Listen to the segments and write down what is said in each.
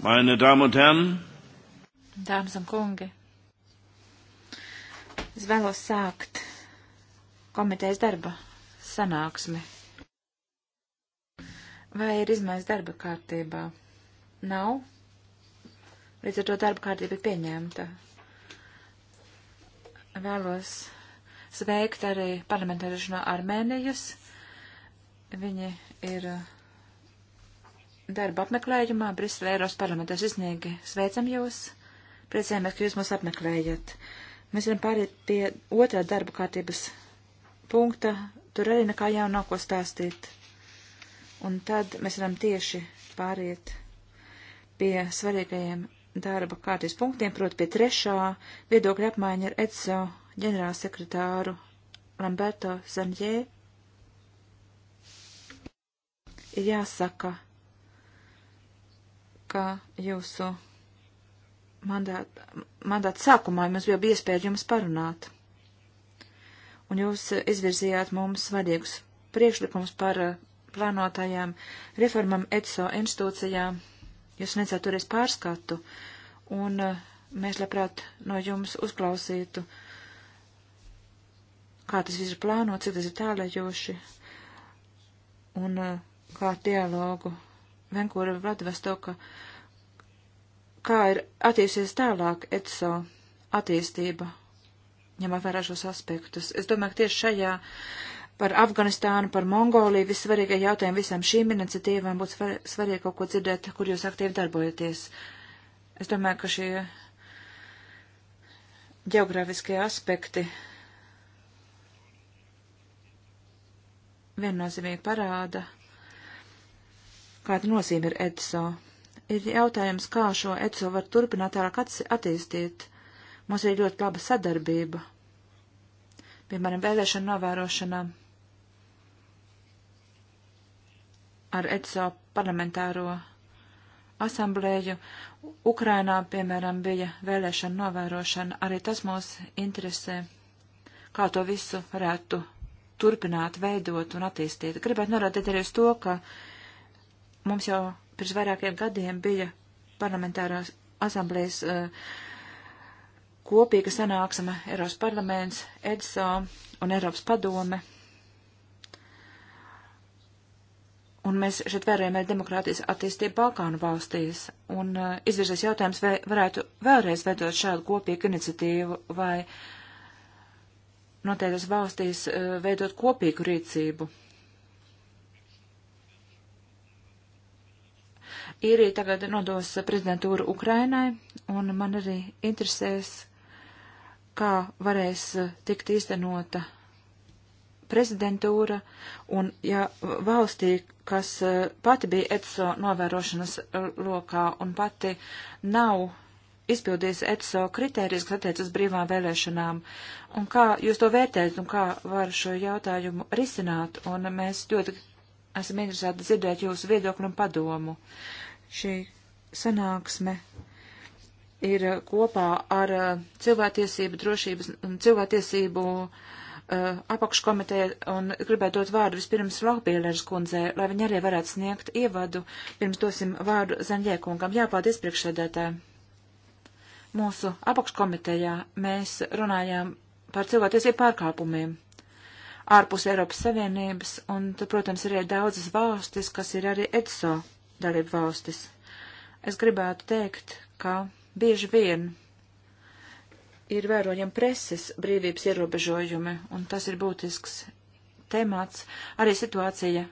Meine Damen un Herren, Dāmas un kungi, es vēlos sākt komitejas darba sanāksmi. Vai ir izmaiņas darba kārtībā? Nav. Līdz ar to darba kārtība ir pieņemta. Vēlos sveikt arī parlamentāriešu no Armēnijas. Viņi ir uh, darba apmeklējumā Brisele Eiros parlamentā. Sirsnīgi sveicam jūs, priecājamies, ka jūs mūs apmeklējat. Mēs varam pāriet pie otrā darba kārtības punkta, tur arī nekā jau nav ko stāstīt. Un tad mēs varam tieši pāriet pie svarīgajiem darba kārtības punktiem, proti pie trešā viedokļa apmaiņa ar ECO ģenerālsekretāru Lamberto Zanjē. Ir jāsaka, ka jūsu mandāta, mandāta sākumā mums jau bija iespēja jums parunāt. Un jūs izvirzījāt mums svarīgus priekšlikums par eh, plānotajām reformam ECO institūcijā. Jūs sniedzāt toreiz pārskatu, un eh, mēs labprāt no jums uzklausītu, kā tas viss ir plānots, cik tas ir tālējoši, un eh, kā dialogu Venkūra Vladivostoka, kā ir attīstījies tālāk ETSO attīstība, ņemot vērā šos aspektus. Es domāju, ka tieši šajā par Afganistānu, par Mongoliju vissvarīgie jautājumi visām šīm iniciatīvām būtu svar, svarīgi kaut ko dzirdēt, kur jūs aktīvi darbojaties. Es domāju, ka šie geogrāfiskie aspekti viennozīmīgi parāda, Kāda nozīme ir EDSO? Ir jautājums, kā šo EDSO var turpināt tālāk attīstīt. Mums ir ļoti laba sadarbība, piemēram, vēlēšana novērošanā ar EDSO parlamentāro asamblēju. Ukrainā, piemēram, bija vēlēšana novērošana. Arī tas mūs interesē, kā to visu varētu turpināt, veidot un attīstīt. Gribētu norādīt arī uz to, ka Mums jau pirms vairākiem gadiem bija parlamentārās asamblējas uh, eh, kopīga sanāksme Eiropas parlaments, EDSO un Eiropas padome. Un mēs šeit vērējam arī demokrātijas attīstību Balkānu valstīs. Un uh, eh, izvirzies jautājums, vai varētu vēlreiz veidot šādu kopīgu iniciatīvu, vai noteiktas valstīs uh, veidot kopīgu rīcību. Īrija tagad nodos prezidentūru Ukrainai, un man arī interesēs, kā varēs tikt īstenota prezidentūra, un ja valstī, kas e, pati bija ETSO novērošanas e, lokā un pati nav izpildījis ETSO kritērijas, kas attiecas brīvām vēlēšanām. Un kā jūs to vērtējat un kā var šo jautājumu risināt? Un mēs ļoti esam interesēti dzirdēt jūsu viedokli un padomu. Šī sanāksme ir kopā ar uh, cilvēktiesību drošības um, uh, un cilvēktiesību apakškomiteja un gribētu dot vārdu vispirms Lokbīlērs kundzē, lai viņa arī varētu sniegt ievadu, pirms dosim vārdu Zaņģēkungam. Jā, paldies priekšsēdētē. Mūsu apakškomitejā mēs runājām par cilvēktiesību pārkāpumiem ārpus Eiropas Savienības, un, protams, arī daudzas valstis, kas ir arī EDSO dalību valstis. Es gribētu teikt, ka bieži vien ir vērojami preses brīvības ierobežojumi, un tas ir būtisks temats. Arī situācija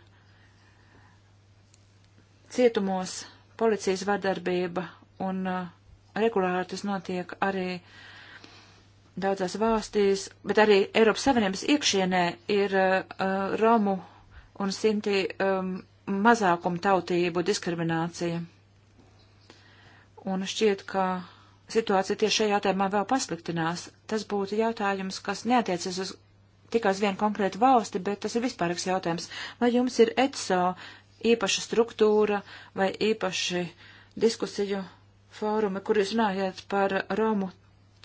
cietumos, policijas vardarbība, un uh, regulāri tas notiek arī daudzās valstīs, bet arī Eiropas Savienības iekšienē ir uh, uh Romu un Sinti um, mazākumu tautību diskriminācija. Un šķiet, ka situācija tieši šajā tēmā vēl pasliktinās. Tas būtu jautājums, kas neatiecas uz tikai uz vienu konkrētu valsti, bet tas ir vispārīgs jautājums. Vai jums ir ETSO īpaša struktūra vai īpaši diskusiju fórumi, kur jūs runājat par Romu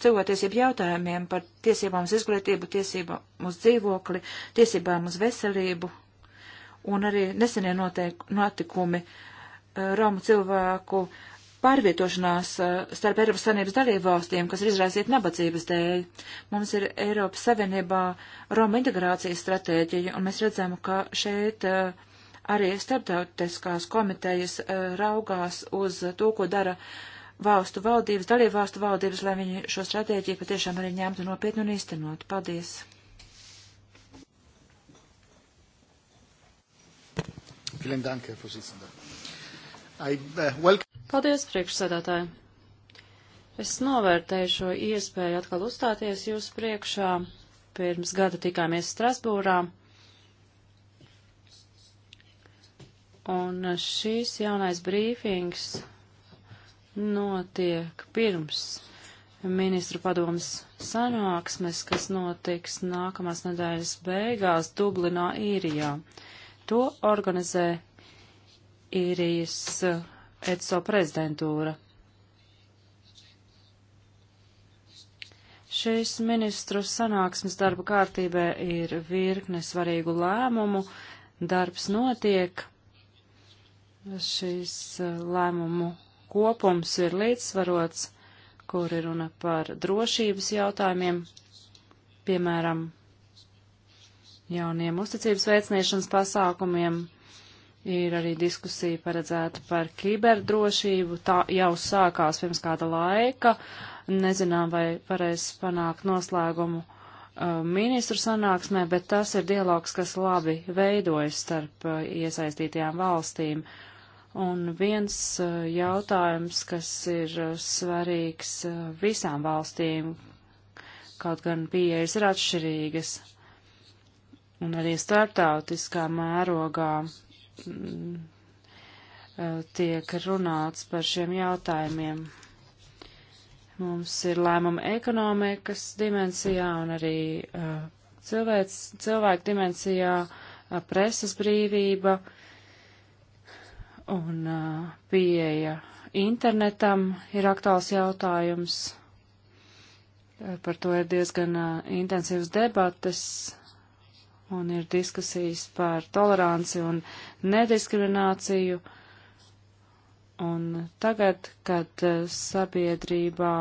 cilvēktiesību jautājumiem, par tiesībām uz izglītību, tiesībām uz dzīvokli, tiesībām uz veselību? un arī nesenie noteik, notikumi eh, Romu cilvēku pārvietošanās eh, starp Eiropas Savienības dalībvalstīm, kas ir izraisīta nabadzības dēļ. Mums ir Eiropas Savienībā Roma integrācijas stratēģija, un mēs redzam, ka šeit eh, arī starptautiskās komitejas raugās uz to, ko dara valstu valdības, dalībvalstu valdības, lai viņi šo stratēģiju patiešām arī ņemtu nopietni un īstenot. Paldies! Uh, Paldies, priekšsēdētāji. Es novērtēju šo iespēju atkal uzstāties jūsu priekšā. Pirms gada tikāmies Strasbūrā. Un šīs jaunais brīfings notiek pirms ministru padomas sanāksmes, kas notiks nākamās nedēļas beigās Dublinā, Īrijā. Uh, To organizē īrijas eh, ETSO prezidentūra. Šīs ministru sanāksmes darba kārtībā ir virkne svarīgu lēmumu, darbs notiek, šīs eh, lēmumu kopums ir līdzsvarots, kur ir runa par drošības jautājumiem, piemēram, jauniem uzticības veicināšanas pasākumiem. Ir arī diskusija paredzēta par kiberdrošību. Tā jau sākās pirms kāda laika. Nezinām, vai varēs panākt noslēgumu uh, ministru sanāksmē, bet tas ir dialogs, kas labi veidojas starp uh, iesaistītajām valstīm. Un viens uh, jautājums, kas ir svarīgs visām valstīm, kaut gan pieejas ir atšķirīgas un arī startautiskā mērogā mm, eh, tiek runāts par šiem jautājumiem. Mums ir lēmumi ekonomikas dimensijā un arī uh, cilvēks, cilvēku dimensijā, uh, eh, preses brīvība un uh, pieeja internetam ir aktuāls jautājums. Par to ir diezgan intensīvas debates un ir diskusijas par toleranci un nediskrimināciju. Un tagad, kad e, sabiedrībā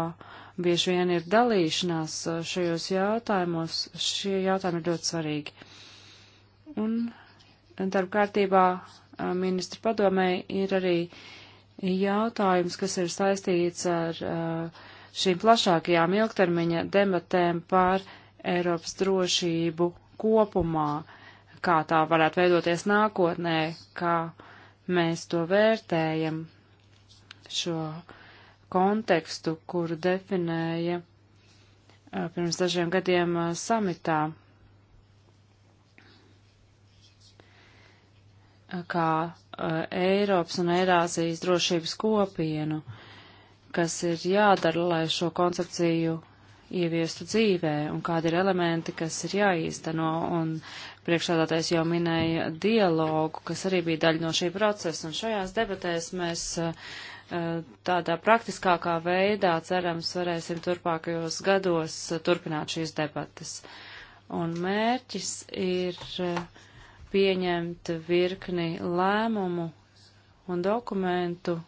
bieži vien ir dalīšanās e, šajos jautājumos, šie jautājumi ir ļoti svarīgi. Un darba kārtībā e, ministra padomē ir arī jautājums, kas ir saistīts ar šīm plašākajām ilgtermiņa debatēm par Eiropas drošību kopumā, kā tā varētu veidoties nākotnē, kā mēs to vērtējam, šo kontekstu, kuru definēja pirms dažiem gadiem samitā. kā uh, Eiropas un Eirāzijas drošības kopienu, kas ir jādara, lai šo koncepciju ieviestu dzīvē un kādi ir elementi, kas ir jāīsteno. Un priekšādātais jau minēja dialogu, kas arī bija daļa no šī procesa. Un šajās debatēs mēs uh, uh, tādā praktiskākā veidā, cerams, varēsim turpākajos gados uh, turpināt šīs debatas. Un mērķis ir pieņemt virkni lēmumu un dokumentu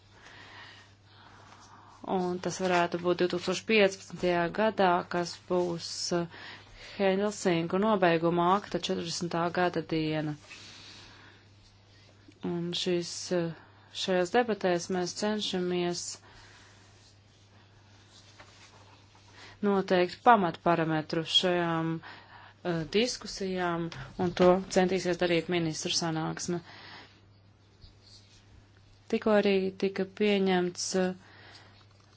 un tas varētu būt 2015. gadā, kas būs Helsinku eh, nobeiguma akta 40. gada diena. Un šīs, eh, šajās debatēs mēs cenšamies noteikt pamatparametru šajām uh, diskusijām, un to centīsies darīt ministru sanāksme. Tikko arī tika pieņemts uh,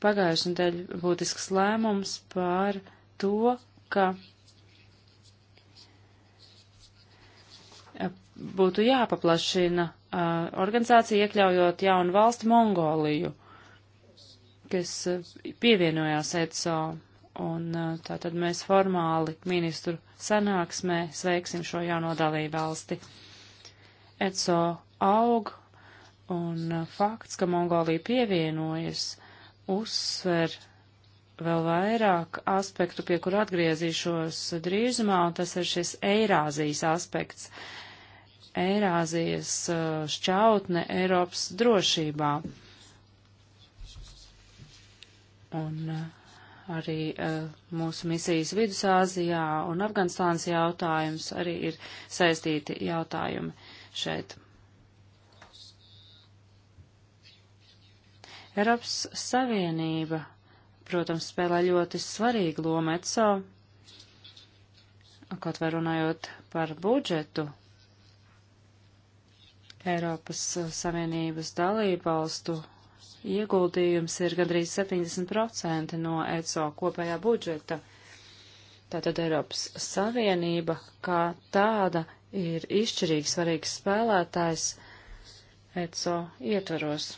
pagājušajā nedēļā būtisks lēmums par to, ka būtu jāpaplašina organizācija, iekļaujot jaunu valsti Mongoliju, kas pievienojās ECO. Un tātad mēs formāli ministru sanāksmē sveiksim šo jauno dalību valsti. ECO aug, un fakts, ka Mongolija pievienojas, uh, uzsver vēl vairāk aspektu, pie kur atgriezīšos drīzumā, un tas ir šis Eirāzijas aspekts. Eirāzijas uh, šķautne Eiropas drošībā. Un uh, arī uh, mūsu misijas Vidusāzijā un Afganistānas jautājums arī ir saistīti jautājumi šeit. Eiropas Savienība, protams, spēlē ļoti svarīgu lomu ECO, kaut vai runājot par budžetu. Eiropas Savienības dalībvalstu ieguldījums ir gandrīz 70% no ECO kopējā budžeta. Tātad Eiropas Savienība kā tāda ir izšķirīgi svarīgs spēlētājs ECO ietvaros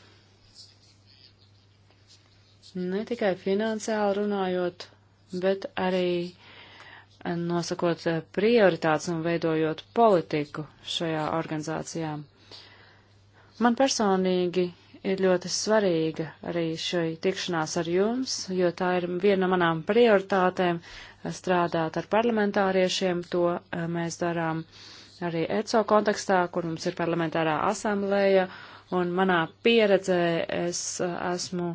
ne tikai finansiāli runājot, bet arī eh, nosakot eh, prioritātes un veidojot politiku šajā organizācijā. Man personīgi ir ļoti svarīga arī šī tikšanās ar jums, jo tā ir viena no manām prioritātēm eh, strādāt ar parlamentāriešiem. To mēs darām arī ECO kontekstā, kur mums ir parlamentārā asamblēja Un manā pieredzē es uh, esmu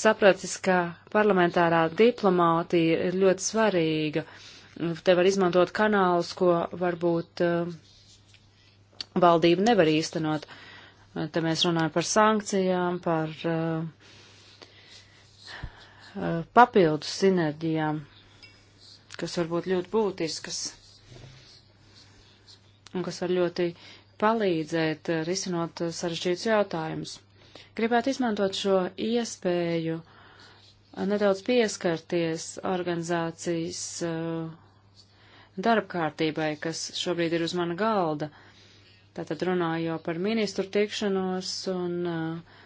sapratis, ka parlamentārā diplomātija ir ļoti svarīga. Te var izmantot kanālus, ko varbūt uh, valdība nevar īstenot. Uh, te mēs runājam par sankcijām, par papildus sinerģijām, kas var būt ļoti būtiskas un kas var ļoti palīdzēt eh, risinot eh, sarežģītus jautājumus. Gribētu izmantot šo iespēju eh, nedaudz pieskarties organizācijas darbkārtībai, kas šobrīd ir uz mana galda. Tātad runāju jau par ministru tikšanos un uh,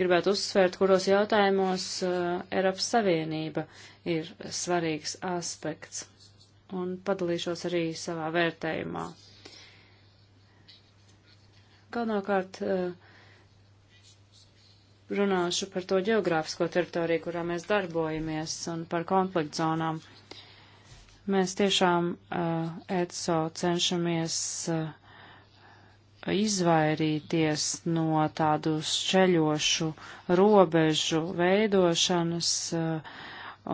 gribētu uzsvērt, kuros jautājumos uh, Eiropas Savienība ir svarīgs aspekts. Un padalīšos arī savā vērtējumā. Galvenokārt eh, runāšu par to geogrāfisko teritoriju, kurā mēs darbojamies, un par konfliktu zonām. Mēs tiešām ECO eh, cenšamies eh, izvairīties no tādu šķeļošu robežu veidošanas,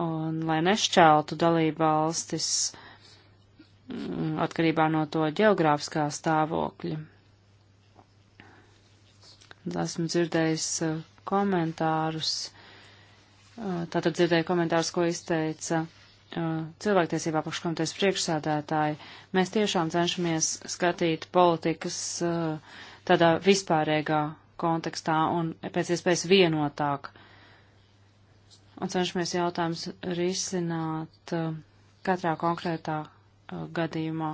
un lai nešķeltu dalību valstis mm, atkarībā no to ģeogrāfiskā stāvokļa esmu dzirdējis eh, komentārus, eh, tātad dzirdēju komentārus, ko izteica eh, cilvēktiesībā pakškomitejas priekšsādātāji. Mēs tiešām cenšamies skatīt politikas tādā vispārējā kontekstā un pēc iespējas vienotāk. Un cenšamies jautājums risināt katrā konkrētā gadījumā.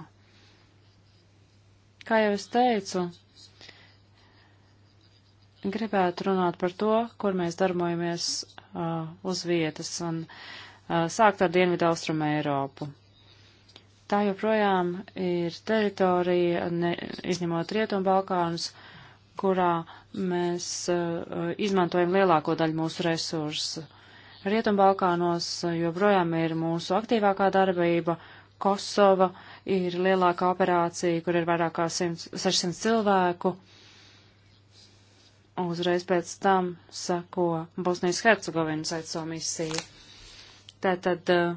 Kā jau es teicu, gribētu runāt par to, kur mēs darbojamies uh, uz vietas un uh, sākt ar Dienvidu Austrumu Eiropu. Tā joprojām ir teritorija, ne, izņemot Rietumu Balkānus, kurā mēs uh, izmantojam lielāko daļu mūsu resursu. Rietumu Balkānos uh, joprojām ir mūsu aktīvākā darbība, Kosova ir lielākā operācija, kur ir vairāk kā 100, 600 cilvēku. Uh, uzreiz pēc tam sako Bosnijas Hercegovinas ECO misija. Tātad eh,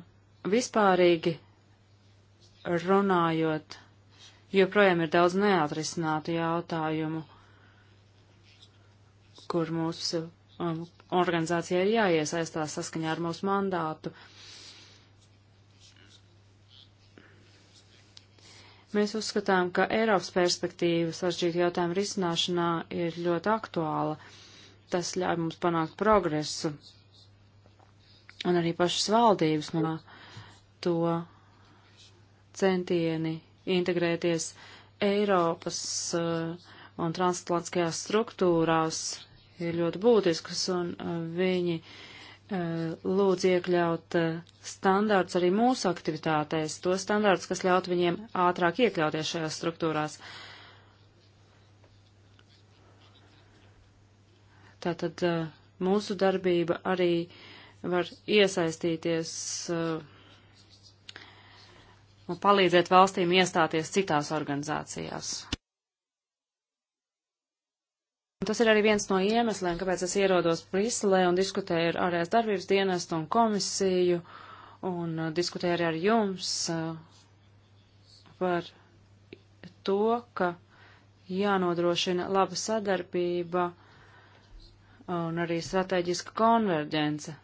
vispārīgi runājot, joprojām ir daudz neatrisinātu jautājumu, kur mūsu um, eh, organizācija ir jāiesaistās saskaņā ar mūsu mandātu. Uh, Mēs uzskatām, ka Eiropas perspektīva sarežģītu jautājumu risināšanā ir ļoti aktuāla. Tas ļauj mums panākt progresu. Un arī pašas valdības manā to centieni integrēties Eiropas uh, un transatlantiskajās struktūrās ir ļoti būtiskas, un uh, viņi uh, Eh, lūdz iekļaut eh, standārts arī mūsu aktivitātēs, to standārts, kas ļaut viņiem ātrāk iekļauties šajās struktūrās. Tātad eh, mūsu darbība arī var iesaistīties un palīdzēt valstīm iestāties citās organizācijās. Tas ir arī viens no iemesliem, kāpēc es ierodos Briselē un diskutēju ar ārējās darbības dienestu un komisiju un uh, diskutēju arī ar jums uh, par to, ka jānodrošina laba sadarbība un arī strateģiska konverģence.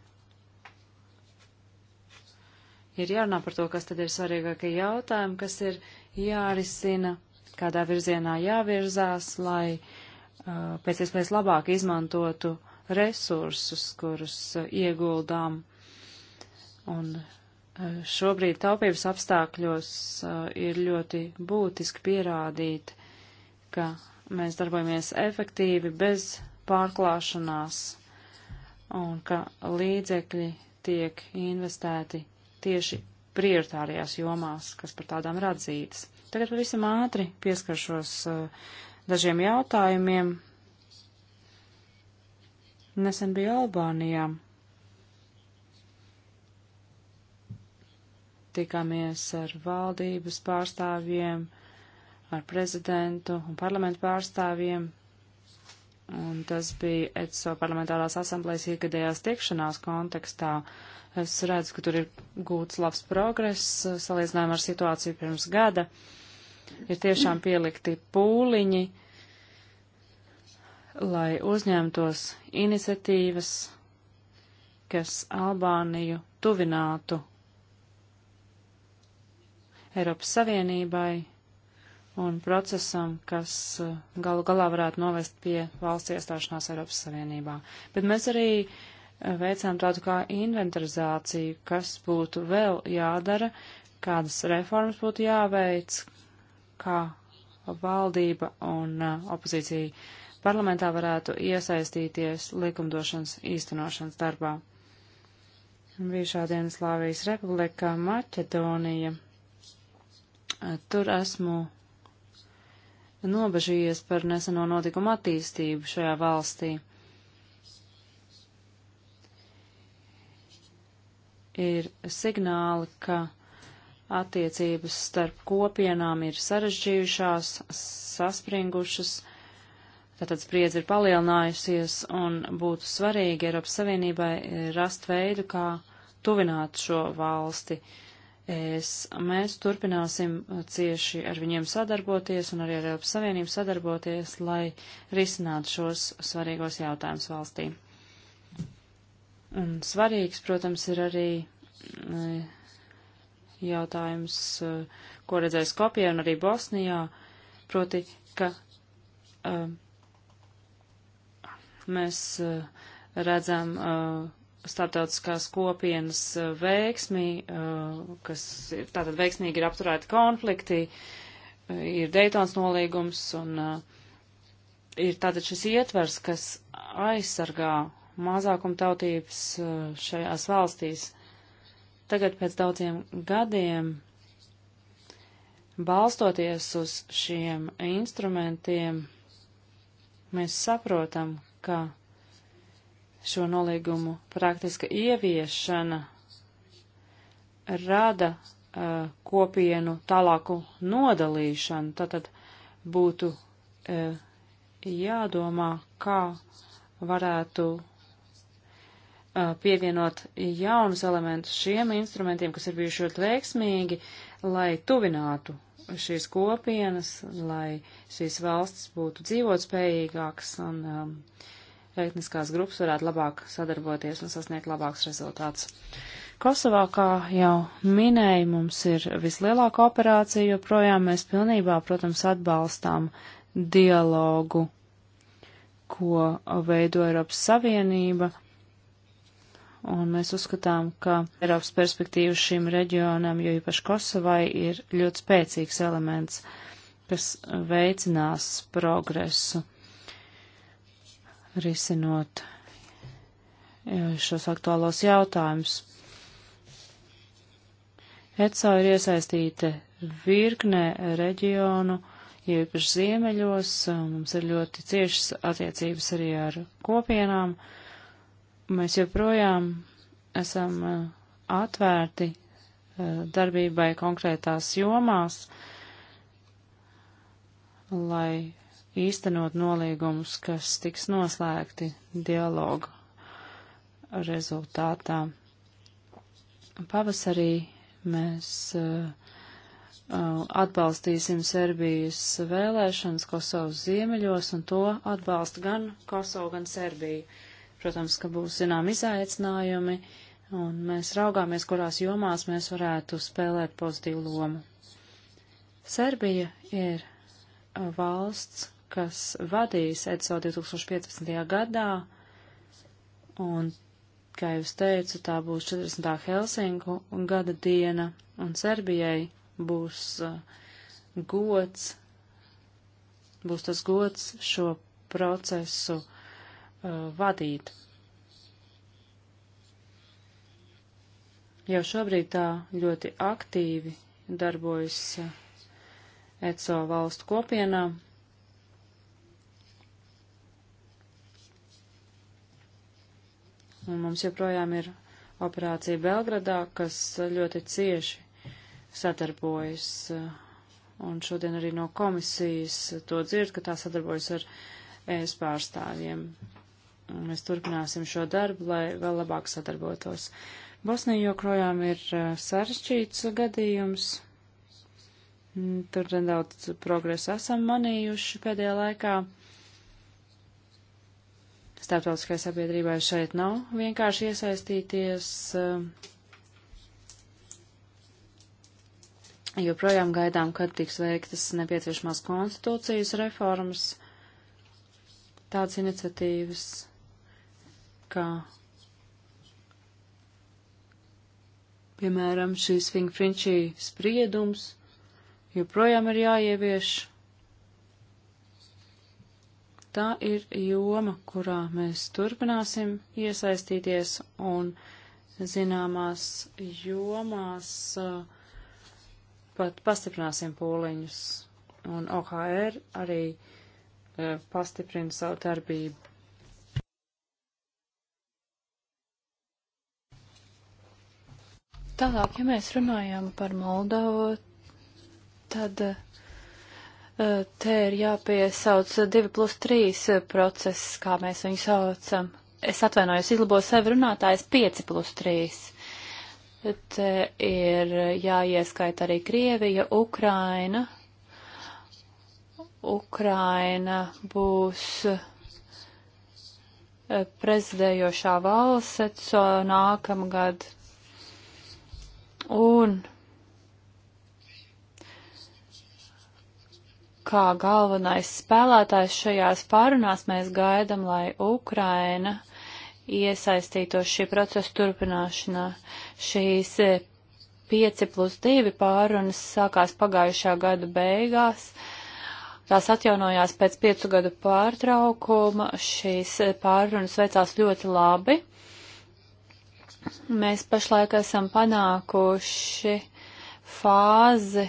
Ir jārunā par to, kas tad ir svarīgākie jautājumi, kas ir jārisina, kādā virzienā jāvirzās, lai uh, pēc iespējas labāk izmantotu resursus, kurus ieguldām. Un šobrīd taupības apstākļos ir ļoti būtiski pierādīt, ka mēs darbojamies efektīvi bez pārklāšanās un ka līdzekļi tiek investēti tieši prioritārajās jomās, kas par tādām ir atzītas. Tagad pavisam ātri pieskaršos uh, dažiem jautājumiem. Nesen bija Albānijā. Tikāmies ar valdības pārstāvjiem, ar prezidentu un parlamentu pārstāvjiem. Un tas bija ECO parlamentārās asamblējas ikgadējās tikšanās kontekstā. Es redzu, ka tur ir gūts labs progress salīdzinājumā ar situāciju pirms gada. Uh, ir tiešām pielikti pūliņi, lai uzņemtos iniciatīvas, kas Albāniju tuvinātu Eiropas Savienībai un procesam, kas uh, galu galā varētu novest pie valsts iestāšanās Eiropas Savienībā. Bet mēs arī uh, veicām tādu kā inventarizāciju, kas būtu vēl jādara, kādas reformas būtu jāveic, kā valdība un uh, opozīcija parlamentā varētu iesaistīties likumdošanas īstenošanas darbā. Bijušā Dienaslāvijas republika Maķedonija. Uh, tur esmu nobežījies par neseno notikumu attīstību šajā valstī. Ir signāli, ka attiecības starp kopienām ir sarežģījušās, saspringušas, tātad spriedze ir palielinājusies un būtu svarīgi Eiropas Savienībai rast veidu, kā tuvināt šo valsti. Es, mēs turpināsim cieši ar viņiem sadarboties un arī ar Eiropas Savienību sadarboties, lai risinātu šos svarīgos jautājumus valstī. Un svarīgs, protams, ir arī mm, jautājums, eh, ko redzēs Skopijā un arī Bosnijā, proti, ka um, mēs eh, redzam uh, starptautiskās kopienas veiksmi, uh, kas ir tātad veiksmīgi ir apturēti konflikti, ir Deitons nolīgums un uh, ir tātad šis ietvers, kas aizsargā mazākumtautības šajās valstīs. Tagad pēc daudziem gadiem, balstoties uz šiem instrumentiem, mēs saprotam, ka šo nolīgumu praktiska ieviešana rada uh, kopienu tālāku nodalīšanu. Tātad būtu uh, jādomā, kā varētu Uh, pievienot jaunus elementus šiem instrumentiem, kas ir bijuši ļoti veiksmīgi, lai tuvinātu šīs kopienas, lai šīs valstis būtu dzīvotspējīgākas un um, etniskās grupas varētu labāk sadarboties un sasniegt labāks rezultāts. Kosovā, kā jau minēju, mums ir vislielākā operācija, jo projām mēs pilnībā, protams, atbalstām dialogu, ko veido Eiropas Savienība un mēs uzskatām, ka Eiropas perspektīva šim reģionam, jo īpaši Kosovai, ir ļoti spēcīgs elements, kas veicinās progresu, risinot e, šos aktuālos jautājumus. ECO ir iesaistīta virknē reģionu, jo īpaši ziemeļos e, mums ir ļoti ciešas attiecības arī ar kopienām. Uh, Mēs joprojām esam eh, atvērti eh, darbībai konkrētās jomās, lai īstenot nolīgumus, kas tiks noslēgti dialogu rezultātā. Pavasarī mēs uh, atbalstīsim Serbijas vēlēšanas Kosovas ziemeļos, un to atbalsta gan Kosova, gan Serbija. Uh, Protams, ka būs zinām izaicinājumi, un mēs raugāmies, kurās jomās mēs varētu spēlēt pozitīvu lomu. Serbija ir uh, valsts, kas vadīs EDSO 2015. gadā, un, kā jūs teicu, tā būs 40. Helsinku gada diena, un Serbijai būs uh, gods, būs tas gods šo procesu uh, Uh, vadīt. Jau šobrīd tā ļoti aktīvi darbojas uh, ECO valstu kopienā. Un mums joprojām ir operācija Belgradā, kas ļoti cieši sadarbojas. Uh, un šodien arī no komisijas to dzird, ka tā sadarbojas ar ES pārstāvjiem. Mēs turpināsim šo darbu, lai vēl labāk sadarbotos. Bosnija joprojām ir eh, sarežģīts gadījums. Mm, tur nedaudz progresu esam manījuši pēdējā laikā. Starptautiskai sabiedrībai šeit nav vienkārši iesaistīties, eh, jo projām gaidām, kad tiks veiktas nepieciešamās konstitūcijas reformas, tādas iniciatīvas ka, piemēram, šīs Fingfrinčī spriedums joprojām ir jāievieš. Tā ir joma, kurā mēs turpināsim iesaistīties un zināmās jomās uh, pat pastiprināsim pūliņus. Un OHR arī uh, pastiprina savu darbību. Tālāk, ja mēs runājam par Moldovu, tad eh, te ir jāpiesauc 2 plus 3 process, kā mēs viņu saucam. Es atvainojos, izlabo sevi runātājs 5 plus 3. Te ir jāieskaita arī Krievija, Ukraina. Ukraina būs eh, prezidējošā valsts nākamgad un kā galvenais spēlētājs šajās pārunās mēs gaidam, lai Ukraina iesaistītos šī procesa turpināšanā. Šīs 5 eh, plus 2 pārunas sākās pagājušā gada beigās. Tās atjaunojās pēc piecu gadu pārtraukuma. Šīs eh, pārunas veicās ļoti labi. Mēs pašlaik esam panākuši fāzi,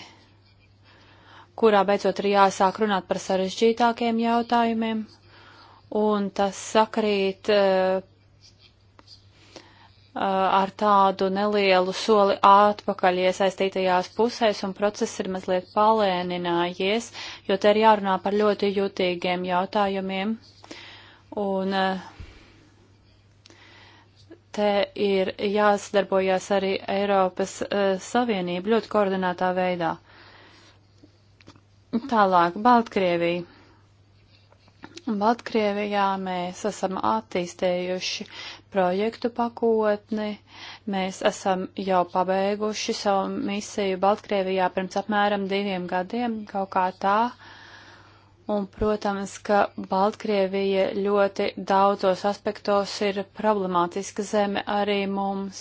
kurā beidzot ir jāsāk runāt par sarežģītākiem jautājumiem, un tas sakrīt uh, ar tādu nelielu soli atpakaļ iesaistītajās pusēs, un process ir mazliet palēninājies, jo te ir jārunā par ļoti jūtīgiem jautājumiem. Un uh, te ir jāsadarbojas arī Eiropas uh, Savienība ļoti koordinētā veidā. Tālāk, Baltkrievija. Baltkrievijā mēs esam attīstējuši projektu pakotni, mēs esam jau pabeiguši savu misiju Baltkrievijā pirms apmēram diviem gadiem, kaut kā tā. Uh, Un, protams, ka Baltkrievija ļoti daudzos aspektos ir problemātiska zeme arī mums.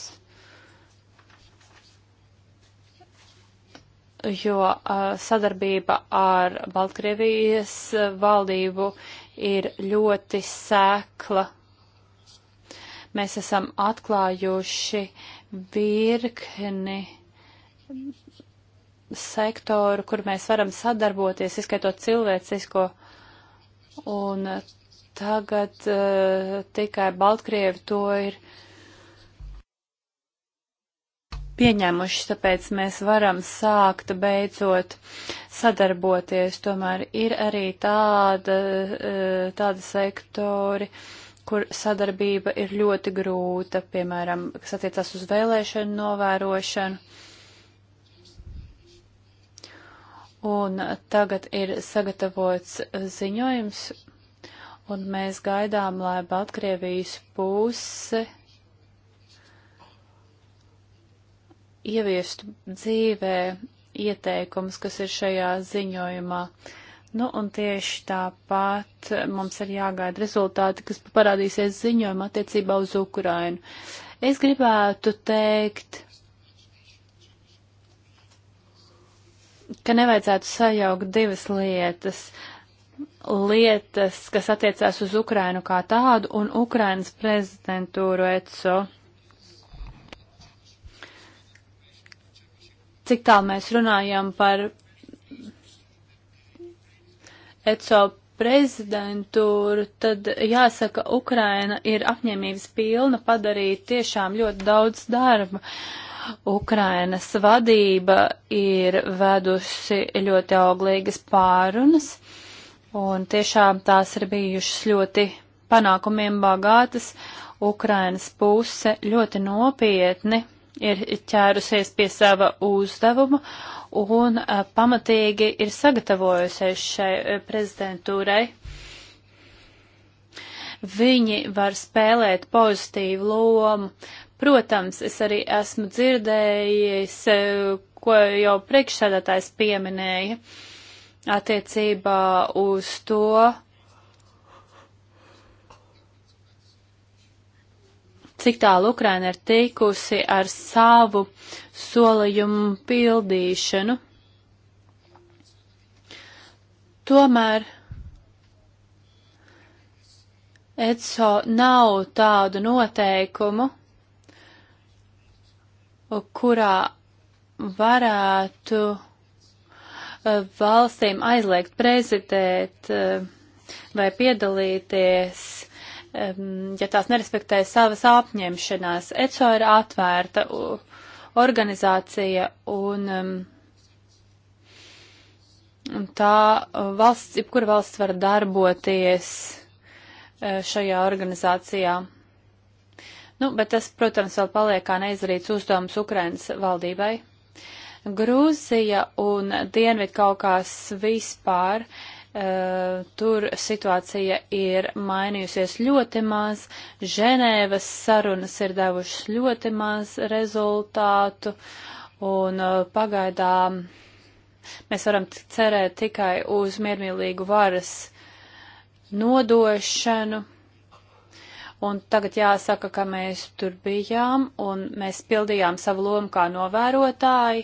Jo uh, sadarbība ar Baltkrievijas valdību ir ļoti sēkla. Mēs esam atklājuši virkni sektoru, kur mēs varam sadarboties, izskaitot cilvēcisko. Un tagad uh, tikai Baltkrievi to ir pieņēmuši, tāpēc mēs varam sākt beidzot sadarboties. Tomēr ir arī tāda, uh, tāda sektori, kur sadarbība ir ļoti grūta, piemēram, kas attiecas uz vēlēšanu novērošanu Un tagad ir sagatavots ziņojums, un mēs gaidām, lai Baltkrievijas puse ieviestu dzīvē ieteikums, kas ir šajā ziņojumā. Nu, un tieši tāpat mums ir jāgaida rezultāti, kas parādīsies ziņojumā attiecībā uz Ukrainu. Es gribētu teikt, ka nevajadzētu sajaukt divas lietas. Lietas, kas attiecās uz Ukrainu kā tādu un Ukrainas prezidentūru ECO. Cik tālu mēs runājam par ECO prezidentūru, tad jāsaka, Ukraina ir apņēmības pilna padarīt tiešām ļoti daudz darba. Uh, Ukrainas vadība ir vedusi ļoti auglīgas pārunas, un tiešām tās ir bijušas ļoti panākumiem bagātas. Ukrainas puse ļoti nopietni ir ķērusies pie sava uzdevuma un a, pamatīgi ir sagatavojusies šai prezidentūrai. Viņi var spēlēt pozitīvu lomu. Protams, es arī esmu dzirdējis, eh, ko jau priekšsēdētājs pieminēja attiecībā uz to, cik tālu Ukraina ir tikusi ar savu solījumu pildīšanu. Tomēr ECO nav tādu noteikumu, kurā varētu eh, valstīm aizliegt prezidēt eh, vai piedalīties, ja tās nerespektē savas apņemšanās. ECO ir atvērta organizācija un, un tā valsts, jebkura valsts var darboties eh, šajā organizācijā. Nu, bet tas, protams, vēl paliek kā neizdarīts uzdevums Ukrainas valdībai. Grūzija un Dienvidkaukās vispār. Uh, tur situācija ir mainījusies ļoti maz, Ženēvas sarunas ir devušas ļoti maz rezultātu, un uh, pagaidām mēs varam cerēt tikai uz miermīlīgu varas nodošanu. Un tagad jāsaka, ka mēs tur bijām un mēs pildījām savu lomu kā novērotāji.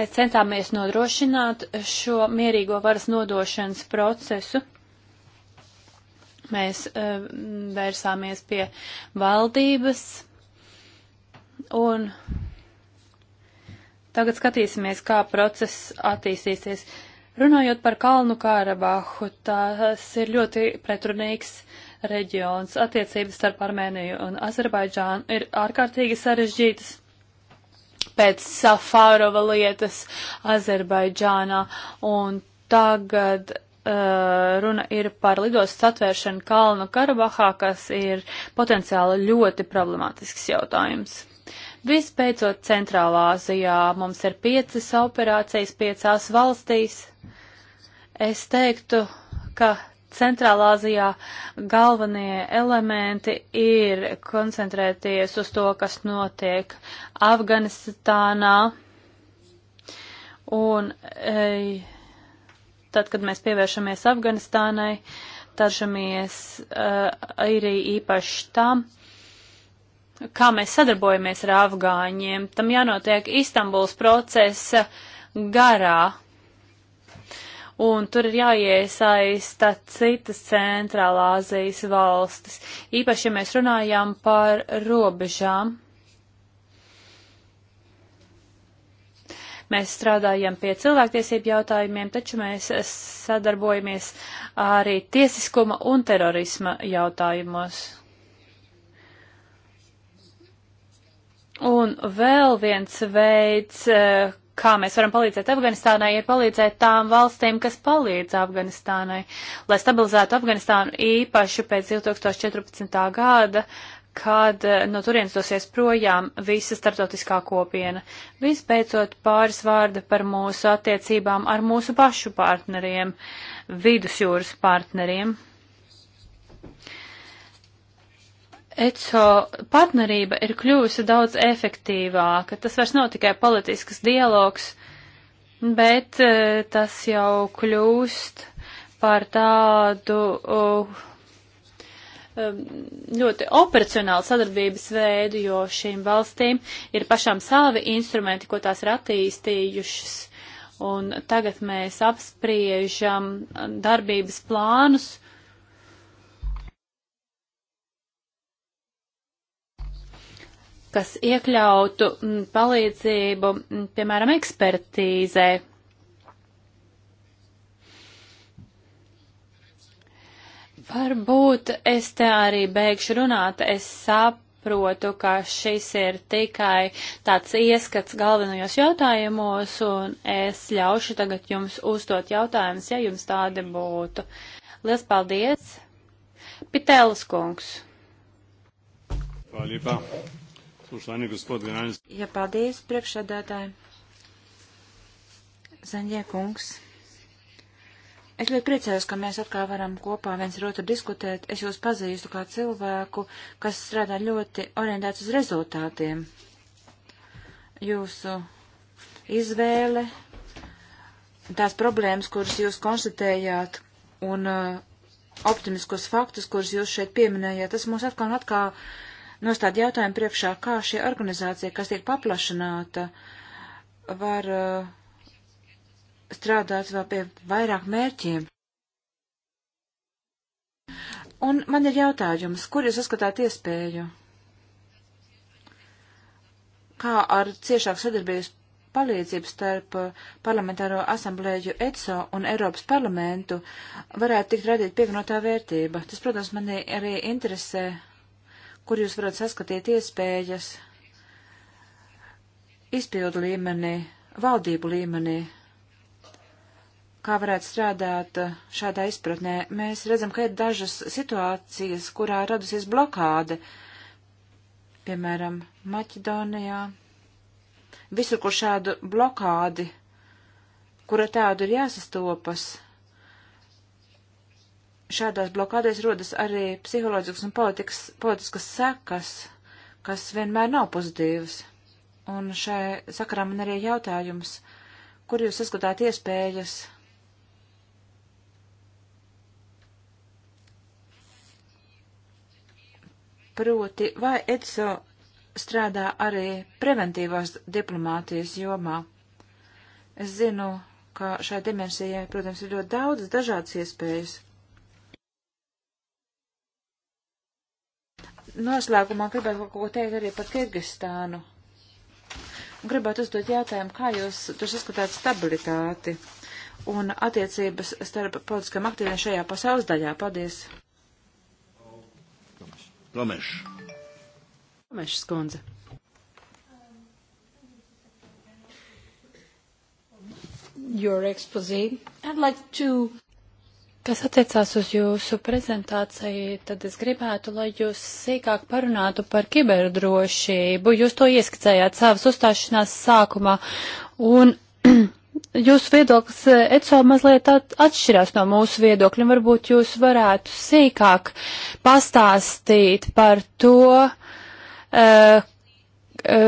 Mēs centāmies nodrošināt šo mierīgo varas nodošanas procesu. Mēs uh, vērsāmies pie valdības un tagad skatīsimies, kā process attīstīsies. Uh, Runājot par Kalnu Kārabahu, tas ir ļoti pretrunīgs reģions. Attiecības starp Armēniju un Azerbaidžānu ir ārkārtīgi sarežģītas. Pēc Safārova lietas Azerbaidžānā un tagad Uh, runa ir par lidostas atvēršanu Kalnu Karabahā, kas ir potenciāli ļoti problemātisks jautājums. Vispēcot Centrālā Azijā mums ir piecas operācijas piecās valstīs. Es teiktu, ka Centrālā Azijā galvenie elementi ir koncentrēties uz to, kas notiek Afganistānā. Un e, tad, kad mēs pievēršamies Afganistānai, taržamies uh, eh, arī īpaši tam, kā mēs sadarbojamies ar afgāņiem. Tam jānotiek Istanbuls procesa garā. Un tur ir jāiesaista citas centrālā Azijas valstis, īpaši, ja mēs runājām par robežām. Mēs strādājam pie cilvēktiesību jautājumiem, taču mēs sadarbojamies arī tiesiskuma un terorisma jautājumos. Un vēl viens veids, eh, kā mēs varam palīdzēt Afganistānai, ir palīdzēt tām valstīm, kas palīdz Afganistānai, lai stabilizētu Afganistānu īpaši pēc 2014. gada, kad eh, no turienes dosies projām visa starptautiskā kopiena. Visbeidzot, pāris vārdi par mūsu attiecībām ar mūsu pašu partneriem, vidusjūras partneriem. ECO partnerība ir kļuvusi daudz efektīvāka. Tas vairs nav tikai politisks dialogs, bet eh, tas jau kļūst par tādu uh, Um, ļoti operacionālu sadarbības veidu, jo šīm valstīm ir pašām savi instrumenti, ko tās ir attīstījušas. Un tagad mēs apspriežam darbības plānus. kas iekļautu mm, palīdzību, mm, piemēram, ekspertīzē, Varbūt es te arī beigšu runāt. Es saprotu, ka šis ir tikai tāds ieskats galvenajos jautājumos, un es ļaušu tagad jums uzdot jautājumus, ja jums tādi būtu. Lielas paldies! Pitēlis kungs! Ja paldies, priekšsēdētāji! Zaņie kungs! Es ļoti priecājos, ka mēs atkal varam kopā viens ar otru diskutēt. Es jūs pazīstu kā cilvēku, kas strādā ļoti orientēts uz rezultātiem. Jūsu izvēle, tās problēmas, kuras jūs konstatējāt, un uh, optimiskos faktus, kurus jūs šeit pieminējāt, tas mūs atkal un atkal nostāda jautājumu priekšā, kā šī organizācija, kas tiek paplašināta, var uh, strādāt vēl pie vairāk mērķiem. Un man ir jautājums, kur jūs uzskatāt iespēju? Kā ar ciešāku sadarbības palīdzību starp parlamentāro asamblēju ECO un Eiropas parlamentu varētu tikt radīt pievienotā vērtība? Tas, protams, mani arī interesē, kur jūs varat saskatīt iespējas izpildu līmenī, valdību līmenī kā varētu strādāt uh, šādā izpratnē. Mēs redzam, ka ir dažas situācijas, kurā radusies blokāde, piemēram, Maķedonijā. Visur, kur šādu blokādi, kura tādu ir jāsastopas, šādās blokādēs rodas arī psiholoģiskas un politikas, politiskas sekas, kas vienmēr nav pozitīvas. Un šai sakarā man arī jautājums, kur jūs saskatāt iespējas proti, vai EDSO strādā arī preventīvās diplomātijas jomā. Es zinu, ka šai dimensijai, protams, ir ļoti daudz dažādas iespējas. Noslēgumā gribētu kaut ko teikt arī par Kirgistānu. Gribētu uzdot jautājumu, kā jūs tur saskatāt stabilitāti un attiecības starp politiskiem aktīviem šajā pasaules daļā. Paldies! Gomeša. Gomeša skundze. Your expose. I'd like to Kas attiecās uz jūsu prezentāciju, tad es gribētu, lai jūs sīkāk parunātu par kiberdrošību. Jūs to ieskicējāt savas uzstāšanās sākumā, un jūsu viedoklis e, ECO mazliet atšķirās no mūsu viedokļa. Varbūt jūs varētu sīkāk pastāstīt par to, e, e,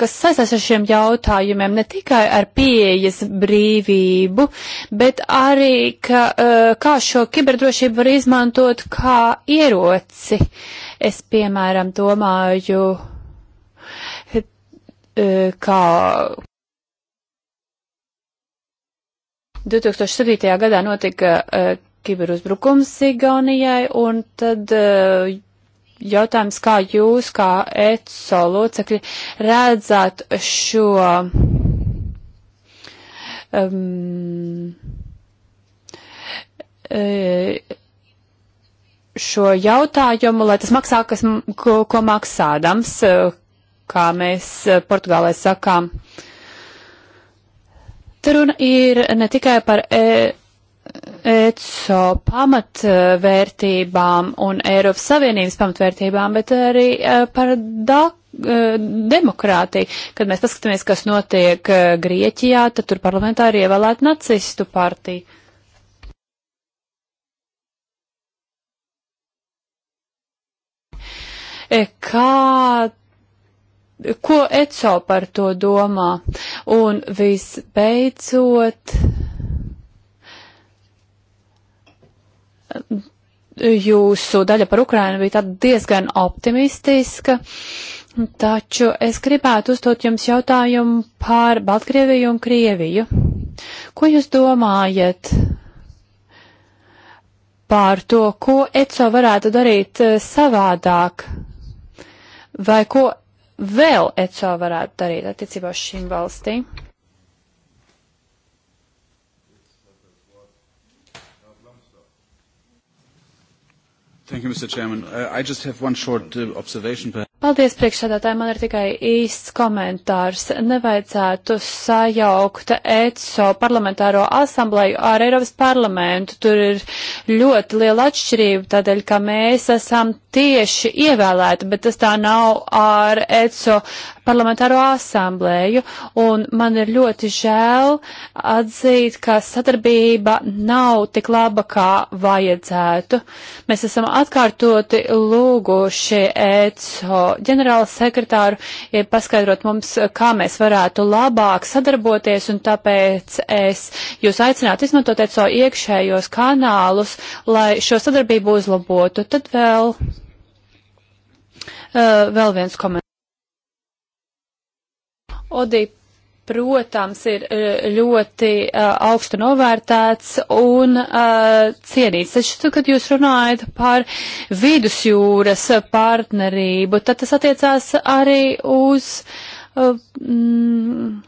kas saistās ar šiem jautājumiem, ne tikai ar pieejas brīvību, bet arī, ka, kā šo kiberdrošību var izmantot kā ieroci. Es, piemēram, domāju, kā 2007. gadā notika uh, kiberuzbrukums Igaunijai, un tad uh, jautājums, kā jūs, kā ECO locekļi, redzat šo um, šo jautājumu, lai tas maksā, kas, ko, ko maksādams, kā mēs Portugālē sakām. Uh, Te runa ir ne tikai par e ECO pamatvērtībām un Eiropas Savienības pamatvērtībām, bet arī e, par DAK e, demokrātiju. Kad mēs paskatāmies, kas notiek e, Grieķijā, tad tur parlamentā ir ievēlēta nacistu partija. Kā ko ECO par to domā. Un visbeidzot, jūsu daļa par Ukrainu bija tāda diezgan optimistiska, taču es gribētu uzdot jums jautājumu par Baltkrieviju un Krieviju. Ko jūs domājat par to, ko ECO varētu darīt eh, savādāk? Vai ko vēl ECO varētu darīt attiecībā uz šīm valstīm? Thank you, Mr. Chairman. Uh, I just have one short uh, observation. Paldies, priekšsēdētāji. Man ir tikai īsts komentārs. Nevajadzētu sajaukt ECO parlamentāro asambleju ar Eiropas parlamentu. Tur ir ļoti liela atšķirība, tādēļ, ka mēs esam tieši ievēlēti, bet tas tā nav ar ECO parlamentāro asamblēju, un man ir ļoti žēl atzīt, ka sadarbība nav tik laba, kā vajadzētu. Mēs esam atkārtoti lūguši ECO ģenerāla sekretāru ja paskaidrot mums, kā mēs varētu labāk sadarboties, un tāpēc es jūs aicinātu izmantot ECO iekšējos kanālus, lai šo sadarbību uzlabotu. Tad vēl, uh, vēl viens komentārs. Odī, protams, ir e, ļoti uh, augstu novērtēts un uh, cienīts. Taču, kad jūs runājat par vidusjūras partnerību, tad tas attiecās arī uz. Uh, mm,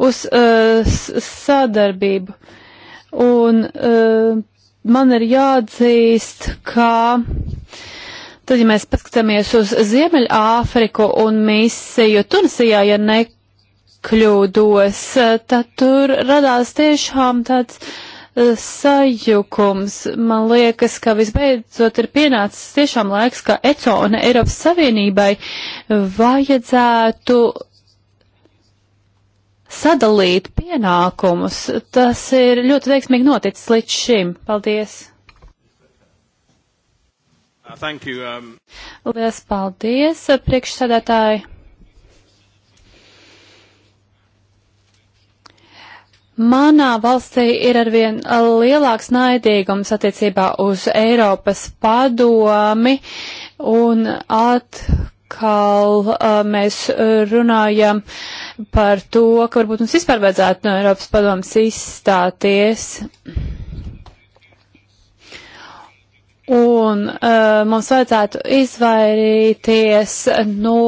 uz uh, sadarbību. Un uh, man ir jāatzīst, ka uh, Tad, ja mēs paskatāmies uz Ziemeļāfriku un misiju Tunisijā, ja nekļūdos, tad tur radās tiešām tāds uh, sajukums. Man liekas, ka visbeidzot ir pienācis tiešām laiks, ka ECO un Eiropas Savienībai vajadzētu sadalīt pienākumus. Tas ir ļoti veiksmīgi noticis līdz šim. Paldies! Uh, thank you. Um... Lielas paldies, uh, priekšsēdētāji. Manā valstī ir arvien lielāks naidīgums attiecībā uz Eiropas padomi un atkal uh, mēs runājam par to, ka varbūt mums vispār vajadzētu no Eiropas padomas izstāties. Uh, Un uh, mums vajadzētu izvairīties no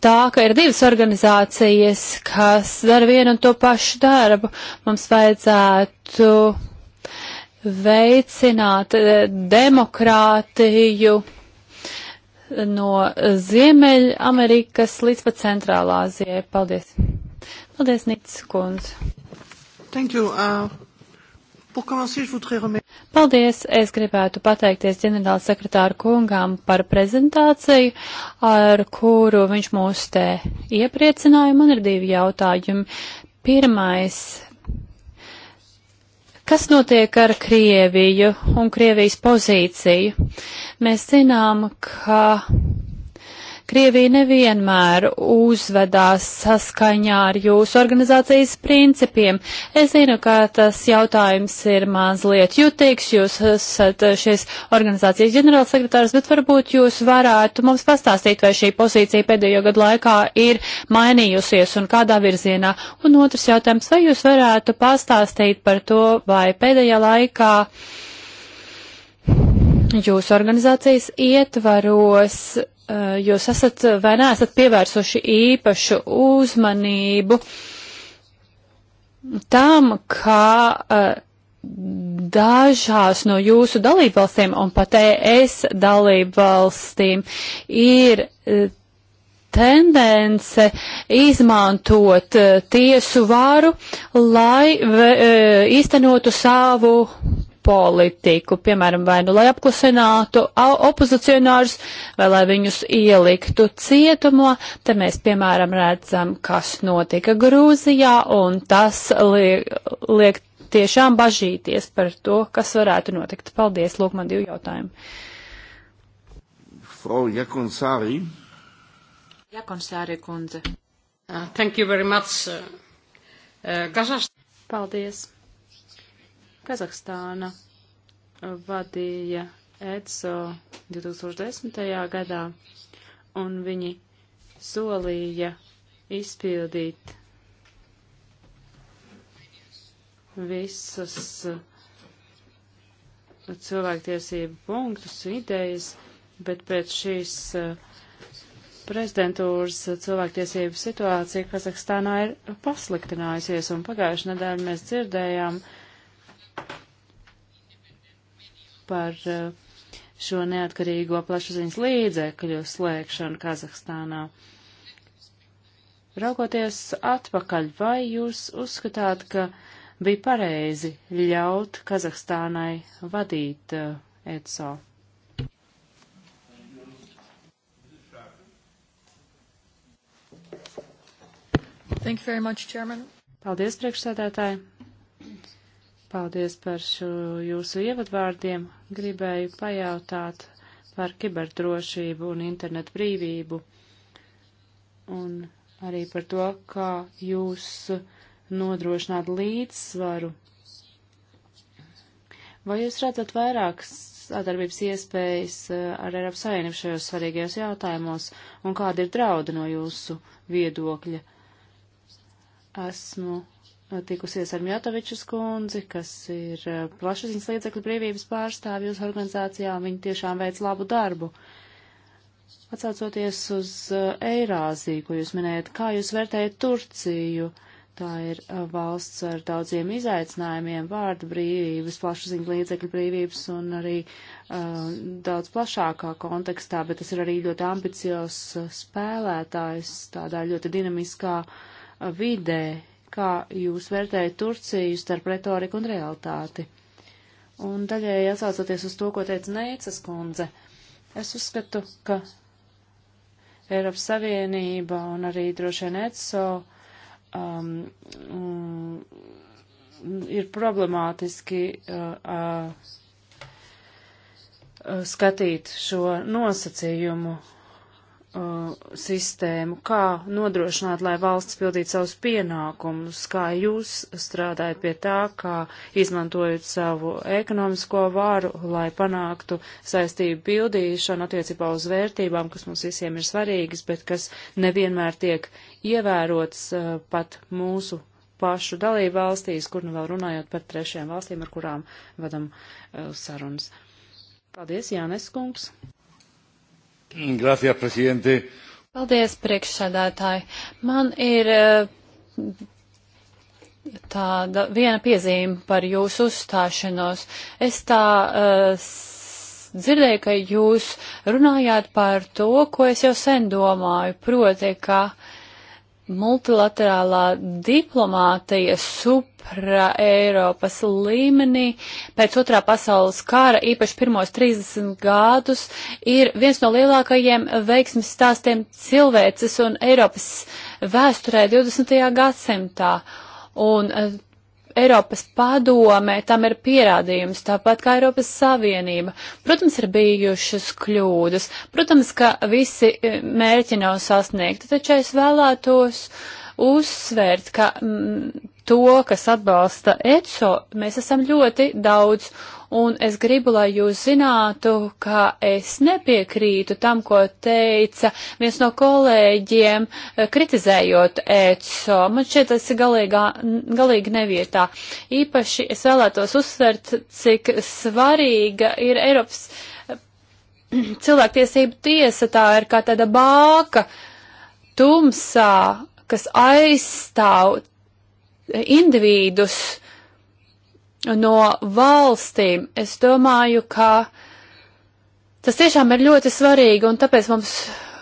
tā, ka ir divas organizācijas, kas dara vienu un to pašu darbu. Mums vajadzētu veicināt uh, demokrātiju no Ziemeļamerikas līdz pat Centrālā Azijai. Paldies. Paldies, Nits Kunz. Thank you. Uh... Paldies! Es gribētu pateikties ģenerāla sekretāra kungām par prezentāciju, ar kuru viņš mūs te iepriecināja. Man ir divi jautājumi. Pirmais. Kas notiek ar Krieviju un Krievijas pozīciju? Mēs zinām, ka Krievija nevienmēr uzvedās saskaņā ar jūsu organizācijas principiem. Es zinu, ka tas jautājums ir mazliet jutīgs, jūs esat šīs organizācijas ģenerālsekretārs, bet varbūt jūs varētu mums pastāstīt, vai šī pozīcija pēdējo gadu laikā ir mainījusies un kādā virzienā. Un otrs jautājums, vai jūs varētu pastāstīt par to, vai pēdējā laikā jūsu organizācijas ietvaros Eh, jūs esat vai neesat pievērsuši īpašu uzmanību tam, kā eh, dažās no jūsu dalībvalstīm un pat ES dalībvalstīm ir eh, tendence izmantot tiesu varu, lai īstenotu savu politiku, piemēram, vai nu lai apklusinātu opozicionārus, vai lai viņus ieliktu cietumā. Te mēs, piemēram, redzam, kas notika Grūzijā, un tas liek, liek tiešām bažīties par to, kas varētu notikt. Paldies, lūk, man divi jautājumi. Frau Jakonsāri. Jakonsāri kundze. Uh, thank you very much. Uh, uh, Paldies. Kazahstāna vadīja ECO 2010. gadā, un viņi solīja izpildīt visas cilvēktiesību punktus, idejas, bet pēc šīs eh, prezidentūras eh, cilvēktiesību situācija Kazahstānā ir pasliktinājusies, un pagājušajā nedēļā mēs dzirdējām, uh, par eh, šo neatkarīgo plašsaziņas līdzekļu slēgšanu Kazahstānā. Raugoties atpakaļ, vai jūs uzskatāt, ka bija pareizi ļaut Kazahstānai vadīt uh, eh, ECO? Thank you very much, Chairman. Paldies, priekšsēdētāji. Paldies par šo jūsu ievadvārdiem. Gribēju pajautāt par kiberdrošību un internetu brīvību un arī par to, kā jūs nodrošināt līdzsvaru. Vai jūs redzat vairākas sadarbības iespējas eh, ar Eiropas Savienību šajos svarīgajos jautājumos un kāda ir drauda no jūsu viedokļa? Esmu tikusies ar Mjatovičus kundzi, kas ir eh, plašsaziņas līdzekļu brīvības pārstāvja jūsu organizācijā, un viņi tiešām veic labu darbu. Atsaucoties uz eh, Eirāziju, ko jūs minējat, kā jūs vērtējat Turciju? Tā ir eh, valsts ar daudziem izaicinājumiem, vārdu brīvības, plašsaziņas līdzekļu brīvības un arī uh, daudz plašākā kontekstā, bet tas ir arī ļoti ambiciozs spēlētājs tādā ļoti dinamiskā vidē, Kā jūs vērtējat Turciju starp retoriku un realitāti? Un daļēji atsaucoties uz to, ko teica Neicas kundze, es uzskatu, ka Eiropas Savienība un arī droši vien ECO um, um, ir problemātiski uh, uh, skatīt šo nosacījumu Uh, sistēmu, kā nodrošināt, lai valsts pildītu savus pienākumus, kā jūs strādājat pie tā, kā izmantojat savu ekonomisko varu, lai panāktu saistību pildīšanu attiecībā uz vērtībām, kas mums visiem ir svarīgas, bet kas nevienmēr tiek ievērotas uh, pat mūsu pašu dalību valstīs, kur nu vēl runājot par trešajām valstīm, ar kurām vedam uh, sarunas. Paldies, Jānes Kungs! Gracias, presidente. Paldies, priekšsēdētāji. Man ir eh, tāda viena piezīme par jūsu uzstāšanos. Es tā uh, dzirdēju, ka jūs runājāt par to, ko es jau sen domāju, proti, ka multilaterālā diplomātija supra Eiropas līmenī pēc otrā pasaules kara, īpaši pirmos 30 gadus, ir viens no lielākajiem veiksmes stāstiem cilvēces un Eiropas vēsturē 20. gadsimtā. Un eh, Eiropas padomē tam ir pierādījums, tāpat kā Eiropas Savienība. Protams, ir bijušas kļūdas, protams, ka visi eh, mērķi nav sasniegti, taču es vēlētos uzsvērt, ka m, mm, to, kas atbalsta ECO, mēs esam ļoti daudz un es gribu, lai jūs zinātu, ka es nepiekrītu tam, ko teica viens no kolēģiem, eh, kritizējot ECO. Man šķiet, tas ir galīgā, galīgi nevietā. Īpaši es vēlētos uzsvert, cik svarīga ir Eiropas eh, cilvēktiesība tiesa, tā ir kā tāda bāka tumsā, kas aizstāv eh, individus, no valstīm, es domāju, ka tas tiešām ir ļoti svarīgi, un tāpēc mums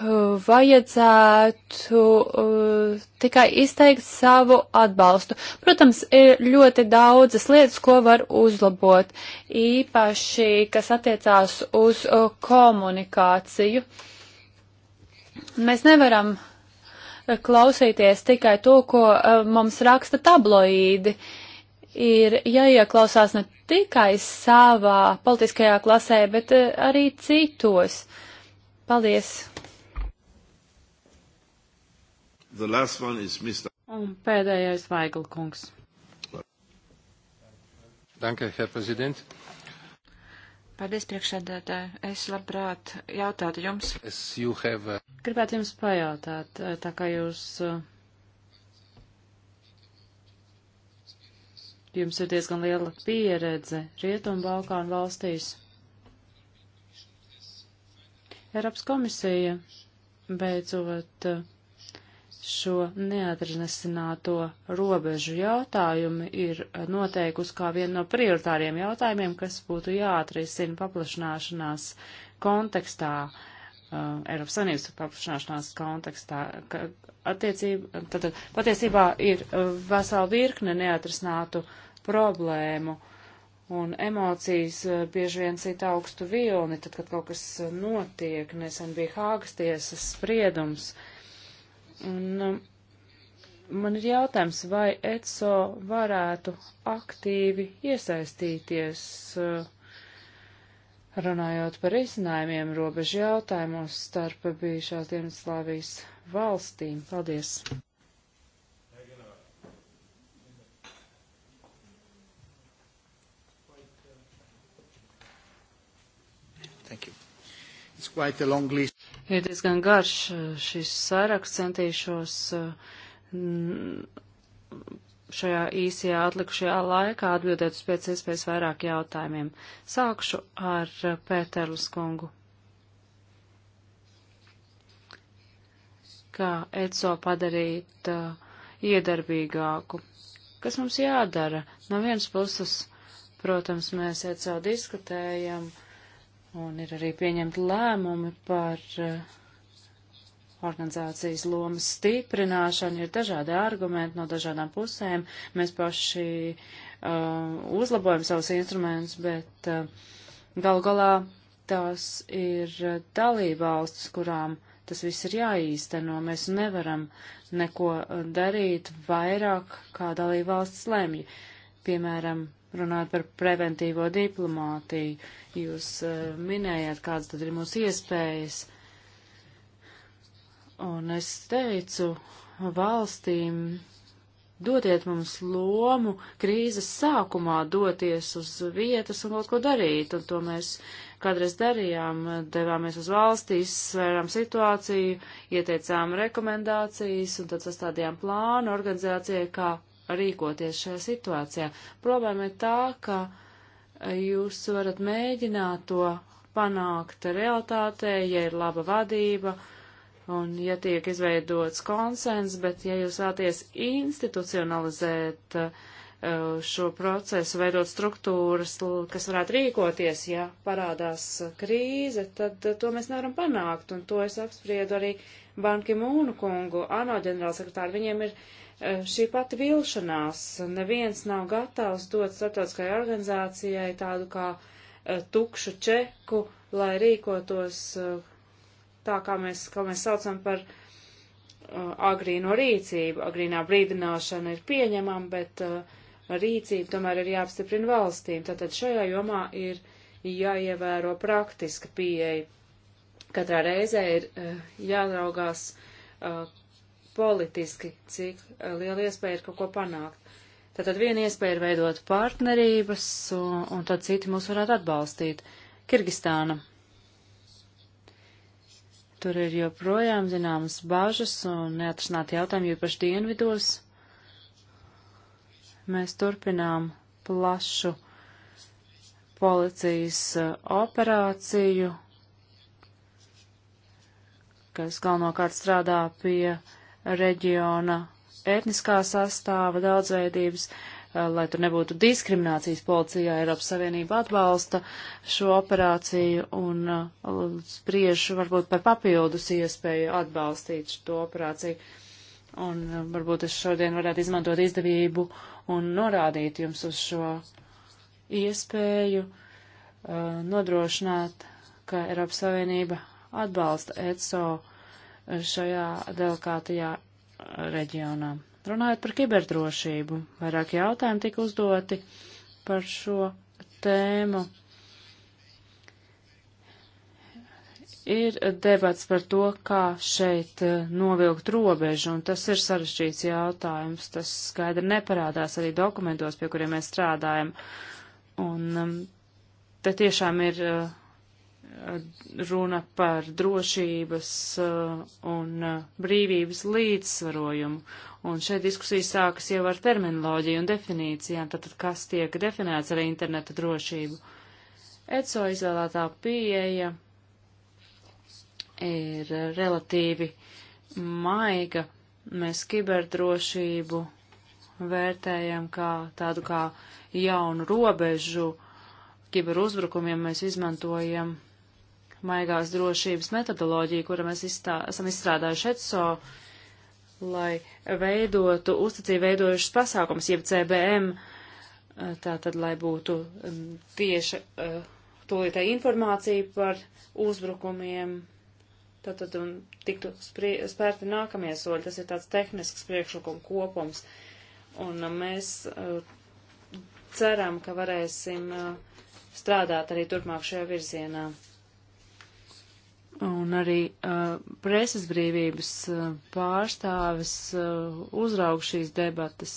uh, vajadzētu uh, tikai izteikt savu atbalstu. Protams, ir ļoti daudzas lietas, ko var uzlabot, īpaši, kas attiecās uz uh, komunikāciju. Mēs nevaram uh, klausīties tikai to, ko uh, mums raksta tabloīdi. Uh, ir jāieklausās ne tikai savā politiskajā klasē, bet eh, arī citos. Paldies! Un pēdējais Vaigla kungs. Danke, Herr Präsident. Paldies, priekšsēdētāji. Es labprāt jautātu jums. Have... Uh, Gribētu jums pajautāt, eh, tā kā jūs uh, Jums ir diezgan liela pieredze Rietumu Balkānu valstīs. Eiropas komisija beidzot uh, šo neatrisināto robežu jautājumu ir uh, noteikusi kā vienu no prioritāriem jautājumiem, kas būtu jāatrisina paplašanāšanās kontekstā, uh, Eiropas Savienības paplašanāšanās kontekstā. Ka, attiecība, tad, patiesībā ir uh, vesela virkne neatrisinātu robežu problēmu. Un emocijas eh, bieži vien cita augstu vilni, tad, kad kaut kas eh, notiek, nesen bija Hāgas tiesas spriedums. Un eh, man ir jautājums, vai ECO varētu aktīvi iesaistīties uh, Runājot par izcinājumiem robežu jautājumos starp bijušās Dienvidslāvijas valstīm. Paldies! Ir diezgan garš eh, šis saraksts, centīšos eh, šajā īsajā atlikušajā laikā atbildēt uz pēc iespējas vairāk jautājumiem. Sākšu ar eh, Pēterlu skungu. Kā ECO padarīt uh, iedarbīgāku? Kas mums jādara? No vienas puses, protams, mēs ECO diskutējam. Uh, Un ir arī pieņemti lēmumi par eh, organizācijas lomas stiprināšanu. Ir dažādi argumenti no dažādām pusēm. Mēs paši uh, uzlabojam savus instrumentus, bet uh, eh, gal galā tās ir dalībvalstis, kurām tas viss ir jāīsteno. Mēs nevaram neko darīt vairāk, kā dalībvalsts lemj. Piemēram, runāt par preventīvo diplomātiju. Jūs uh, minējāt, kādas tad ir mūsu iespējas. Un es teicu valstīm, dodiet mums lomu krīzes sākumā doties uz vietas un kaut ko darīt. Un to mēs kādreiz darījām, devāmies uz valsti, izsvērām situāciju, ieteicām rekomendācijas un tad sastādījām plānu organizācijai, kā rīkoties šajā situācijā. Problēma ir tā, ka jūs varat mēģināt to panākt realitātē, ja ir laba vadība un ja tiek izveidots konsens, bet ja jūs vēlaties institucionalizēt uh, šo procesu, veidot struktūras, kas varētu rīkoties, ja parādās krīze, tad uh, to mēs nevaram panākt. Un to es apspriedu arī Banki Mūnu kungu, ANO ģenerālsekretāru. Viņiem ir uh, šī pati vilšanās. Neviens nav gatavs dot starptautiskai organizācijai tādu kā e, tukšu čeku, lai rīkotos e, tā, kā mēs, kā mēs saucam par e, agrīno rīcību. Agrīnā brīdināšana ir pieņemama, bet rīcība tomēr ir jāapstiprina valstīm. Tātad šajā jomā ir jāievēro praktiska pieeja. Katrā reizē ir jāraugās, politiski, cik eh, liela iespēja ir kaut ko panākt. Tātad viena iespēja ir veidot partnerības, un, un tad citi mūs varētu atbalstīt. Kirgistāna. Tur ir joprojām zināmas bažas un neatrisināti jautājumi, jo paši dienvidos mēs turpinām plašu policijas e, operāciju, kas galvenokārt strādā pie uh, reģiona etniskā sastāva daudzveidības, eh, lai tur nebūtu diskriminācijas policijā, Eiropas Savienība atbalsta šo operāciju un eh, spriež varbūt par papildus iespēju atbalstīt šo operāciju. Un eh, varbūt es šodien varētu izmantot izdevību un norādīt jums uz šo iespēju nodrošināt, ka Eiropas Savienība atbalsta ECO šajā delikātajā reģionā. Runājot par kiberdrošību, vairāk jautājumu tika uzdoti par šo tēmu. Ir debats par to, kā šeit novilkt robežu, un tas ir sarežģīts jautājums. Tas skaidri neparādās arī dokumentos, pie kuriem mēs strādājam. Un um, te tiešām ir uh, runa par drošības uh, un uh, brīvības līdzsvarojumu. Un šeit diskusijas sākas jau ar terminoloģiju un definīcijām, tātad kas tiek definēts ar interneta drošību. ECO izvēlētā pieeja ir relatīvi maiga. Mēs kiberdrošību vērtējam kā tādu kā jaunu robežu kiberuzbrukumiem. Mēs izmantojam maigās drošības metodoloģiju, kuru mēs izstā, esam izstrādājuši ECO, lai veidotu uzticību veidojušas pasākums, jeb CBM, eh, tātad, lai būtu mm, tieša eh, tūlītē informācija par uzbrukumiem, tātad, un tiktu spērti nākamie soļi. Tas ir tāds tehnisks priekšlikuma kopums. Un eh, mēs ceram, ka varēsim strādāt arī turpmāk šajā virzienā. Un arī uh, preses brīvības uh, pārstāvis uh, uzraug šīs debatas,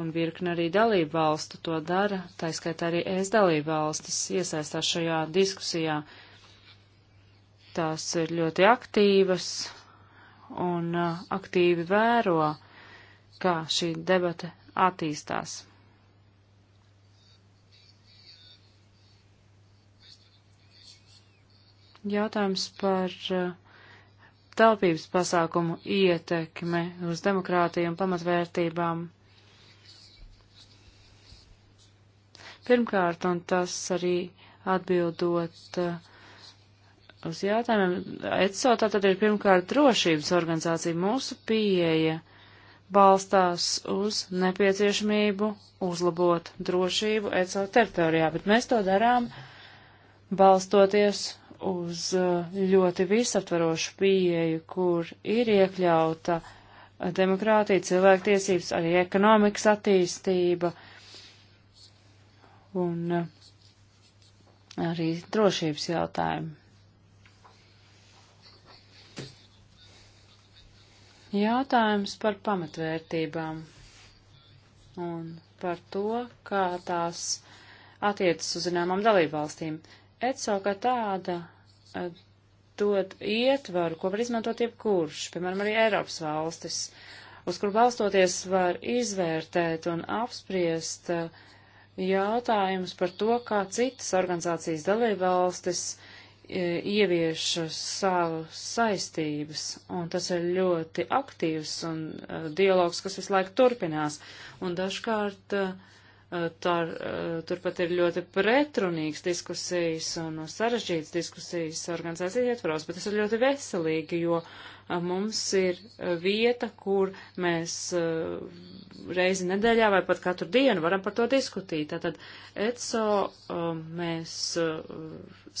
un virkne arī dalību valstu to dara, tā skaitā arī es dalību valstis iesaistās šajā diskusijā. Tās ir ļoti aktīvas un uh, aktīvi vēro, kā šī debata attīstās. Jautājums par eh, taupības pasākumu ietekme uz demokrātiju un pamatvērtībām. Pirmkārt, un tas arī atbildot uh, uz jautājumiem, ECO tātad ir pirmkārt drošības organizācija. Mūsu pieeja balstās uz nepieciešamību uzlabot drošību ECO teritorijā, bet mēs to darām balstoties uz uh, ļoti visaptvarošu pieeju, kur ir iekļauta uh, demokrātija, cilvēktiesības, arī ekonomikas attīstība un uh, arī drošības jautājumi. Jautājums par pamatvērtībām un par to, kā tās attiecas uz zināmām dalībvalstīm. ECO kā tāda dod ietvaru, ko var izmantot jebkurš, piemēram, arī Eiropas valstis, uz kur balstoties var izvērtēt un apspriest uh, jautājumus par to, kā citas organizācijas dalībvalstis uh, ievieš savu saistības, un tas ir ļoti aktīvs un uh, dialogs, kas visu laiku turpinās, un dažkārt uh, Eh, Tur, eh, turpat ir ļoti pretrunīgs diskusijas un sarežģīts diskusijas organizācijas ietvaros, bet tas ir ļoti veselīgi, jo eh, mums ir vieta, kur mēs reizi nedēļā vai pat katru dienu varam par to diskutīt. Tātad ECO mēs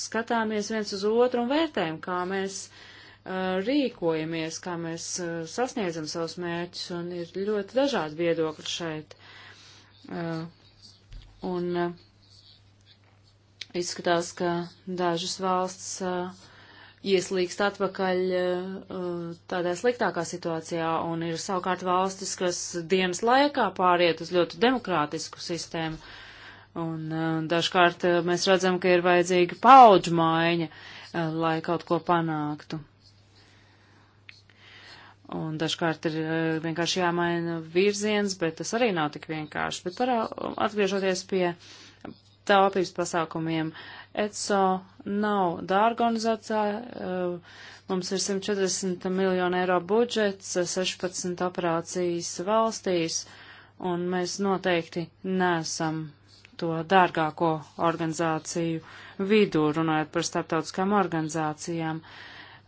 skatāmies viens uz otru un vērtējam, kā mēs rīkojamies, kā mēs sasniedzam savus mērķus un ir ļoti dažādi viedokļi šeit. Uh, Un eh, izskatās, ka dažas valsts eh, ieslīgst atpakaļ eh, tādā sliktākā situācijā, un ir savukārt valstis, kas dienas laikā pāriet uz ļoti demokrātisku sistēmu. Un dažkārt mēs redzam, ka ir vajadzīga paudžu maiņa, lai kaut ko panāktu. Un dažkārt ir eh, vienkārši jāmaina virziens, bet tas arī nav tik vienkārši. Bet parā, um, atgriežoties pie tāpības pasākumiem, ECO nav dārga organizācija. Eh, mums ir 140 miljonu eiro budžets, 16 eh, operācijas valstīs, un mēs noteikti nesam to dārgāko organizāciju vidū, runājot par starptautiskām organizācijām. Uh,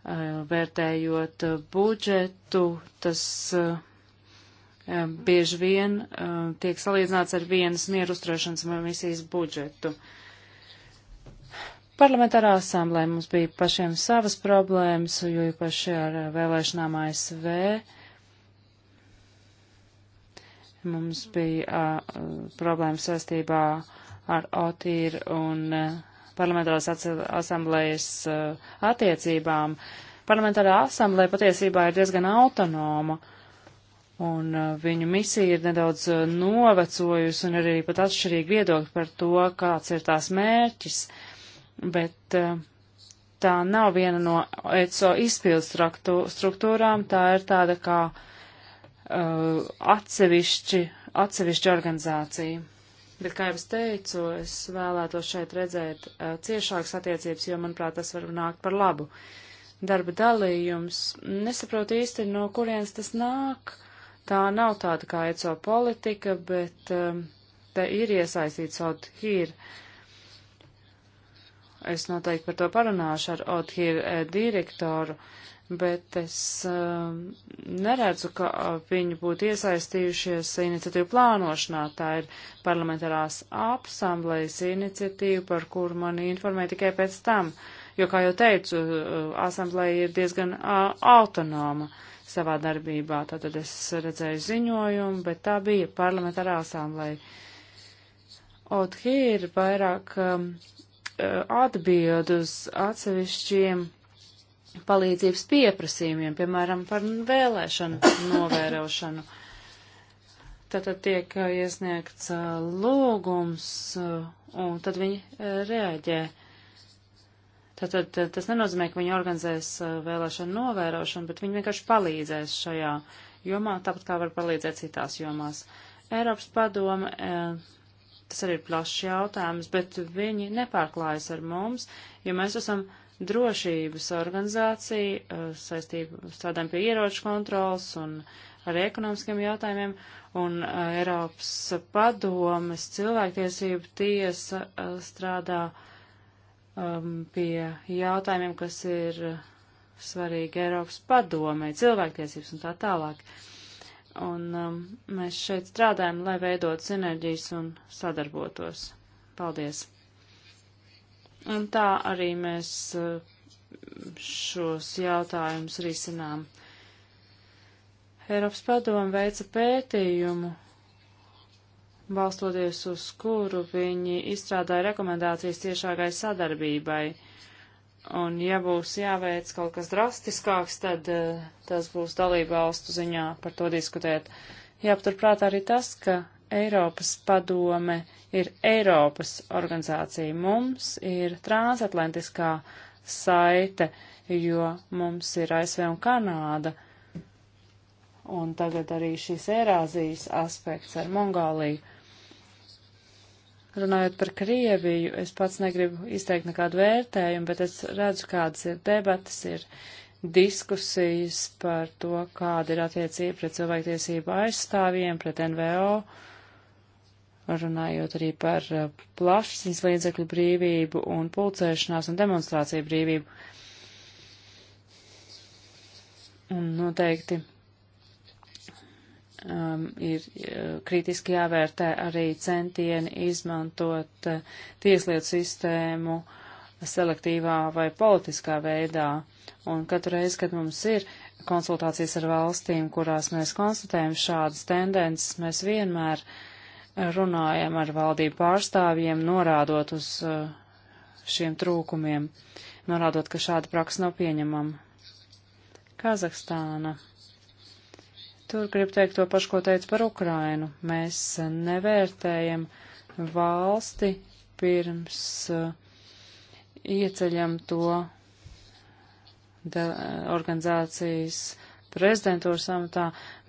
Eh, vērtējot eh, budžetu, tas eh, bieži vien tiek salīdzināts ar vienas mieru uzturēšanas misijas budžetu. Parlamentārā asamblē mums bija pašiem savas problēmas, jo īpaši ar vēlēšanām ASV. Mums bija uh, problēmas saistībā ar Otīru un uh, parlamentārās asamblējas eh, attiecībām. Parlamentārā asamblēja patiesībā ir diezgan autonoma, un eh, viņu misija ir nedaudz eh, novecojusi un arī pat atšķirīgi viedokļi par to, kāds ir tās mērķis, bet tā nav viena no ECO izpildu struktūrām, tā ir tāda kā uh, atsevišķi, atsevišķi organizācija. Bet, kā jau es teicu, es vēlētos šeit redzēt uh, ciešākas attiecības, jo, manuprāt, tas var nākt par labu. Darba dalījums. Nesaprotu īsti, no kurienes tas nāk. Tā nav tāda kā ECO politika, bet um, te ir iesaistīts ODHIR. Es noteikti par to parunāšu ar ODHIR e, uh, direktoru. Uh, bet es um, neredzu, ka uh, viņi būtu iesaistījušies iniciatīvu plānošanā. Tā ir parlamentārās apsamblejas iniciatīva, par kuru mani informē tikai pēc tam, jo, kā jau teicu, uh, asambleja ir diezgan uh, autonoma savā darbībā. Tātad es redzēju ziņojumu, bet tā bija parlamentārā asambleja. Othī ir vairāk um, atbild uz atsevišķiem palīdzības pieprasījumiem, piemēram, par vēlēšanu novērošanu. Tātad tiek uh, iesniegts uh, lūgums, uh, un tad viņi reaģē. Tātad tas nenozīmē, ka viņi organizēs vēlēšanu novērošanu, bet viņi vienkārši palīdzēs šajā jomā, tāpat kā var palīdzēt citās jomās. Eiropas padome, tas arī ir plašs jautājums, bet viņi nepārklājas ar mums, jo mēs esam. Uh, drošības organizācija, uh, eh, saistību strādājam pie ieroču kontrols un arī ekonomiskiem jautājumiem, un uh, Eiropas padomes cilvēktiesību tiesa uh, strādā um, pie jautājumiem, kas ir svarīgi Eiropas padomē, cilvēktiesības un tā tālāk. Un um, mēs šeit strādājam, lai veidot sinerģijas un sadarbotos. Paldies! Un tā arī mēs eh, šos jautājumus risinām. Eiropas padoma veica pētījumu, balstoties uz kuru viņi izstrādāja rekomendācijas tiešākai sadarbībai. Un ja būs jāveic kaut kas drastiskāks, tad eh, tas būs dalība valstu ziņā par to diskutēt. Jāpaturprāt arī tas, ka Eiropas padome ir Eiropas organizācija. Mums ir transatlantiskā saite, jo mums ir ASV un Kanāda. Un tagad arī šis Eirāzijas aspekts ar Mongoliju. Runājot par Krieviju, es pats negribu izteikt nekādu vērtējumu, bet es redzu, kādas ir debatas, ir diskusijas par to, kāda ir attiecība pret cilvēktiesību aizstāvjiem, pret NVO. Uh, runājot arī par uh, plašsaziņas līdzekļu brīvību un pulcēšanās un demonstrāciju brīvību. Un noteikti um, ir uh, kritiski jāvērtē arī centieni izmantot uh, tieslietu sistēmu selektīvā vai politiskā veidā. Un katru reizi, kad mums ir konsultācijas ar valstīm, kurās mēs konstatējam šādas tendences, mēs vienmēr uh, runājam ar valdību pārstāvjiem, norādot uz uh, šiem trūkumiem, norādot, ka šāda praksa nav pieņemama. Kazahstāna. Tur grib teikt to pašu, ko teicu par Ukrainu. Mēs nevērtējam valsti pirms uh, ieceļam to organizācijas prezidentūras amatā,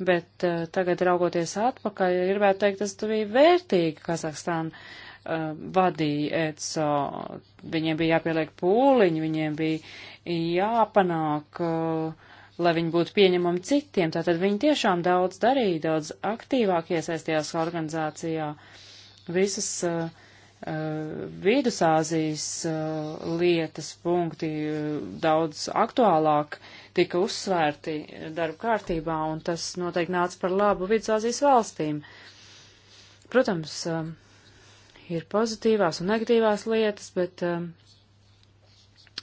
bet uh, tagad raugoties atpakaļ, gribētu teikt, tas bija vērtīgi Kazahstāna uh, vadīja ECO. Viņiem bija jāpieliek pūliņi, viņiem bija jāpanāk, uh, lai viņi būtu pieņemami citiem. Tātad viņi tiešām daudz darīja, daudz aktīvāk iesaistījās organizācijā. Visas uh, Uh, Vidusāzijas uh, lietas punkti uh, daudz aktuālāk tika uzsvērti darba kārtībā, un tas noteikti nāca par labu Vidzāzijas valstīm. Protams, um, ir pozitīvās un negatīvās lietas, bet um,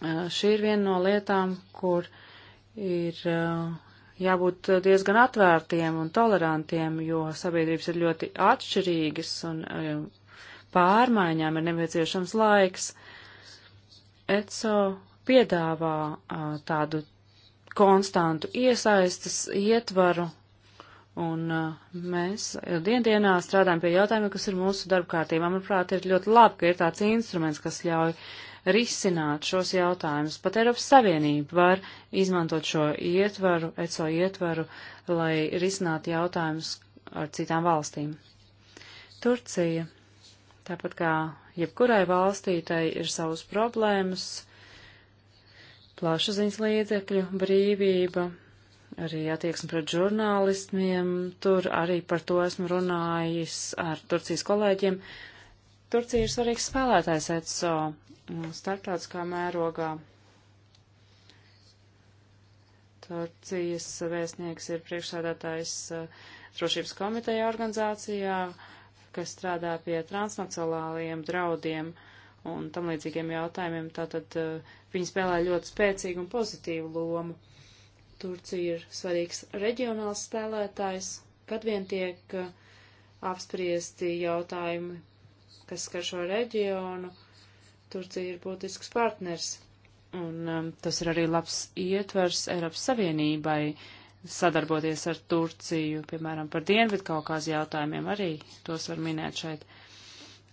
uh, šī ir viena no lietām, kur ir uh, jābūt diezgan atvērtiem un tolerantiem, jo sabiedrības ir ļoti atšķirīgas un um, pārmaiņām ir nepieciešams laiks. ECO piedāvā uh, tādu konstantu iesaistas ietvaru, un uh, mēs diendienā strādājam pie jautājumiem, kas ir mūsu darba kārtībā. Manuprāt, ir ļoti labi, ka ir tāds instruments, kas ļauj risināt šos jautājumus. Pat Eiropas Savienība var izmantot šo ietvaru, ECO ietvaru, lai risinātu jautājumus ar citām valstīm. Turcija, tāpat kā jebkurai valstī, tai ir savas problēmas plašsaziņas līdzekļu brīvība, arī attieksme pret žurnālistiem, tur arī par to esmu runājis ar Turcijas kolēģiem. Turcija ir svarīgs spēlētājs ECO starptautiskā mērogā. Turcijas vēstnieks ir priekšsādātājs eh, drošības komiteja organizācijā, kas strādā pie transnacionālajiem draudiem. Uh, un tam līdzīgiem jautājumiem. Tātad eh, viņi spēlē ļoti spēcīgu un pozitīvu lomu. Turcija ir svarīgs reģionāls spēlētājs, kad vien tiek eh, apspriesti jautājumi, kas skar šo reģionu. Turcija ir būtisks partners, un um, tas ir arī labs ietvers Eiropas Savienībai sadarboties ar Turciju, piemēram, par Dienvidu kaut kāds jautājumiem arī tos var minēt šeit. Uh,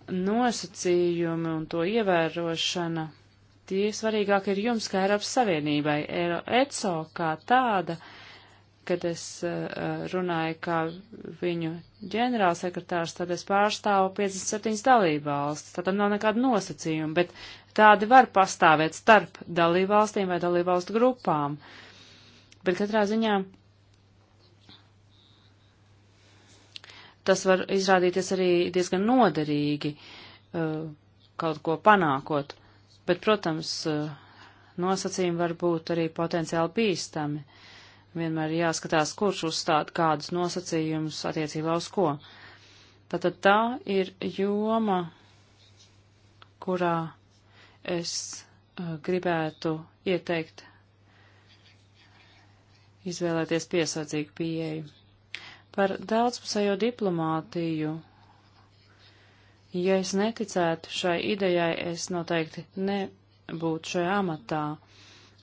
nosacījumi un to ievērošana, tie svarīgāk ir jums kā Eiropas Savienībai. ECO kā tāda, kad es eh, runāju kā viņu ģenerālsekretārs, tad es pārstāvu 57 dalībvalstis. Tad nav nekāda nosacījuma, bet tādi var pastāvēt starp dalībvalstīm vai dalībvalstu grupām. Bet katrā ziņā tas var izrādīties arī diezgan noderīgi uh, kaut ko panākot. Bet, protams, uh, nosacījumi var būt arī potenciāli bīstami. Vienmēr jāskatās, kurš uzstāda kādus nosacījumus attiecībā uz ko. Tātad tā ir joma, kurā es uh, gribētu ieteikt izvēlēties piesardzīgu pieeju. Par daudzpusējo diplomātiju. Ja es neticētu šai idejai, es noteikti nebūtu šajā amatā,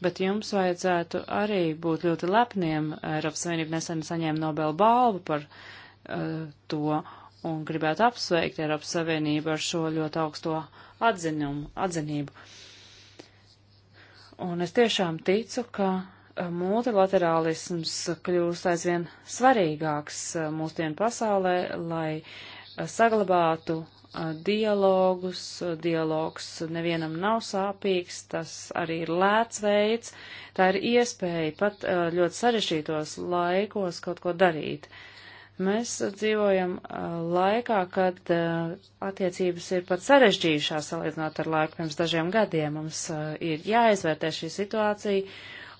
bet jums vajadzētu arī būt ļoti lepniem. Eiropas Savienība nesen saņēma Nobel balvu par uh, to un gribētu apsveikt Eiropas Savienību ar šo ļoti augsto atzinumu, atzinību. Un es tiešām ticu, ka Eh, multilaterālisms kļūst aizvien svarīgāks eh, mūsdienu pasaulē, lai eh, saglabātu dialogus. Dialogs nevienam nav sāpīgs, tas arī ir lēts veids, tā ir iespēja pat ļoti sarešķītos laikos kaut ko darīt. Mēs dzīvojam laikā, kad attiecības ir pat sarežģījušās salīdzinot ar laiku pirms dažiem gadiem. Mums ir jāizvērtē šī situācija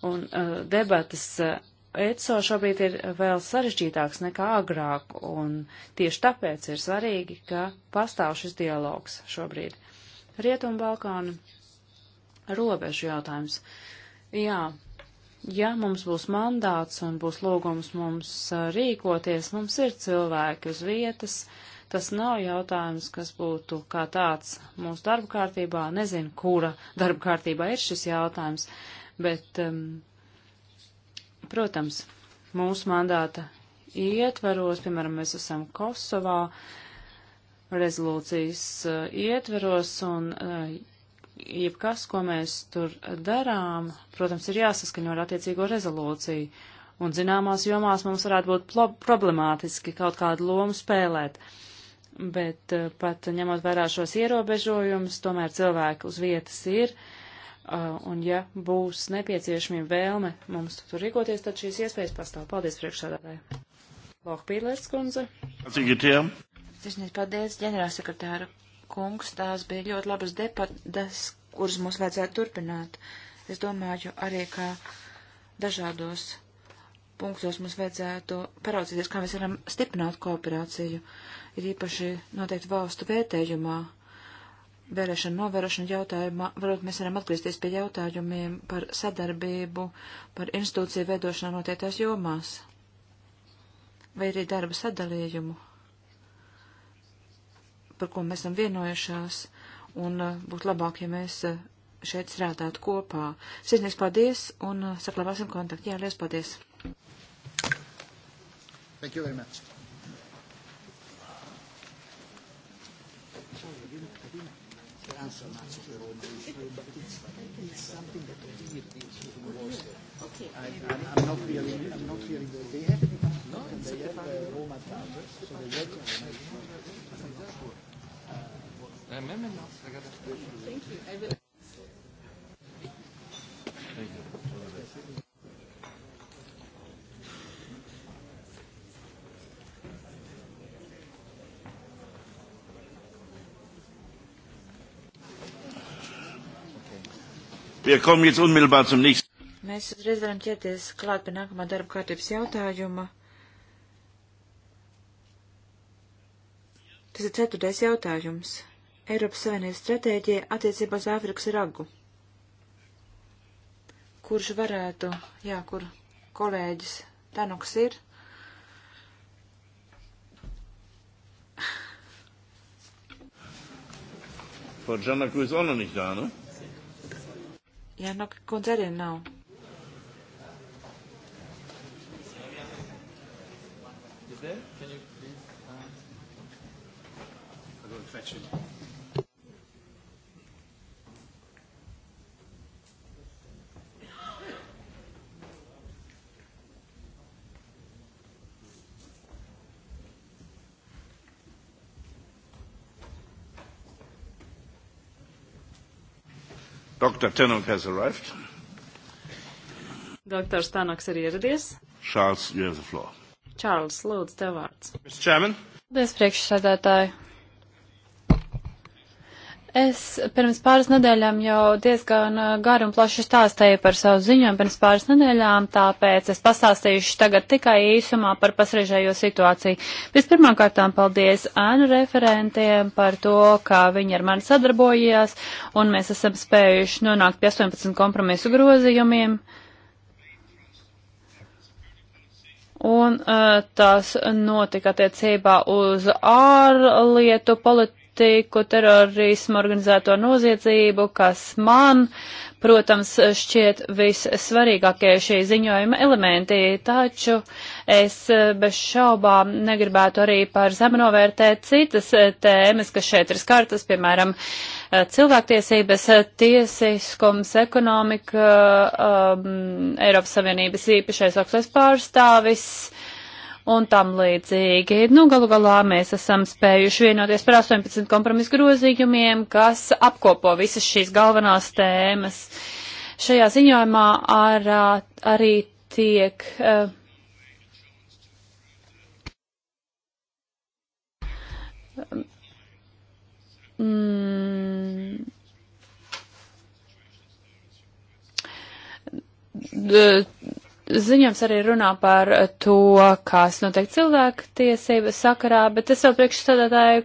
Un uh, debatas uh, ECO šobrīd ir vēl sarežģītāks nekā agrāk, un tieši tāpēc ir svarīgi, ka pastāv šis dialogs šobrīd. Rietumbalkānu robežu jautājums. Jā, ja mums būs mandāts un būs lūgums mums uh, rīkoties, mums ir cilvēki uz vietas. Tas nav jautājums, kas būtu kā tāds mūsu darba kārtībā. Nezinu, kura darba kārtībā ir šis jautājums, bet, um, protams, mūsu mandāta ietvaros, piemēram, mēs esam Kosovā, rezolūcijas uh, ietvaros un uh, jebkas, ko mēs tur darām, protams, ir jāsaskaņo ar attiecīgo rezolūciju. Un zināmās jomās mums varētu būt problemātiski kaut kādu lomu spēlēt. Bet uh, pat ņemot vērā šos ierobežojumus, tomēr cilvēki uz vietas ir, uh, Uh, un ja būs nepieciešamība vēlme mums tur rīkoties, tad šīs iespējas pastāv. Paldies priekšsādātāji. Lohpīlērs kundze. Sirsnīgi paldies, ģenerālsekretāra kungs. Tās bija ļoti labas debatas, kuras mums vajadzētu turpināt. Es domāju arī, ka dažādos punktos mums vajadzētu paraudzīties, kā mēs varam stiprināt kooperāciju, ir īpaši noteikti valstu vērtējumā vēlēšana novērošana jautājumā, varbūt mēs varam atgriezties pie jautājumiem par sadarbību, par institūciju veidošanu noteiktās jomās, vai arī darba sadalījumu, par ko mēs esam vienojušās, un uh, būtu labāk, ja mēs uh, šeit strādātu kopā. Sirdnieks paldies, un uh, saklabāsim kontaktu. Jā, liels paldies! Thank you very much. answer much to Roma issue, but it's, it's something that really should be worse. Okay. I, I'm, I'm not really, I'm not really. They have a department no, and they have uh, Roma charges, so they work on Roma issues. Uh, Thank you. I will Mēs uzreiz varam ķerties klāt pie nākamā darba kārtības jautājuma. Tas ir ceturtais jautājums. Eiropas Savienības stratēģija attiecībā uz Āfrikas ragu. Kurš varētu, jā, kur kolēģis Tanuks ir? Frau Giannaku ist auch noch nicht da, ne? Jā, nu, kundze arī nav. Is there? Can you please? Uh, I will fetch it. Dr. Tenok has arrived. Dr. Stanoks ir ieradies. Charles, you have the floor. Čārlis, lūdzu, tev vārds. Paldies, priekšsēdētāji. Es pirms pāris nedēļām jau diezgan uh, garu un plaši stāstīju par savu ziņojumu pirms pāris nedēļām, tāpēc es pastāstīšu tagad tikai īsumā par pasrežējo situāciju. Vispirmkārtām paldies ēnu referentiem par to, kā viņi ar mani sadarbojās, un mēs esam spējuši nonākt pie 18 kompromisu grozījumiem. Un uh, tas notika attiecībā uz ārlietu politiku narkotiku, terorismu, organizēto noziedzību, kas man, protams, šķiet vissvarīgākie šī ziņojuma elementi, taču es eh, bez šaubām negribētu arī par zemu novērtēt citas eh, tēmas, kas šeit ir skartas, piemēram, eh, cilvēktiesības, tiesiskums, ekonomika, um, Eiropas Savienības īpašais augstais pārstāvis, uh, un tam līdzīgi. Nu, galu galā mēs esam spējuši vienoties par 18 kompromisu grozījumiem, kas apkopo visas šīs galvenās tēmas. Šajā ziņojumā ar, arī tiek. Uh, mm, d, ziņojums arī runā par to, kas notiek cilvēku tiesība sakarā, bet es vēl priekšstādātāju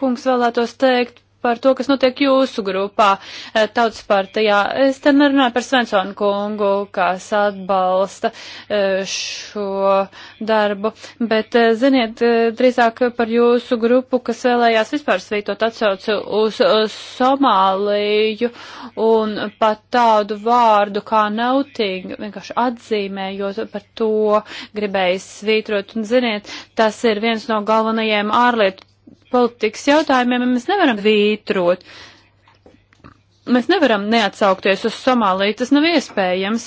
kungs vēlētos teikt par to, kas notiek jūsu grupā eh, tautas partijā. Es te nerunāju par Svensonu kungu, kas atbalsta eh, šo darbu, bet eh, ziniet, drīzāk par jūsu grupu, kas vēlējās vispār svītot atsauci uz, uz Somāliju un pat tādu vārdu kā nauting, vienkārši atzīmējot par to gribēju svītrot. Un ziniet, tas ir viens no galvenajiem ārlietu politikas jautājumiem mēs nevaram vītrot. Mēs nevaram neatsaukties uz Somāliju, tas nav iespējams.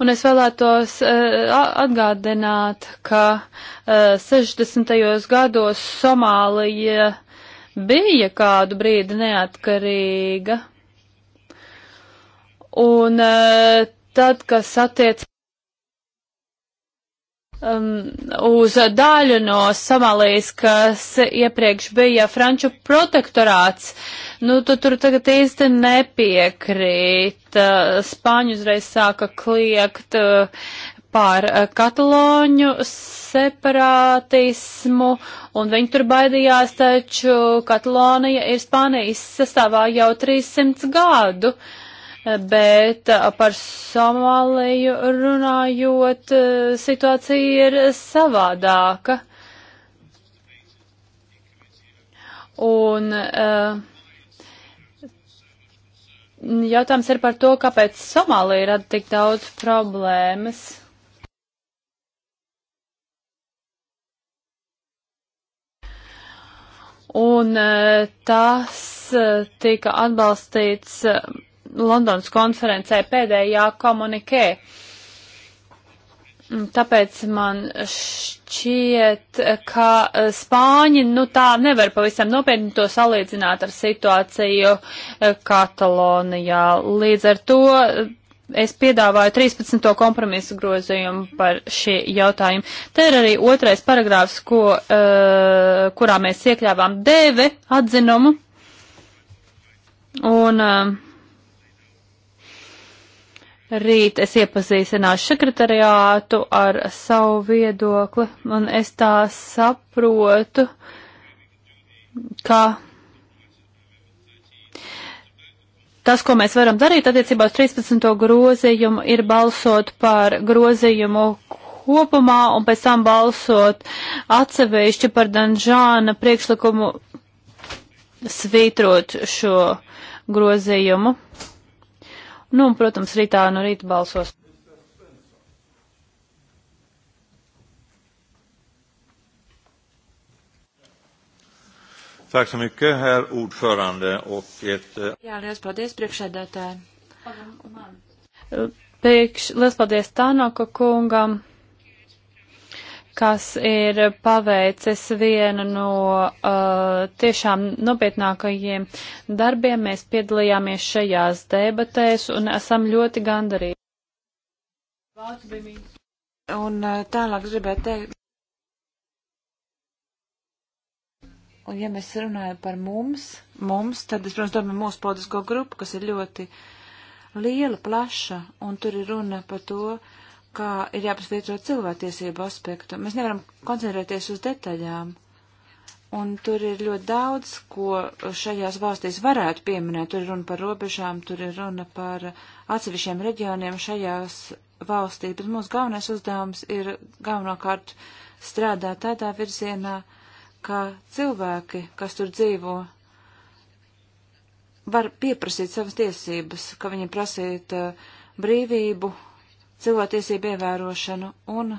Un es vēlētos uh, atgādināt, ka uh, eh, 60. gados Somālija bija kādu brīdi neatkarīga. Un uh, tad, kas attiec um, uz daļu no Somalijas, kas iepriekš bija Franču protektorāts. Nu, tu tur tagad īsti nepiekrīt. Uh, Spāņu uzreiz sāka kliegt uh, par uh, kataloņu separātismu, un viņi tur baidījās, taču Katalonija ir Spānijas sastāvā jau 300 gadu. Uh, bet uh, par Somāliju runājot, uh, situācija ir savādāka. Un uh, jautājums ir par to, kāpēc Somālija rada tik daudz problēmas. Un tas tika atbalstīts Londonas konferencē pēdējā komunikē. Tāpēc man šķiet, ka Spāņi nu tā nevar pavisam nopietni to salīdzināt ar situāciju eh, Katalonijā. Līdz ar to eh, es piedāvāju 13. kompromisu grozījumu par šī jautājumu. Te ir arī otrais paragrāfs, ko, uh, kurā mēs iekļāvām dēve atzinumu. Un uh, Rīt es iepazīstināšu sekretariātu ar savu viedokli, un es tā saprotu, ka tas, ko mēs varam darīt attiecībā uz 13. grozījumu, ir balsot par grozījumu kopumā un pēc tam balsot atsevišķi par Danžāna priekšlikumu svītrot šo grozījumu. Nu, un, protams, rītā no rīta balsos. Tack så mycket, herr ordförande. Och ett... Eh, Jā, liels paldies, priekšēdētāji. Pēkšņi, liels paldies Tānoka kungam kas ir paveicis vienu no uh, tiešām nopietnākajiem darbiem. Mēs piedalījāmies šajās debatēs un esam ļoti gandarīti. Un uh, tālāk gribētu teikt. Un ja mēs runājam par mums, mums, tad es, protams, domāju mūsu politisko grupu, kas ir ļoti liela, plaša, un tur ir runa par to, uh, kā ir jāpasvītro cilvēktiesību aspektu. Mēs nevaram koncentrēties uz detaļām. Un tur ir ļoti daudz, ko šajās valstīs varētu pieminēt. Tur ir runa par robežām, tur ir runa par atsevišķiem reģioniem šajās valstī, bet mūsu galvenais uzdevums ir galvenokārt strādāt tādā virzienā, ka cilvēki, kas tur dzīvo, var pieprasīt savas tiesības, ka viņi prasīt uh, brīvību, cilvēktiesību ievērošanu un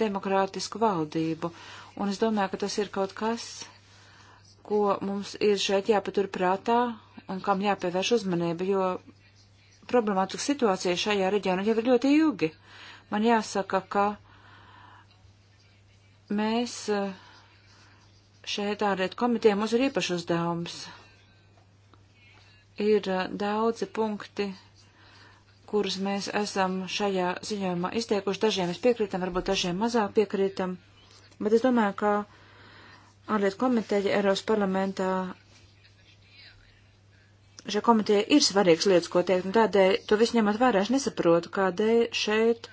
demokrātisku valdību. Un es domāju, ka tas ir kaut kas, ko mums ir šeit jāpatur prātā un kam jāpievērš uzmanība, jo problemātiska situācija šajā reģionā jau ir ļoti ilgi. Man jāsaka, ka mēs eh, šeit ārlietu komitē mums ir īpašs uzdevums. Ir eh, daudzi punkti, kurus mēs esam šajā ziņojumā izteikuši. Dažiem mēs piekrītam, varbūt dažiem mazāk piekrītam, bet es domāju, ka ārlietu komiteja Eiropas parlamentā šai komitejai ir svarīgas lietas, ko teikt, un tādēļ to visu ņemot vērā, es nesaprotu, kādēļ šeit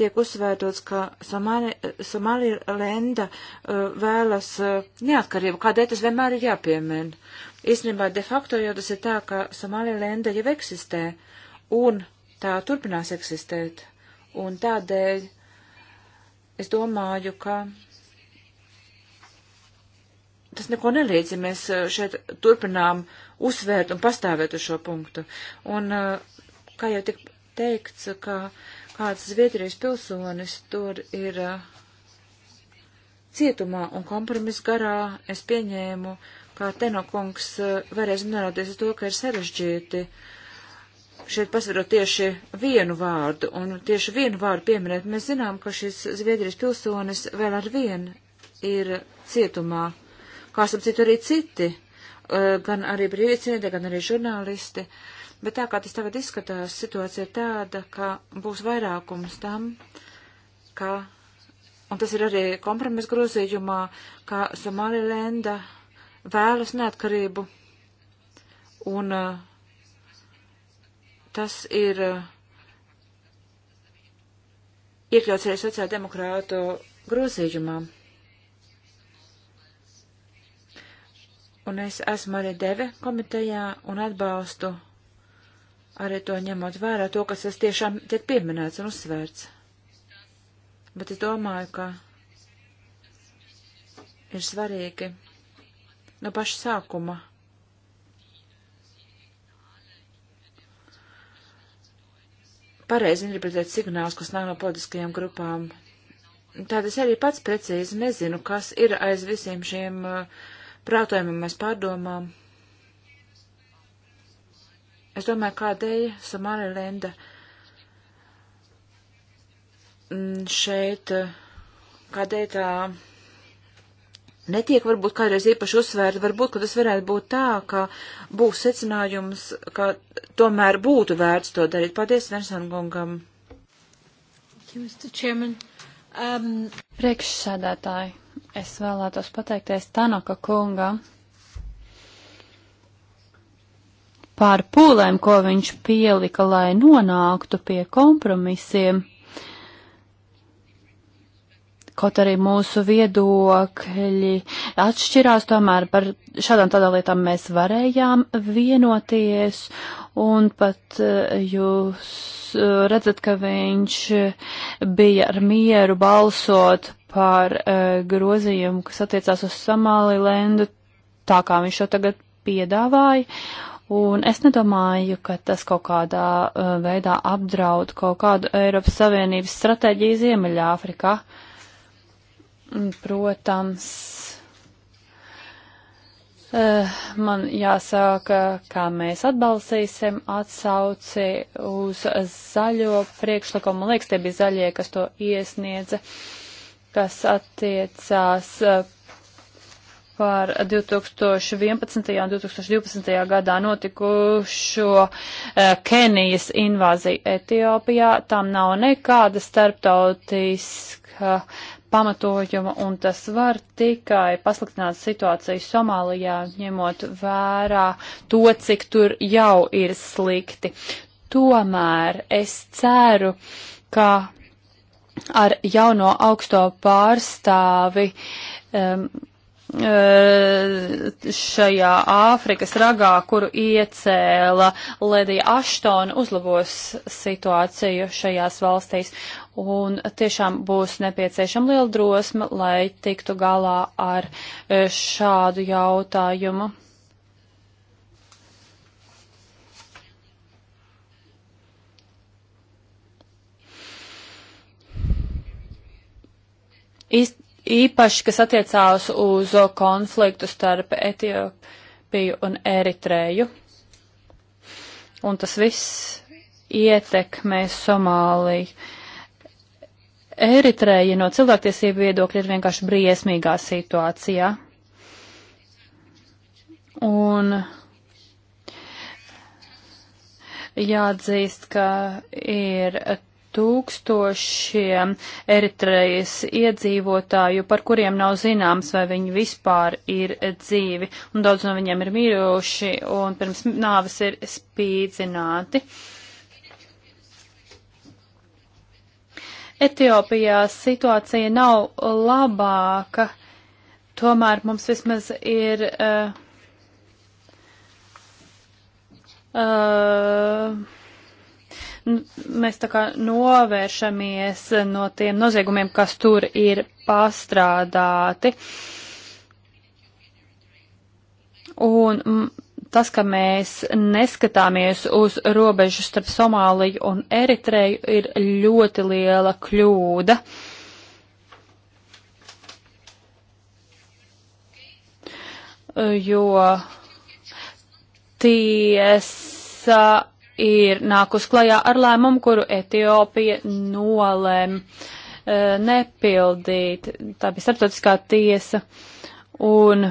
tiek uzsvērtots, ka Somālija lenda uh, vēlas uh, neatkarību, kādēļ tas vienmēr ir jāpiemēna. Īstenībā de facto jau tas ir tā, ka Somālija lenda jau eksistē. Uh, un tā turpinās eksistēt. Un tādēļ es domāju, ka tas neko nelīdz, ja mēs eh, šeit turpinām uzsvērt un pastāvēt uz šo punktu. Un, eh, kā jau tik teikts, ka kāds Zviedrijas pilsonis tur ir eh, cietumā un kompromis garā, es pieņēmu, kā Tenokungs varēs norādīt uz to, ka ir sarežģīti uh, šeit pasvarot tieši vienu vārdu, un tieši vienu vārdu pieminēt, mēs zinām, ka šis Zviedrijas pilsonis vēl ar vienu ir cietumā, kā sapcīt arī citi, eh, gan arī brīvīcinieki, gan arī žurnālisti, bet tā kā tas tagad izskatās, situācija ir tāda, ka būs vairākums tam, ka, un tas ir arī kompromis grozījumā, ka Somalilenda vēlas neatkarību, un uh, Tas ir eh, iekļauts arī sociāldemokrātu grozījumā. Un es esmu arī deve komitejā un atbalstu arī to ņemot vērā, to, kas tas tiešām tiek pieminēts un uzsvērts. Bet es domāju, ka ir svarīgi no paša sākuma pareizi interpretēt signālus, kas nāk no politiskajām grupām. Tātad es arī pats precīzi nezinu, kas ir aiz visiem šiem uh, prātojumiem mēs pārdomām. Es domāju, kādēļ Somalilenda mm, šeit, uh, kādēļ tā netiek varbūt kādreiz īpaši uzsvērta, varbūt, ka tas varētu būt tā, ka būs secinājums, ka tomēr būtu vērts to darīt. Paldies Versangungam. Um... Priekšsēdētāji, es vēlētos pateikties Tanaka kungam par pūlēm, ko viņš pielika, lai nonāktu pie kompromisiem Kaut arī mūsu viedokļi atšķirās, tomēr par šādām tādām lietām mēs varējām vienoties, un pat eh, jūs eh, redzat, ka viņš bija ar mieru balsot par eh, grozījumu, kas attiecās uz Somālilendu, tā kā viņš to tagad piedāvāja. Un es nedomāju, ka tas kaut kādā uh, veidā apdraud kaut kādu Eiropas Savienības stratēģiju Ziemeļāfrikā. Uh, Protams, eh, man jāsaka, kā mēs atbalstīsim atsauci uz zaļo priekšlikumu. Man liekas, tie bija zaļie, kas to iesniedza, kas attiecās eh, par 2011. un 2012. gadā notikušo eh, Kenijas invāziju Etiopijā. Tam nav nekāda starptautiska pamatojuma, un tas var tikai pasliktināt situāciju Somālijā, ņemot vērā to, cik tur jau ir slikti. Tomēr es ceru, ka ar jauno augsto pārstāvi um, Eh, šajā Āfrikas ragā, kuru iecēla Ledija Aštona, uzlabos situāciju šajās valstīs. Un tiešām būs nepieciešama liela drosme, lai tiktu galā ar eh, šādu jautājumu. Ist īpaši, kas attiecās uz konfliktu starp Etiopiju un Eritreju. Un tas viss ietekmē Somāliju. Eritreja no cilvēktiesību viedokļa ir vienkārši briesmīgā situācijā. Un jāatzīst, ka ir tūkstošiem Eritrejas iedzīvotāju, par kuriem nav zināms, vai viņi vispār ir dzīvi, un daudz no viņiem ir mīruši un pirms nāves ir spīdzināti. Etiopijā situācija nav labāka, tomēr mums vismaz ir uh, uh, mēs tā kā novēršamies no tiem noziegumiem, kas tur ir pastrādāti. Un tas, ka mēs neskatāmies uz robežu starp Somāliju un Eritreju, ir ļoti liela kļūda. Jo tiesa ir nākus klajā ar lēmumu, kuru Etiopija nolēma e, nepildīt. Tā bija starptautiskā tiesa. Un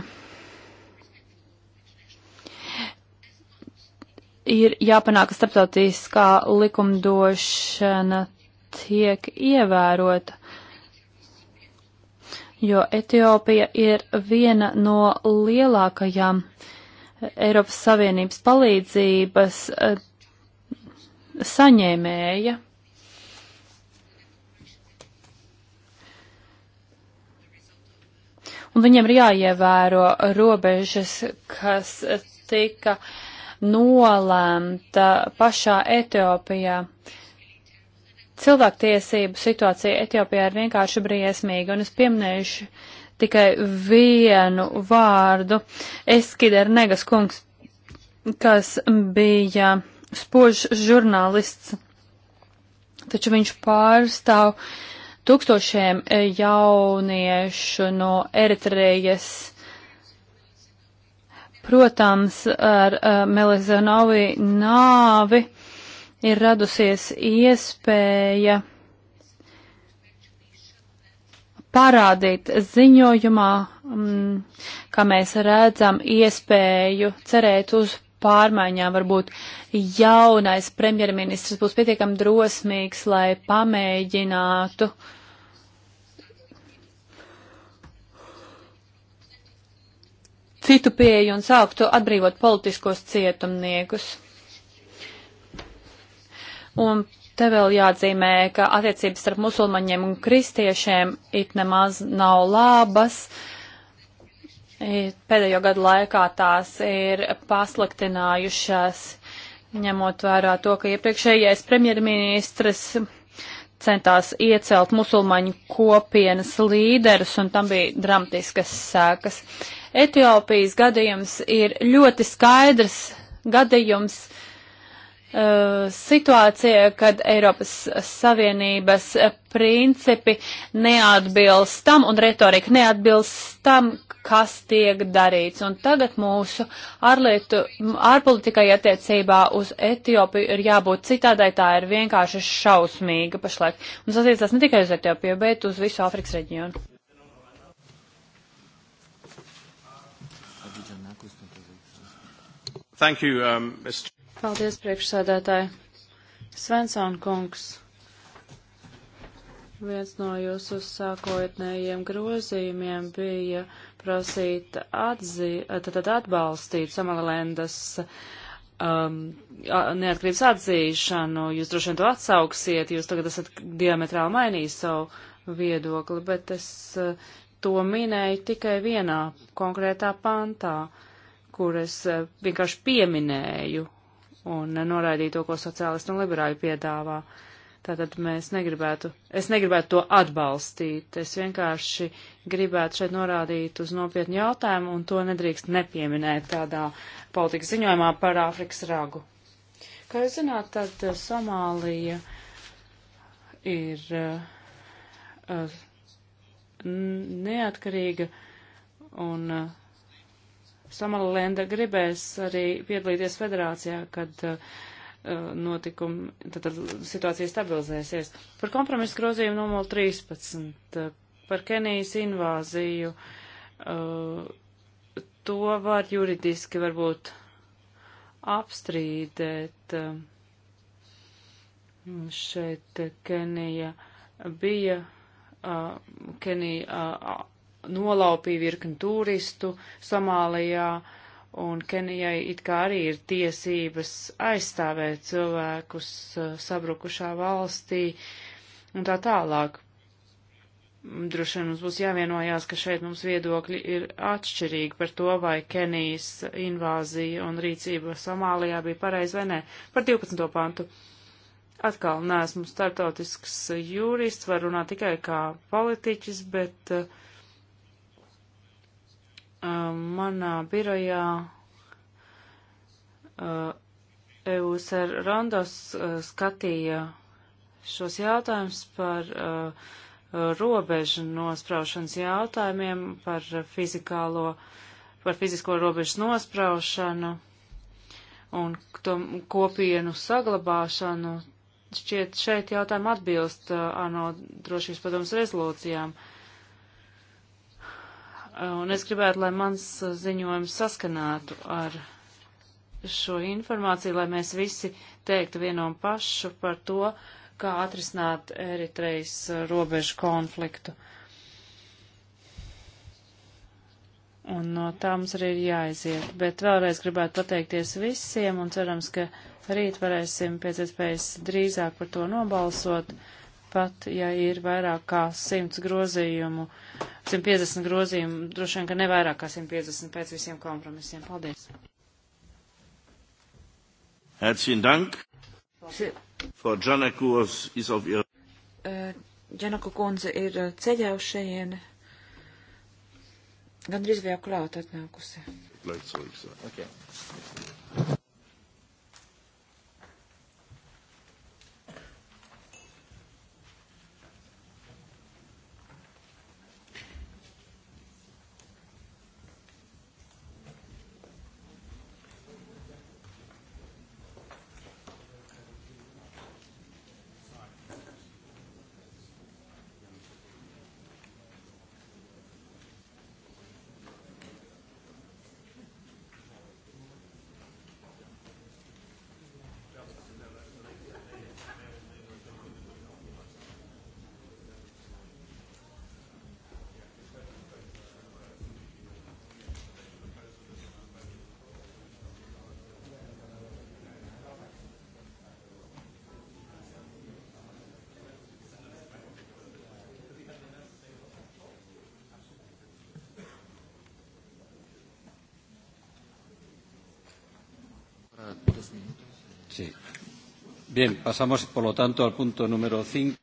ir jāpanāk, ka starptautiskā likumdošana tiek ievērota, jo Etiopija ir viena no lielākajām Eiropas Savienības palīdzības saņēmēja. Un viņiem ir jāievēro robežas, kas tika nolēmta pašā Etiopijā. Cilvēktiesību situācija Etiopijā ir vienkārši briesmīga, un es pieminējuši tikai vienu vārdu. Eskider Negas kungs, kas bija uh, spožs žurnālists, taču viņš pārstāv tūkstošiem e, jauniešu no Eritrejas. Protams, ar uh, e, Melizanovi nāvi ir radusies iespēja parādīt ziņojumā, mm, kā mēs redzam, iespēju cerēt uz pārmaiņām. Varbūt jaunais premjerministrs būs pietiekami drosmīgs, lai pamēģinātu. citu pieeju un sāktu atbrīvot politiskos cietumniekus. Un te vēl jāatzīmē, ka attiecības starp musulmaņiem un kristiešiem it nemaz nav labas. Uh, E, pēdējo gadu laikā tās ir pasliktinājušās, ņemot vērā to, ka iepriekšējais premjerministrs centās iecelt musulmaņu kopienas līderus, un tam bija dramatiskas sēkas. Etiopijas gadījums ir ļoti skaidrs gadījums uh, situācija, kad Eiropas Savienības principi neatbilst tam un retorika neatbilst tam, kas tiek darīts. Un tagad mūsu ārlietu, ārpolitikai attiecībā uz Etiopiju ir jābūt citādai, tā ir vienkārši šausmīga pašlaik. Un tas attiecās ne tikai uz Etiopiju, bet uz visu Āfrikas reģionu. Thank you, um, Mr. Paldies, priekšsēdētāji. Svensson kungs viens no jūsu sākotnējiem grozījumiem bija prasīt atzī, tātad atbalstīt Somalilendas um, neatkarības atzīšanu. Jūs droši vien to atsauksiet, jūs tagad esat diametrāli mainījis savu viedokli, bet es uh, to minēju tikai vienā konkrētā pantā, kur es uh, vienkārši pieminēju un uh, noraidīju to, ko sociālisti un liberāļi piedāvā. Uh, Tātad mēs negribētu, es negribētu to atbalstīt, es vienkārši gribētu šeit norādīt uz nopietnu jautājumu, un to nedrīkst nepieminēt tādā politikas ziņojumā par Āfrikas ragu. Kā jūs zināt, tad eh, Somālija ir uh, neatkarīga, un uh, Somalilenda gribēs arī piedalīties federācijā, kad uh, Eh, notikumi, tad, tad situācija stabilizēsies. Par kompromisu grozījumu numuru 13, eh, par Kenijas invāziju, eh, to var juridiski varbūt apstrīdēt. Šeit Kenija bija, Kenija nolaupīja virkni turistu Somālijā un Kenijai it kā arī ir tiesības aizstāvēt cilvēkus uh, sabrukušā valstī un tā tālāk. Droši vien mums būs jāvienojās, ka šeit mums viedokļi ir atšķirīgi par to, vai Kenijas invāzija un rīcība Somālijā bija pareiza vai nē. Par 12. pantu. Atkal neesmu startautisks jurists, var runāt tikai kā politiķis, bet uh, Um, manā birojā uh, EUS ar Rondos uh, skatīja šos jautājumus par uh, robežu nospraušanas jautājumiem, par fizikālo, par fizisko robežu nospraušanu un to kopienu saglabāšanu. Šķiet, šeit jautājumi atbilst uh, ANO drošības padomas rezolūcijām. Uh, Un es gribētu, lai mans ziņojums saskanātu ar šo informāciju, lai mēs visi teiktu vienu un pašu par to, kā atrisināt Eritrejas robežu konfliktu. Un no tā mums arī ir jāiziet. Bet vēlreiz gribētu pateikties visiem un cerams, ka rīt varēsim pēc iespējas drīzāk par to nobalsot pat ja ir vairāk kā 100 grozījumu, 150 grozījumu, droši vien, ka ne vairāk kā 150 pēc visiem kompromisiem. Paldies! Herzlichen Dank! Frau Janakos ist auf ihrer. Janaku eh, kundze ir eh, ceļā uz šajieni. Gandrīz vēl klāt atnākusi. Laik, sorry, sorry. Okay. Sí. Bien, pasamos, por lo tanto, al punto número 5.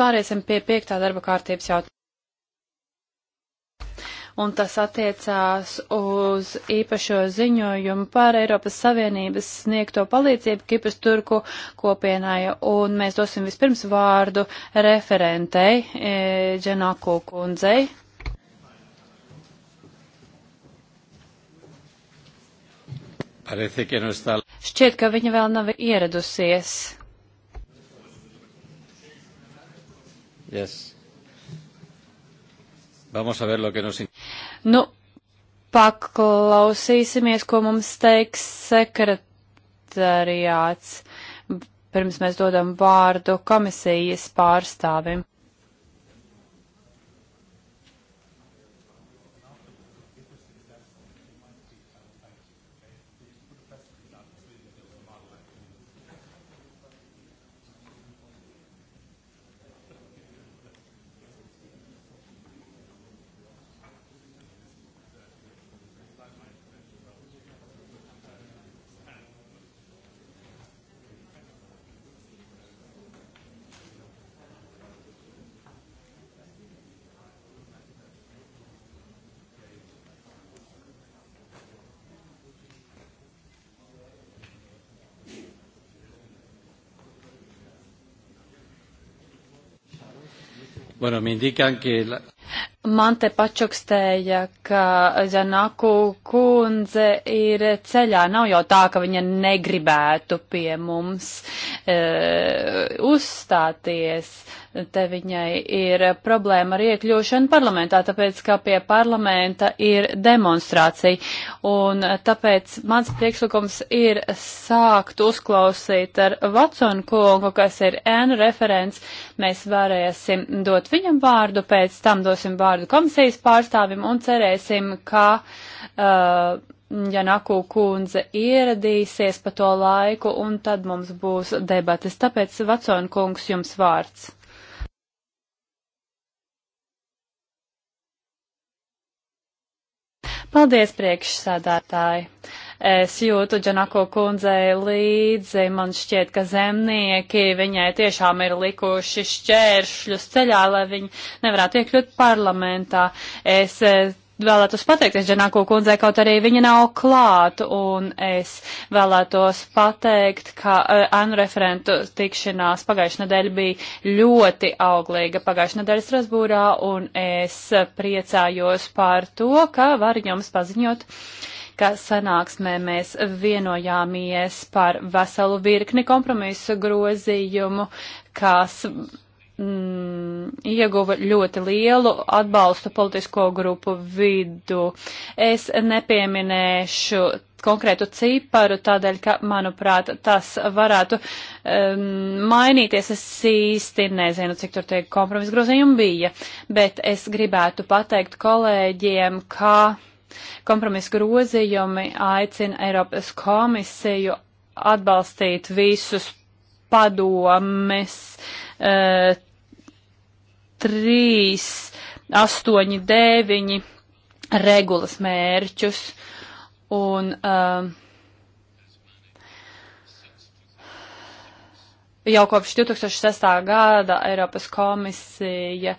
Pāriesim pie piektā darba kārtības jautājuma. Un tas attiecās uz īpašo ziņojumu par Eiropas Savienības sniegto palīdzību Kipras turku kopienai. Un mēs dosim vispirms vārdu referentei e, Dženāku kundzei. Šķiet, ka viņa vēl nav ieradusies. Yes. Vamos a ver lo que nos... Nu, paklausīsimies, ko mums teiks sekretariāts, pirms mēs dodam vārdu komisijas pārstāvim. Bueno, me indican que... La... Man te pačukstēja, ka Zanaku kundze ir ceļā. Nav jau tā, ka viņa negribētu pie mums e, uzstāties. E, Te viņai ir problēma ar iekļūšanu parlamentā, tāpēc, ka pie parlamenta ir demonstrācija. Un tāpēc mans priekšlikums ir sākt uzklausīt ar Vatsonu kungu, kas ir ēnu referents. Mēs varēsim dot viņam vārdu, pēc tam dosim vārdu komisijas pārstāvim un cerēsim, ka. Uh, ja Naku kundze ieradīsies pa to laiku, un tad mums būs debates. Tāpēc, Vacon kungs, jums vārds. Paldies, priekšsādātāji! Es jūtu Džanako kundzei līdzi, man šķiet, ka zemnieki viņai tiešām ir likuši šķēršļus ceļā, lai viņi nevarētu iekļūt parlamentā. Es eh, vēlētos pateikties Džanāko kundzei, kaut arī viņa nav klāt, un es vēlētos pateikt, ka uh, eh, Anu referentu tikšanās pagājušā nedēļa bija ļoti auglīga pagājušā nedēļa Strasbūrā, un es priecājos par to, ka varu jums paziņot ka sanāksmē mēs vienojāmies par veselu virkni kompromisu grozījumu, kas mm, ieguva ļoti lielu atbalstu politisko grupu vidu. Es nepieminēšu konkrētu ciparu, tādēļ, ka, manuprāt, tas varētu um, mainīties. Es īsti nezinu, cik tur tie kompromisa grozījumi bija, bet es gribētu pateikt kolēģiem, ka kompromisa grozījumi aicina Eiropas komisiju atbalstīt visus padomes uh, 3, 8, 9 regulas mērķus. Un, uh, Jau kopš 2006. gada Eiropas komisija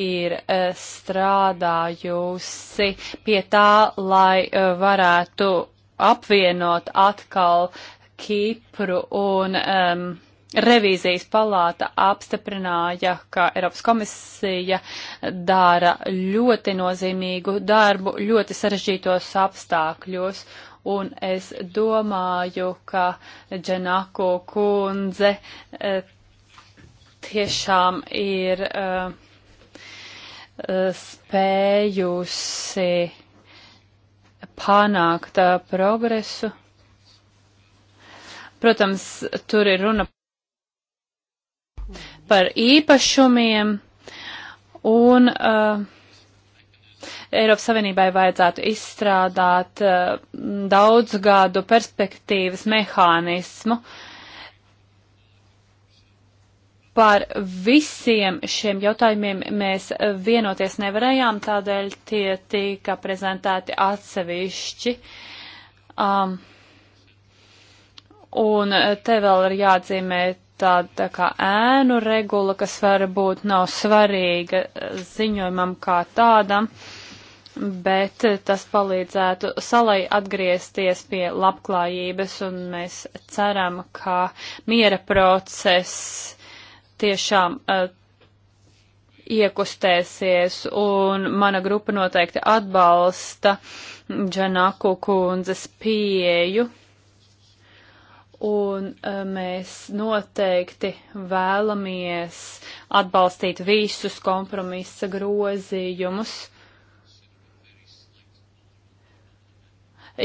ir uh, strādājusi pie tā, lai uh, varētu apvienot atkal Kipru un um, Revīzijas palāta apstiprināja, ka Eiropas komisija dara ļoti nozīmīgu darbu ļoti sarežģītos apstākļos, un es domāju, ka Dženako kundze e, tiešām ir e, e, spējusi panākt progresu. Protams, tur ir runa par īpašumiem un uh, Eiropas Savienībai vajadzētu izstrādāt uh, daudzgādu perspektīvas mehānismu par visiem šiem jautājumiem mēs vienoties nevarējām, tādēļ tie tika prezentēti atsevišķi. Um, un te vēl ir jāatzīmē tāda tā kā ēnu regula, kas varbūt nav svarīga ziņojumam kā tādam, bet tas palīdzētu salai atgriezties pie labklājības, un mēs ceram, ka miera process tiešām uh, iekustēsies, un mana grupa noteikti atbalsta Džanaku kundzes pieeju. Un eh, mēs noteikti vēlamies atbalstīt visus kompromisa grozījumus.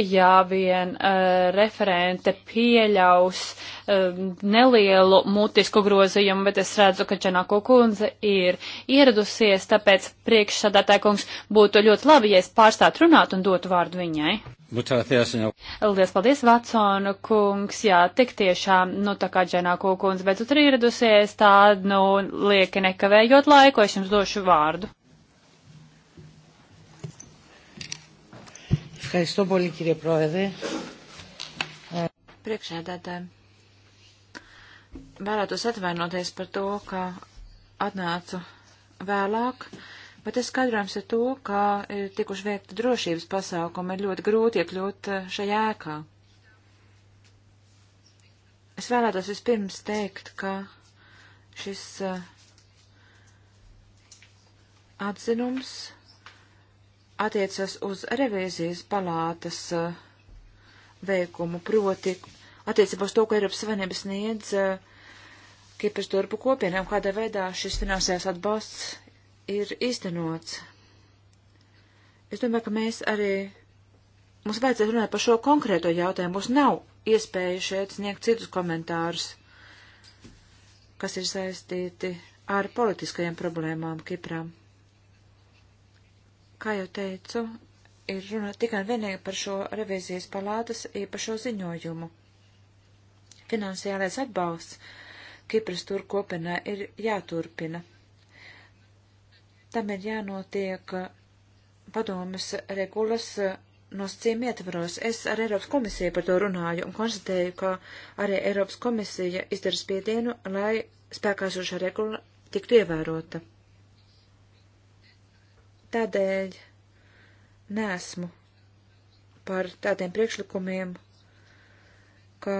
ja vien uh, referente pieļaus uh, nelielu mutisku grozījumu, bet es redzu, ka Čenako kundze ir ieradusies, tāpēc priekšsādātāja kungs būtu ļoti labi, ja es pārstātu runāt un dotu vārdu viņai. Lielas paldies, Vatsona kungs. Jā, tik tiešām, nu tā kā Dženāko kungs beidzot ir ieradusies, tād, nu, lieki nekavējot laiku, es jums došu vārdu. Priekšēdētājiem. Vēlētos atvainoties par to, ka atnācu vēlāk. Uh, Bet tas skaidrojums ir to, ka ir e, tikuši veikta drošības pasākumi, ir ļoti grūti iekļūt e, šajā ēkā. Es vēlētos vispirms teikt, ka šis e, atzinums attiecas uz revīzijas palātas veikumu, proti attiecībā uz to, ka Eiropas Savienības sniedz Kipras turpu kopienām, kādā veidā šis finansiāls atbalsts ir īstenots. Es domāju, ka mēs arī, mums vajadzētu runāt par šo konkrēto jautājumu. Mums nav iespēja šeit sniegt citus komentārus, kas ir saistīti ar politiskajām problēmām Kiprā. Kā jau teicu, ir runa tikai un vienīgi par šo revizijas palātas īpašo ziņojumu. Finansiālais atbalsts Kipras tur kopienā ir jāturpina. Tam ir jānotiek uh, padomas regulas uh, nosacījuma ietvaros. Es ar Eiropas komisiju par to runāju un konstatēju, ka arī Eiropas komisija izdara spiedienu, lai spēkā esošā regula tiktu ievērota. Tādēļ nesmu par tādiem priekšlikumiem, ka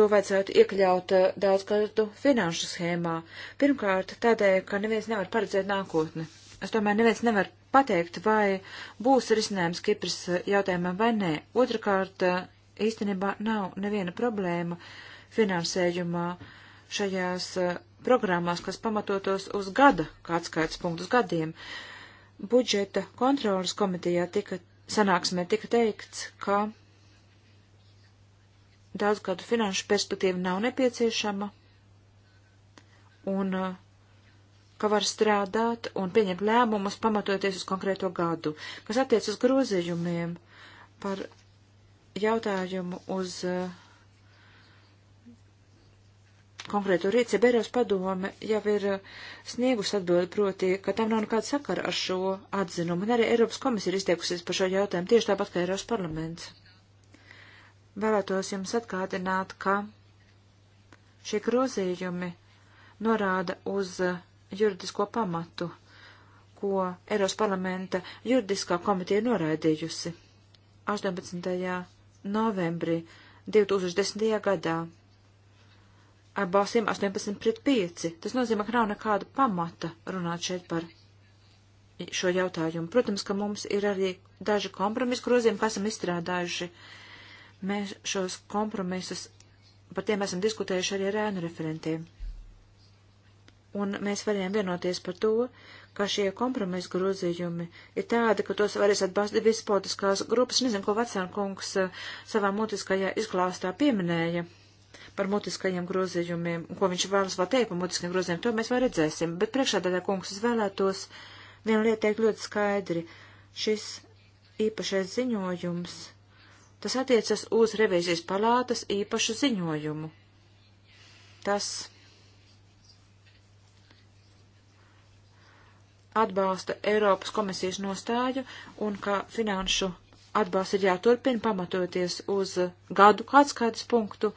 to vajadzētu iekļaut eh, daudzgadu finanšu schēmā. Pirmkārt, tādēļ, ka neviens nevar paredzēt nākotni. Es domāju, neviens nevar pateikt, vai būs risinājums Kipras eh, jautājumam vai nē. Otrakārt, eh, īstenībā nav neviena problēma finansējumā šajās programmās, kas pamatotos uz gada, kāds skaits punktus gadiem. Budžeta kontrolas komitejā tika, sanāksmē tika teikts, ka daudzgadu finanšu perspektīva nav nepieciešama un uh, ka var strādāt un pieņemt lēmumus pamatoties uz konkrēto gadu, kas attiec uz grozījumiem par jautājumu uz uh, konkrēto rīcību Eiropas padome jau ir uh, sniegus atbildi proti, ka tam nav nekāda sakara ar šo atzinumu, un arī Eiropas komisija ir izteikusies par šo jautājumu tieši tāpat kā Eiropas parlaments. Vēlētos jums atgādināt, ka šie grozījumi norāda uz uh, juridisko pamatu, ko Eiropas parlamenta juridiskā komiteja noraidījusi 18. novembrī 2010. gadā ar balsīm 18 pret 5. Tas nozīmē, ka nav nekāda pamata runāt šeit par šo jautājumu. Protams, ka mums ir arī daži kompromisu grozījumi, kas esam izstrādājuši Mēs šos kompromisus, par tiem esam diskutējuši arī ar ēnu referentiem. Un mēs varējām vienoties par to, ka šie kompromisa grozījumi ir tādi, ka tos varēs atbalstīt visas politiskās grupas. Nezinu, ko Vecāna kungs eh, savā mutiskajā izklāstā pieminēja par mutiskajiem grozījumiem, ko viņš vēlas vēl teikt par mutiskajiem grozījumiem, to mēs vēl redzēsim. Bet priekšādādā kungs es vēlētos vienu lietu teikt ļoti skaidri. Šis īpašais ziņojums Tas attiecas uz revīzijas palātas īpašu ziņojumu. Tas atbalsta Eiropas komisijas nostāju un ka finanšu atbalsts ir jāturpina pamatoties uz gadu atskaites punktu.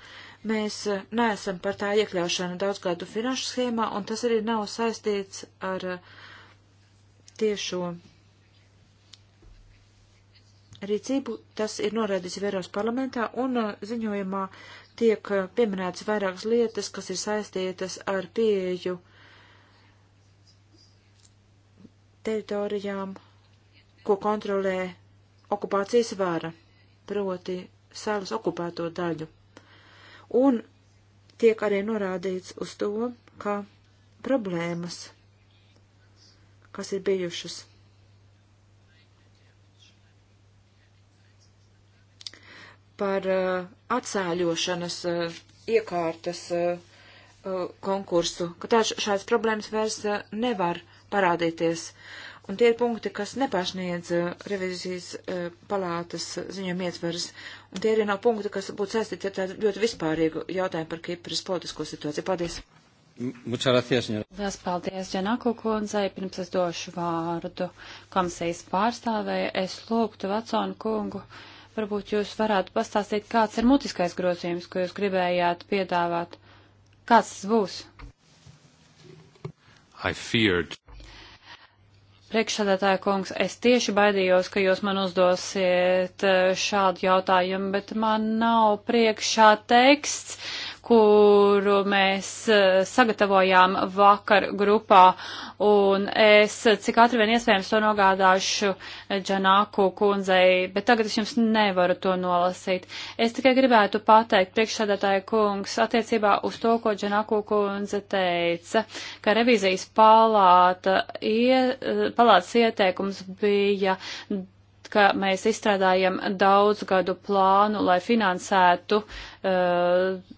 Mēs eh, neesam par tā iekļaušanu daudzgadu finanšu schēmā, un tas arī nav saistīts ar eh, tiešo rīcību, tas ir norādīts vēros parlamentā, un uh, ziņojumā tiek uh, pieminētas vairākas lietas, kas ir saistītas ar pieeju teritorijām, ko kontrolē okupācijas vāra, proti salas okupēto daļu. Un tiek arī norādīts uz to, ka problēmas, kas ir bijušas par uh, atsāļošanas uh, iekārtas uh, uh konkursu, ka tāds šāds problēmas vairs uh, nevar parādīties. Un tie ir punkti, kas nepašniedz uh, revizijas palātas ziņām ietveras. Un tie arī nav punkti, kas būtu saistīti ar tādu ļoti vispārīgu jautājumu par Kipras politisko situāciju. Paldies! Lielas paldies, Janako kundzei. Pirms es došu vārdu komisijas pārstāvēja, es lūgtu Vaconu kungu Varbūt jūs varētu pastāstīt, kāds ir mutiskais grozījums, ko jūs gribējāt piedāvāt. Kāds tas būs? Priekšsēdētāja kungs, es tieši baidījos, ka jūs man uzdosiet eh, šādu jautājumu, bet man nav priekšā teksts kuru mēs eh, sagatavojām vakar grupā, un es eh, cik ātri vien iespējams to nogādāšu eh, Džanāku kundzei, bet tagad es jums nevaru to nolasīt. Es tikai gribētu pateikt priekšsēdētāja kungs attiecībā uz to, ko Džanāku kundze teica, ka revizijas palāta, ie, palātas ieteikums bija ka mēs izstrādājam daudzgadu plānu, lai finansētu uh,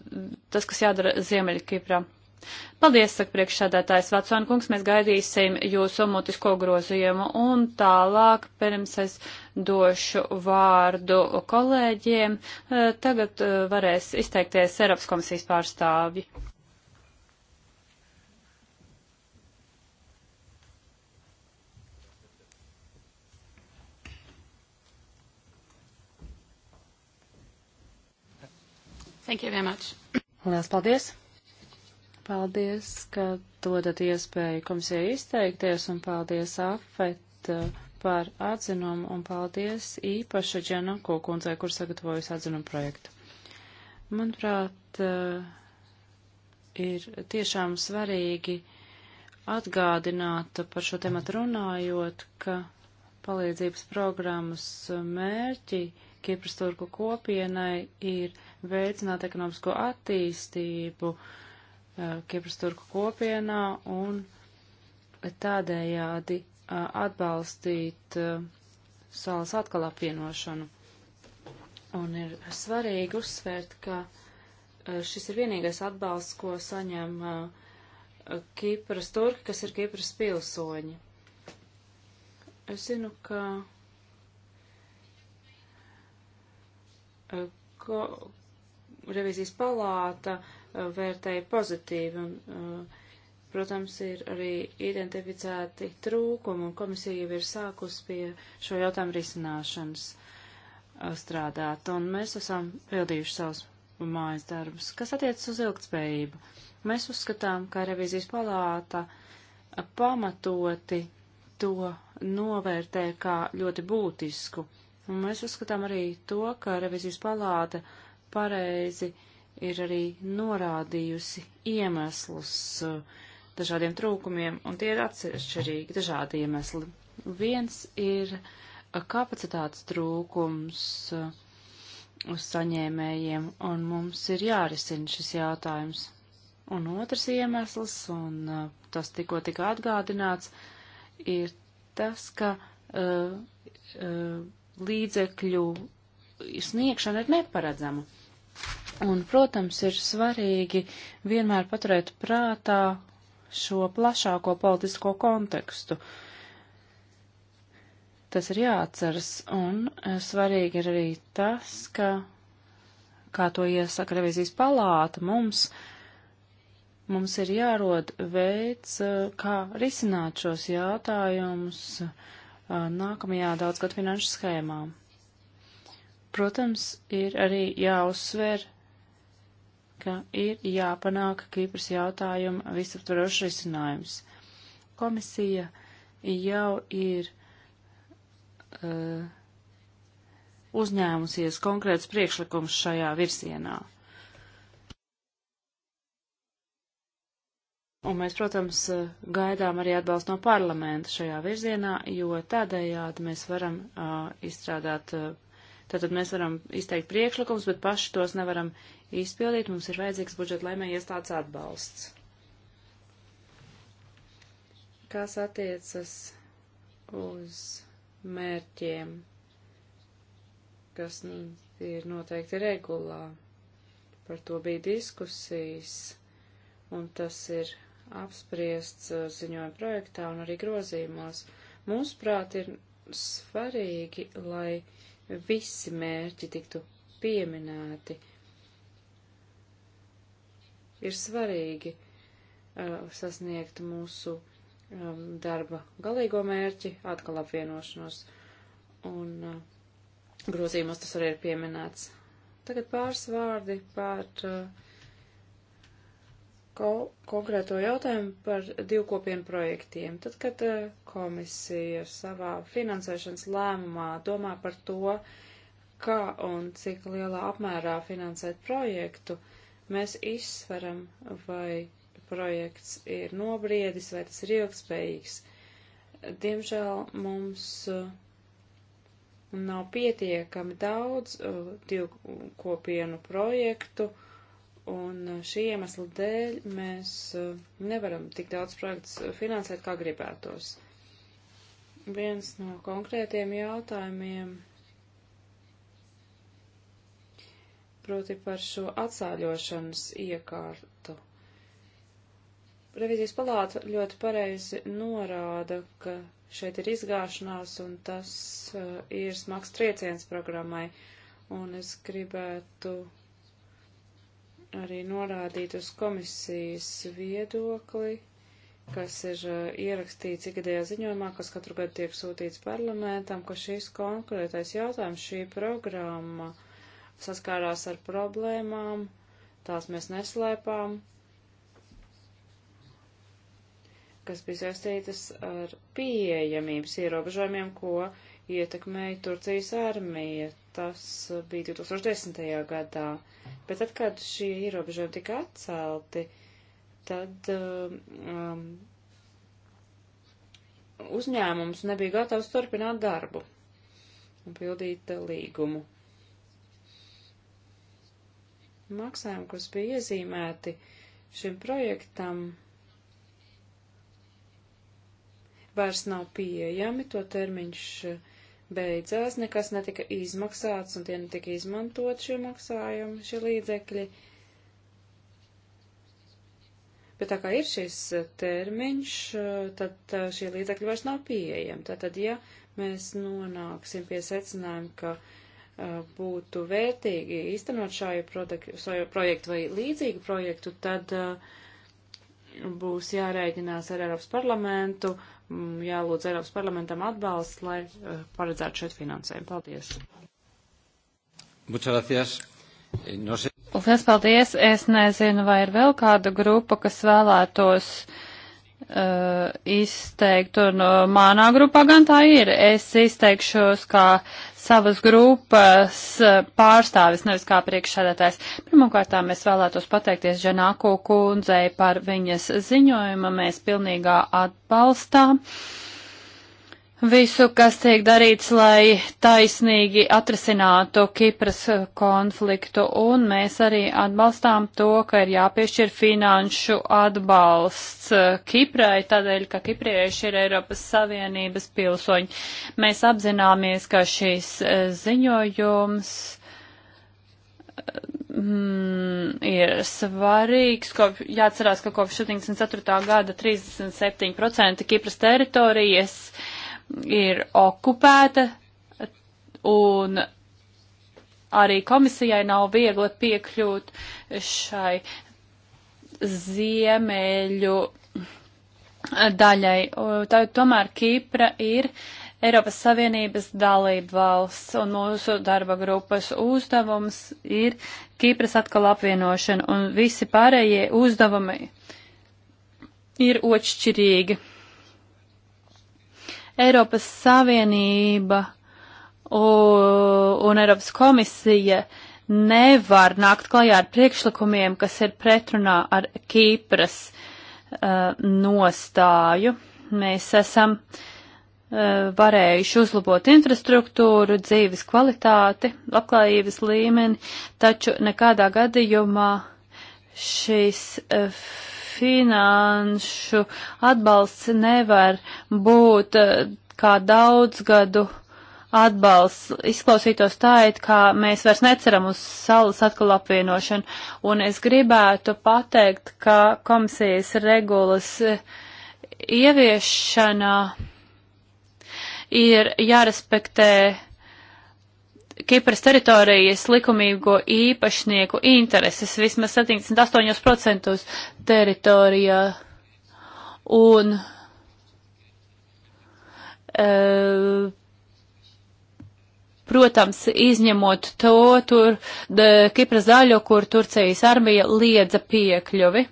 tas, kas jādara Ziemeļkiprā. Paldies, saka priekšsādātājs Vatsona kungs, mēs gaidīsim jūsu mutisko grozījumu un tālāk, pirms es došu vārdu kolēģiem, uh, tagad uh, varēs izteikties Eiropas komisijas pārstāvji. Thank you very much. Lielas paldies. Paldies, ka dodat iespēju komisijai izteikties un paldies AFET par atzinumu un paldies īpaši Dženako kundzei, kur sagatavojas atzinumu projektu. Manuprāt, ir tiešām svarīgi atgādināt par šo tematu runājot, ka palīdzības programmas mērķi Kipras turku kopienai ir veicināt ekonomisko attīstību eh, Kipras turku kopienā un tādējādi eh, atbalstīt eh, salas atkal apvienošanu. Un ir svarīgi uzsvērt, ka šis ir vienīgais atbalsts, ko saņem Kipras turki, kas ir Kipras pilsoņi. Es zinu, ka ko, revizijas palāta uh, vērtēja pozitīvi un, uh, protams, ir arī identificēti trūkumi un komisija jau ir sākus pie šo jautājumu risināšanas uh, strādāt un mēs esam pildījuši savus mājas darbus. Kas attiecas uz ilgtspējību? Mēs uzskatām, ka revizijas palāta pamatoti to novērtē kā ļoti būtisku. Un mēs uzskatām arī to, ka revizijas palāta uh, pareizi ir arī norādījusi iemeslus uh, dažādiem trūkumiem, un tie ir atsevišķi dažādi iemesli. Viens ir uh, kapacitātes trūkums uh, uz saņēmējiem, un mums ir jārisina šis jautājums. Un otrs iemesls, un tas tikko tika atgādināts, ir tas, ka uh, uh, līdzekļu sniegšana ir neparedzama. Uh, Un, protams, ir svarīgi vienmēr paturēt prātā šo plašāko politisko kontekstu. Tas ir jāatceras, un e, svarīgi ir arī tas, ka, kā to iesaka revizijas palāta, mums, mums ir jārod veids, e, kā risināt šos jautājumus e, nākamajā daudzgad finanšu schēmām. Protams, ir arī jāuzsver, ka ir jāpanāk Kīpras jautājuma visaptvarošs risinājums. Komisija jau ir uh, uzņēmusies konkrēts priekšlikums šajā virsienā. Un mēs, protams, uh, gaidām arī atbalstu no parlamenta šajā virzienā, jo tādējādi mēs varam uh, izstrādāt uh, Tātad mēs varam izteikt priekšlikums, bet paši tos nevaram izpildīt. Mums ir vajadzīgs budžeta laimē iestāds atbalsts. Kas attiecas uz mērķiem, kas nu ir noteikti regulā. Par to bija diskusijas, un tas ir apspriests uh, ziņojuma projektā un arī grozījumos. Mūsuprāt, ir svarīgi, lai visi mērķi tiktu pieminēti. Ir svarīgi uh, sasniegt mūsu um, darba galīgo mērķi, atkal apvienošanos, un uh, grozījumos tas arī ir pieminēts. Tagad pāris vārdi par uh, ko konkrēto jautājumu par divkopienu projektiem. Tad, kad eh, komisija savā finansēšanas lēmumā domā par to, kā un cik lielā apmērā finansēt projektu, mēs izsveram, vai projekts ir nobriedis, vai tas ir ilgspējīgs. Diemžēl mums eh, nav pietiekami daudz eh, divkopienu projektu, Un eh, šī iemesla dēļ mēs eh, nevaram tik daudz projekts eh, finansēt, kā gribētos. Viens no konkrētiem jautājumiem, proti par šo atsāļošanas iekārtu. Revizijas palāta ļoti pareizi norāda, ka šeit ir izgāšanās un tas ir smags trieciens programmai. Un es gribētu arī norādīt uz komisijas viedokli, kas ir eh, ierakstīts ikgadējā ziņojumā, kas katru gadu tiek sūtīts parlamentam, ka šīs konkrētais jautājums, šī programma saskārās ar problēmām, tās mēs neslēpām, kas bija saistītas ar pieejamības ierobežojumiem, ko ietekmēja Turcijas armija tas uh, bija 2010. gadā, bet tad, kad šie ierobežojumi tika atcelti, tad uh, um, uzņēmums nebija gatavs turpināt darbu un pildīt uh, līgumu. Maksājumi, kas bija iezīmēti šim projektam, vairs nav pieejami, to termiņš uh, beidzās, nekas netika izmaksāts un tie netika izmantot šie maksājumi, šie līdzekļi. Bet tā kā ir šis eh, termiņš, eh, tad eh, šie līdzekļi vairs nav pieejami. Tātad, ja mēs nonāksim pie secinājuma, ka būtu vērtīgi īstenot šādu projektu vai līdzīgu projektu, tad būs jārēķinās ar Eiropas parlamentu, Mm, jālūdz Eiropas parlamentam atbalsts, lai eh, paredzētu šeit finansējumu. Paldies! Eh, no se... Lielas paldies! Es nezinu, vai ir vēl kāda grupa, kas vēlētos uh, izteikt, un uh, manā grupā gan tā ir. Es izteikšos kā savas grupas eh, pārstāvis, nevis kā priekšsēdētājs. Pirmkārtām es vēlētos pateikties Žanāko kundzei par viņas ziņojumu. Mēs pilnīgā atbalstām. Uh, visu, kas tiek darīts, lai taisnīgi atrisinātu Kipras eh, konfliktu, un mēs arī atbalstām to, ka ir jāpiešķir finanšu atbalsts eh, Kiprai, tādēļ, ka kiprieši ir Eiropas Savienības pilsoņi. Mēs apzināmies, ka šīs eh, ziņojums mm, ir svarīgs. Kop, jāatcerās, ka kopš 74. gada 37% Kipras teritorijas uh, ir okupēta, un arī komisijai nav viegli piekļūt šai ziemeļu daļai. Tā, tomēr Kīpra ir Eiropas Savienības dalība valsts, un mūsu darba grupas uzdevums ir Kīpras atkal apvienošana, un visi pārējie uzdevumi ir otršķirīgi. Eiropas Savienība un Eiropas komisija nevar nākt klajā ar priekšlikumiem, kas ir pretrunā ar Kīpras uh, nostāju. Mēs esam uh, varējuši uzlabot infrastruktūru, dzīves kvalitāti, labklājības līmeni, taču nekādā gadījumā šīs uh, finanšu atbalsts nevar būt eh, kā daudzgadu atbalsts. Izklausītos tā, it kā mēs vairs neceram uz salas atkal apvienošanu. Un es gribētu pateikt, ka komisijas regulas eh, ieviešanā ir jārespektē Kipras teritorijas likumīgo īpašnieku intereses vismaz 78% teritorijā. Un uh, protams, izņemot to tur Kipras daļu, kur Turcijas armija liedza piekļuvi. Uh,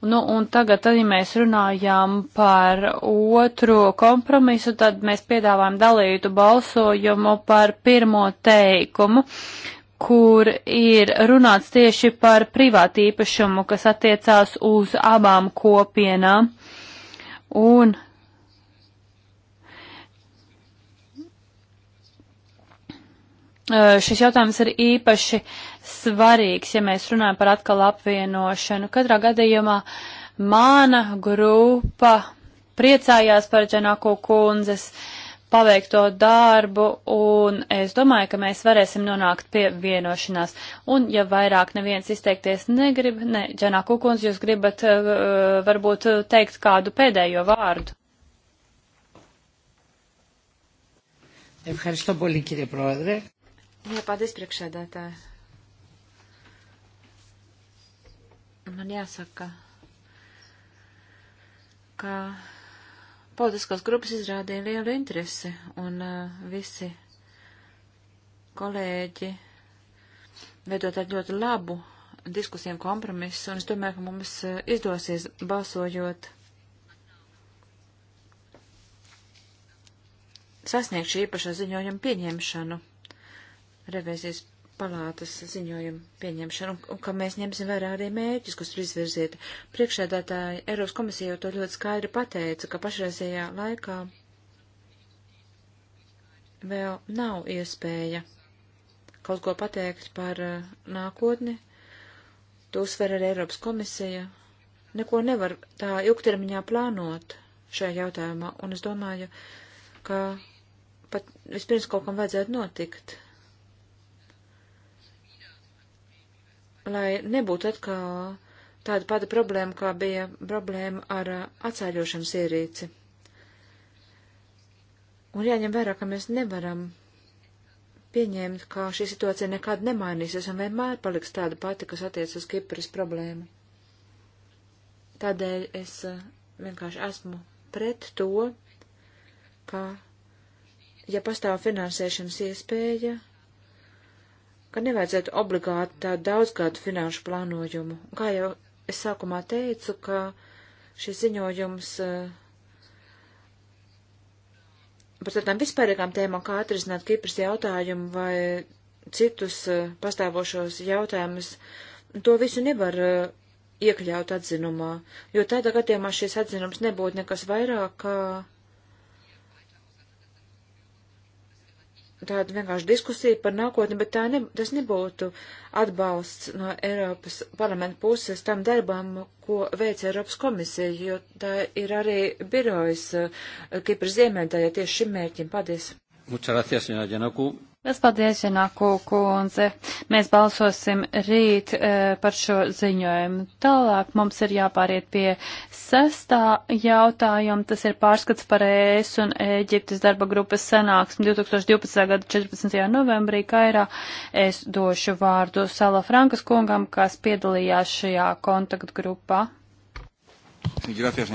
Nu, un tagad, tad, ja mēs runājām par otro kompromisu, tad mēs piedāvājam dalītu balsojumu par pirmo teikumu, kur ir runāts tieši par privātīpašumu, kas attiecās uz abām kopienām. Un šis jautājums ir īpaši uh, svarīgs, ja mēs runājam par atkal apvienošanu. Katrā gadījumā mana grupa priecājās par Džanako kundzes paveikto darbu, un es domāju, ka mēs varēsim nonākt pie vienošanās. Un, ja vairāk neviens izteikties negrib, ne, Džanā Kukuns, jūs gribat uh, varbūt teikt kādu pēdējo vārdu. Jā, paldies priekšēdētāji. Man jāsaka, ka politiskās grupas izrādīja lielu interesi un uh, visi kolēģi veidot tādu ļoti labu diskusiju kompromisu, un es domāju, ka mums uh, izdosies balsojot sasniegt šī īpašā ziņojuma pieņemšanu revizijas palātas ziņojumu pieņemšanu, un, un ka mēs ņemsim vērā arī mērķus, kas tur izvirzīti. Priekšēdētāji Eiropas komisija jau to ļoti skaidri pateica, ka pašreizējā laikā vēl nav iespēja kaut ko pateikt par uh, nākotni. To uzsver arī Eiropas komisija. Neko nevar tā ilgtermiņā plānot šajā jautājumā, un es domāju, ka pat vispirms kaut kam vajadzētu notikt lai nebūtu atkal tāda pati problēma, kā bija problēma ar uh, atsāļošanas ierīci. Un jāņem vērā, ka mēs nevaram pieņemt, ka šī situācija nekad nemainīsies un vienmēr paliks tāda pati, kas attiec uz Kipras problēmu. Tādēļ es uh, vienkārši esmu pret to, ka, ja pastāv finansēšanas iespēja, ka nevajadzētu obligāti tādu daudzgadu finanšu plānojumu. Kā jau es sākumā teicu, ka šis ziņojums eh, par tādām vispārīgām tēmām, kā atrisināt Kipras jautājumu vai citus eh, pastāvošos jautājumus, to visu nevar eh, iekļaut atzinumā, jo tādā gadījumā šis atzinums nebūtu nekas vairāk kā tāda vienkārši diskusija par nākotni, bet tā ne, tas nebūtu atbalsts no Eiropas parlamenta puses tam darbam, ko veic Eiropas komisija, jo tā ir arī birojas eh, Kipras ziemētājā tieši šim mērķim. Paldies! Muchas gracias, señora Janaku. Liels paldies, Janāku kundze. Mēs balsosim rīt e, par šo ziņojumu. Tālāk mums ir jāpāriet pie sestā jautājuma. Tas ir pārskats par ES un Ēģiptes darba grupas sanāksmi 2012. gada 14. novembrī Kairā. Es došu vārdu Sala Frankas kungam, kas piedalījās šajā kontaktgrupā. Gracias,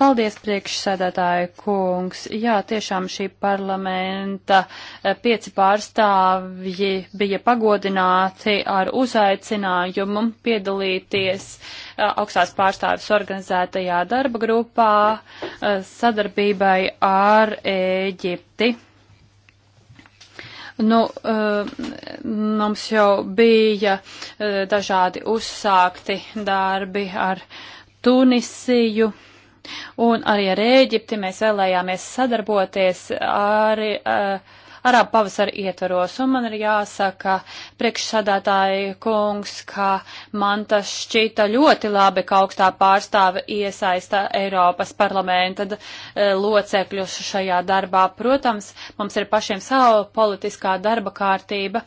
Paldies, priekšsēdētāja kungs. Jā, tiešām šī parlamenta eh, pieci pārstāvji bija pagodināti ar uzaicinājumu piedalīties eh, augstās pārstāvis organizētajā darba grupā eh, sadarbībai ar Ēģipti. Nu, mums jau bija dažādi uzsākti darbi ar Tunisiju. Un arī ar Ēģipti mēs vēlējāmies sadarboties arī uh, Arābu pavasara ietvaros. Un man ir jāsaka, priekšsādātāji kungs, ka man tas šķita ļoti labi, ka augstā pārstāve iesaista Eiropas parlamenta eh, locekļus šajā darbā. Protams, mums ir pašiem savu politiskā darba kārtība,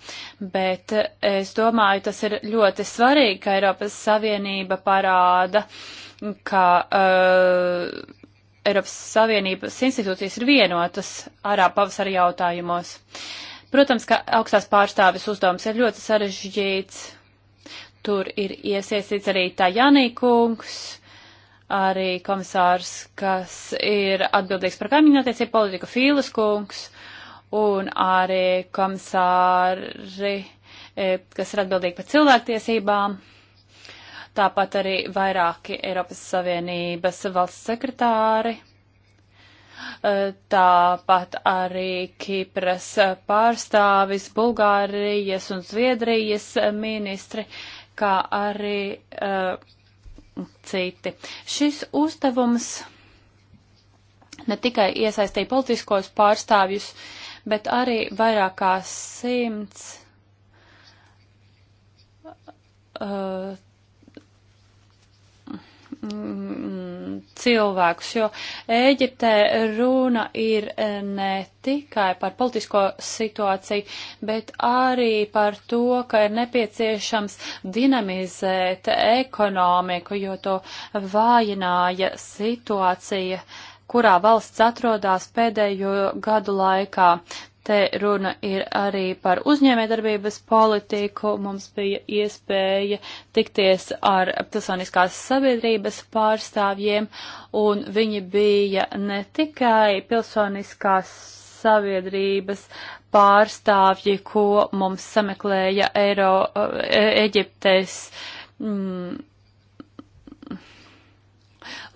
bet eh, es domāju, tas ir ļoti svarīgi, ka Eiropas Savienība parāda. Uh, ka uh, Eiropas Savienības institūcijas ir vienotas ārā pavasara jautājumos. Protams, ka augstās pārstāvis uzdevums ir ļoti sarežģīts. Tur ir iesaistīts arī Tajānī kungs, arī komisārs, kas ir atbildīgs par kaimiņattiecību politiku Fīles kungs, un arī komisāri, eh, kas ir atbildīgi par cilvēktiesībām tāpat arī vairāki Eiropas Savienības valsts sekretāri, eh, tāpat arī Kipras pārstāvis, Bulgārijas un Zviedrijas ministri, kā arī uh, citi. Šis uzdevums ne tikai iesaistīja politiskos pārstāvjus, bet arī vairāk kā simts uh, Mm, cilvēkus, jo Ēģiptē runa ir eh, ne tikai par politisko situāciju, bet arī par to, ka ir nepieciešams dinamizēt ekonomiku, jo to vājināja situācija kurā valsts atrodās pēdējo gadu laikā. Te runa ir arī par uzņēmējdarbības politiku. Mums bija iespēja tikties ar pilsoniskās sabiedrības pārstāvjiem, un viņi bija ne tikai pilsoniskās sabiedrības pārstāvji, ko mums sameklēja Eiro, Eģiptes mm,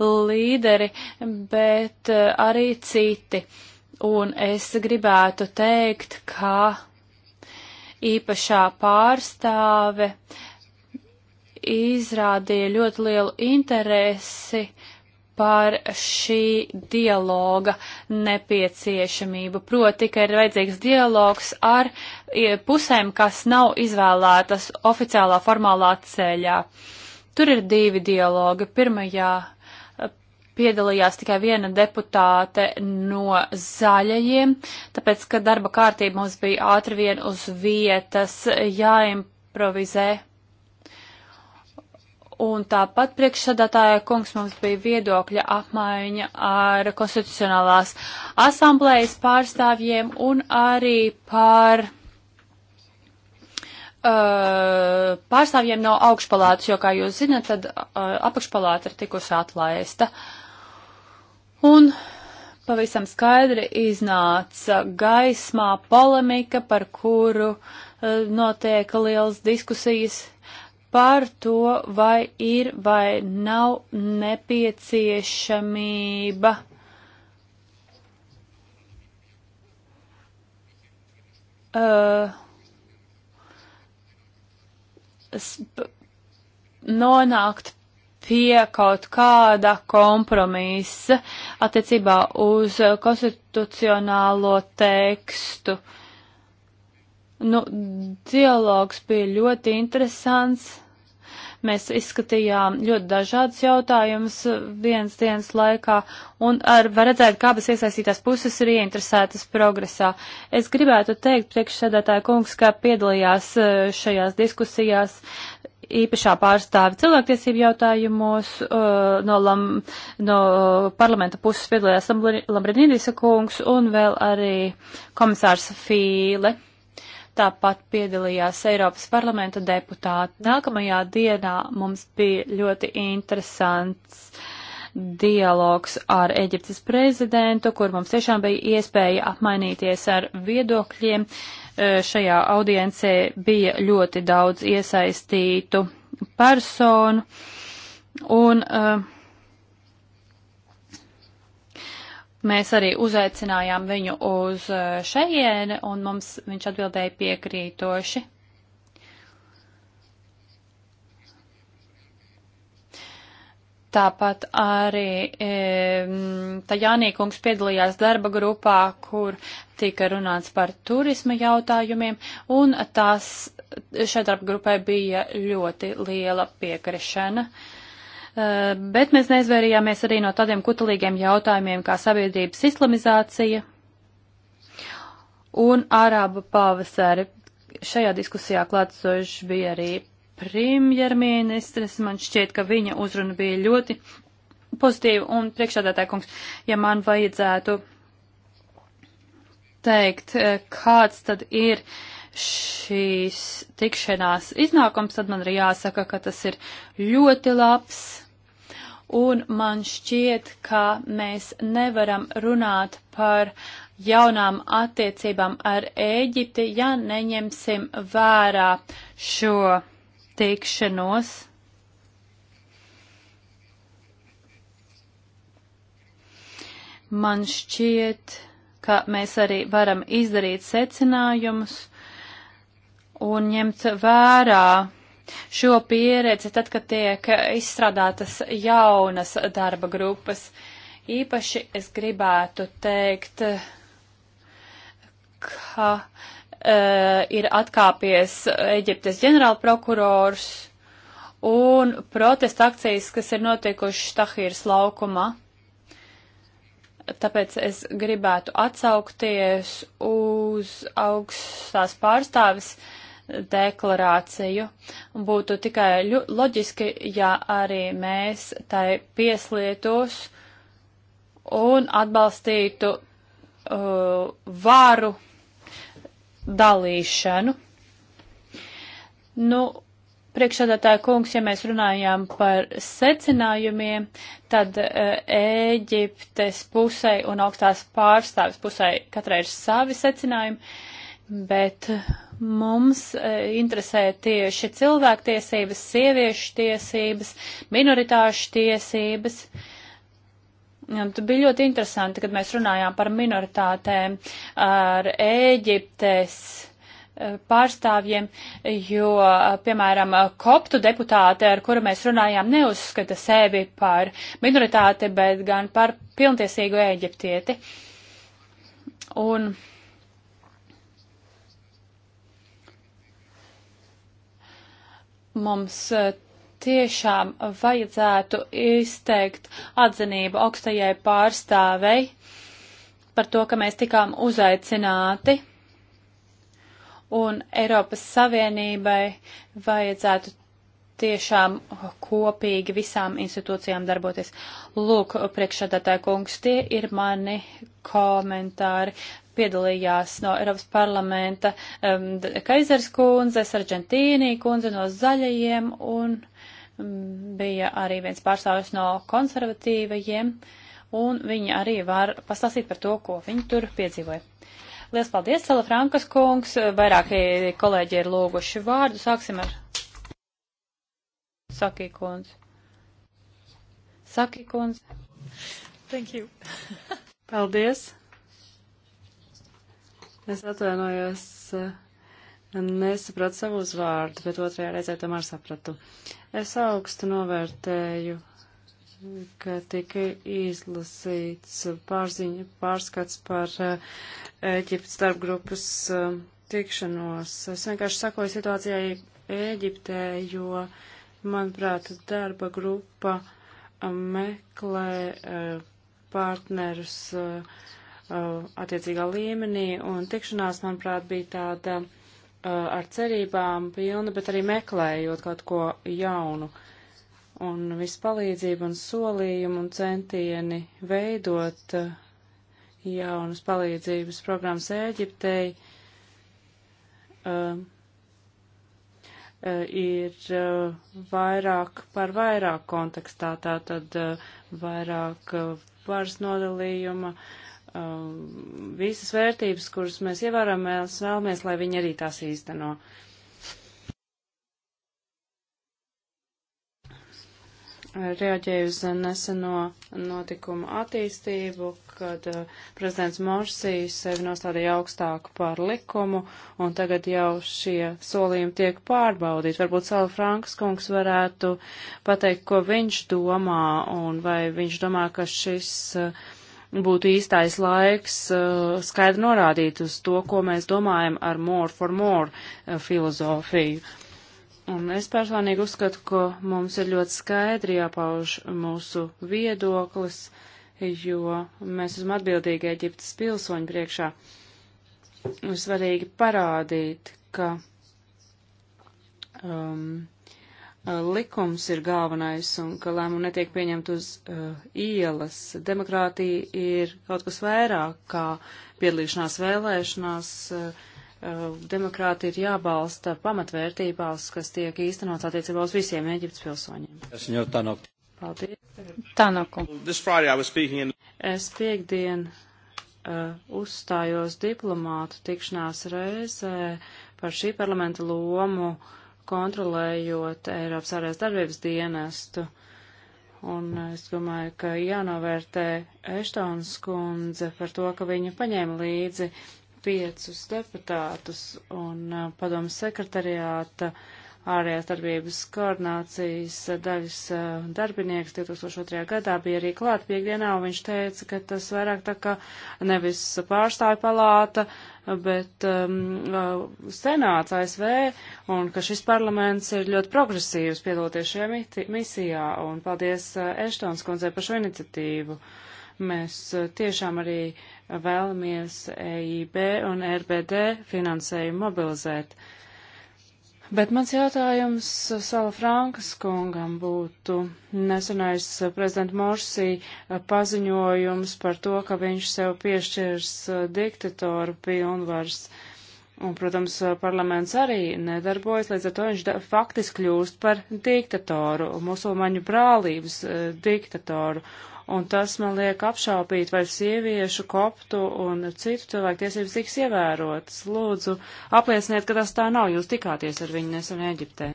līderi, bet eh, arī citi. Uh, Un es gribētu teikt, ka īpašā pārstāve izrādīja ļoti lielu interesi par šī dialoga nepieciešamību. Proti, ka ir vajadzīgs dialogs ar pusēm, kas nav izvēlētas oficiālā formālā ceļā. Tur ir divi dialogi. Pirmajā piedalījās tikai viena deputāte no zaļajiem, tāpēc, ka darba kārtība mums bija ātri vien uz vietas jāimprovizē. Un tāpat priekšsādātāja kungs mums bija viedokļa apmaiņa ar konstitucionālās asamblējas pārstāvjiem un arī par uh, pārstāvjiem no augšpalātas, jo, kā jūs zinat, tad uh, apakšpalāta ir tikusi atlaista. Uh, Un pavisam skaidri iznāca gaismā polemika, par kuru eh, notiek liels diskusijas par to, vai ir vai nav nepieciešamība uh, nonākt pie kaut kāda kompromisa attiecībā uz konstitucionālo tekstu. Nu, dialogs bija ļoti interesants. Mēs izskatījām ļoti dažādus jautājumus vienas dienas laikā un ar, var redzēt, kā abas iesaistītās puses ir ieinteresētas progresā. Es gribētu teikt priekšsēdētāju kungs, ka piedalījās eh, šajās diskusijās īpašā pārstāve cilvēktiesību jautājumos uh, no, lam, no parlamenta puses piedalījās Lambrinīdisa kungs un vēl arī komisārs Fīle. Tāpat piedalījās Eiropas parlamenta deputāti. Nākamajā dienā mums bija ļoti interesants dialogs ar Eģiptes prezidentu, kur mums tiešām bija iespēja apmainīties ar viedokļiem. Uh, E, šajā audiencē bija ļoti daudz iesaistītu personu. Un e, mēs arī uzaicinājām viņu uz e, šejieni, un mums viņš atbildēja piekrītoši. Tāpat arī e, Tajānīkungs piedalījās darba grupā, kur tika runāts par turisma jautājumiem, un tās šai darba grupai bija ļoti liela piekrišana. E, bet mēs neizvērījāmies arī no tādiem kutelīgiem jautājumiem kā sabiedrības islamizācija un ārāba pavasari. Šajā diskusijā klātsoši bija arī premjerministres. Man šķiet, ka viņa uzruna bija ļoti pozitīva un priekšādātāja kungs, ja man vajadzētu teikt, eh, kāds tad ir šīs tikšanās iznākums, tad man arī jāsaka, ka tas ir ļoti labs. Un man šķiet, ka mēs nevaram runāt par jaunām attiecībām ar Ēģipti, ja neņemsim vērā šo tikšanos. Man šķiet, ka mēs arī varam izdarīt secinājumus un ņemt vērā šo pieredzi tad, kad tiek izstrādātas jaunas darba grupas. Īpaši es gribētu teikt, ka uh, Eh, ir atkāpies Eģiptes ģenerālprokurors un protesta akcijas, kas ir notikušas Tahīras laukumā. Tāpēc es gribētu atsaukties uz augstās pārstāvis deklarāciju. Būtu tikai loģiski, ja arī mēs tai pieslietos un atbalstītu uh, varu dalīšanu. Nu, priekšsādātāja kungs, ja mēs runājām par secinājumiem, tad eh, Ēģiptes pusē un augstās pārstāvis pusē katrai ir savi secinājumi, bet eh, mums eh, interesē tieši cilvēktiesības, sieviešu tiesības, minoritāšu tiesības. Uh, Tu bija ļoti interesanti, kad mēs runājām par minoritātēm ar Ēģiptes e, pārstāvjiem, jo, e, piemēram, koptu deputāte, ar kuru mēs runājām, neuzskata sevi par minoritāti, bet gan par pilntiesīgu eģiptieti. Un mums e, tiešām vajadzētu izteikt atzinību augstajai pārstāvei par to, ka mēs tikām uzaicināti un Eiropas Savienībai vajadzētu tiešām kopīgi visām institūcijām darboties. Lūk, priekšsādātāja kungs, tie ir mani komentāri. Piedalījās no Eiropas parlamenta um, Kaizers kundze, Sargentīnī kundze no zaļajiem un uh, Mm, bija arī viens pārstāvis no konservatīvajiem, un viņi arī var pastāstīt par to, ko viņi tur piedzīvoja. Lielas paldies, Cela Frankas kungs. Vairāki kolēģi ir lūguši vārdu. Sāksim ar Saki kundz. Saki kundz. Thank you. paldies. Es atvainojos. Uh nesapratu savu uzvārdu, bet otrajā reizē tomēr sapratu. Es augstu novērtēju, ka tika izlasīts pārziņa, pārskats par eh, Ēģiptes starpgrupas eh, tikšanos. Es vienkārši sakoju situācijai Ēģiptē, jo, manuprāt, darba grupa eh, meklē partnerus attiecīgā līmenī, un tikšanās, manuprāt, bija tāda Uh, ar cerībām pilna, bet arī meklējot kaut ko jaunu. Un viss palīdzība un solījumi un centieni veidot uh, jaunas palīdzības programmas Ēģiptei uh, uh, ir uh, vairāk par vairāk kontekstā, tātad uh, vairāk varas nodalījuma, uh, um, visas vērtības, kuras mēs ievērojam, mēs vēlamies, lai viņi arī tās īsteno. Reaģēju uz neseno notikumu attīstību, kad uh, prezidents Morsī sevi nostādīja augstāku par likumu, un tagad jau šie solījumi tiek pārbaudīti. Varbūt Sala Franks kungs varētu pateikt, ko viņš domā, un vai viņš domā, ka šis uh, būtu īstais laiks uh, skaidri norādīt uz to, ko mēs domājam ar more for more uh, filozofiju. Un es personīgi uzskatu, ka mums ir ļoti skaidri jāpauž mūsu viedoklis, jo mēs esam atbildīgi Eģiptes pilsoņu priekšā. Ir svarīgi parādīt, ka um, Uh, likums ir galvenais un ka lēmumi netiek pieņemti uz uh, ielas. Demokrātija ir kaut kas vairāk kā piedalīšanās vēlēšanās. Uh, uh demokrāti ir jābalsta pamatvērtībās, kas tiek īstenots attiecībā uz visiem Eģiptes pilsoņiem. Paldies. Tanoku. Es piekdien uh, uzstājos diplomātu tikšanās reizē par šī parlamenta lomu uh, kontrolējot Eiropas ārējās darbības dienestu. Un es domāju, ka jānovērtē Eštons kundze par to, ka viņa paņēma līdzi piecus deputātus un uh, padomas sekretariāta ārējās darbības koordinācijas daļas uh, darbinieks 2002. gadā bija arī klāt piekdienā, un viņš teica, ka tas vairāk tā kā nevis pārstāja palāta, uh, bet um, uh, senāts ASV un ka šis parlaments ir ļoti progresīvs piedaloties šajā misijā. Un paldies uh, Eštons kundzē par šo iniciatīvu. Mēs uh, tiešām arī vēlamies EIB un RBD finansējumu mobilizēt. Uh, Bet mans jautājums eh, Sala Frankas kungam būtu nesenais eh, prezidenta Morsī eh, paziņojums par to, ka viņš sev piešķirs diktatoru pilnvars. Un, protams, parlaments arī nedarbojas, līdz ar to viņš faktiski kļūst par diktatoru, musulmaņu brālības diktatoru un tas man liek apšaupīt, vai sieviešu, koptu un citu cilvēku tiesības tiks ievērotas. Lūdzu, aplieciniet, ka tas tā nav, jūs tikāties ar viņu nesen Eģiptē.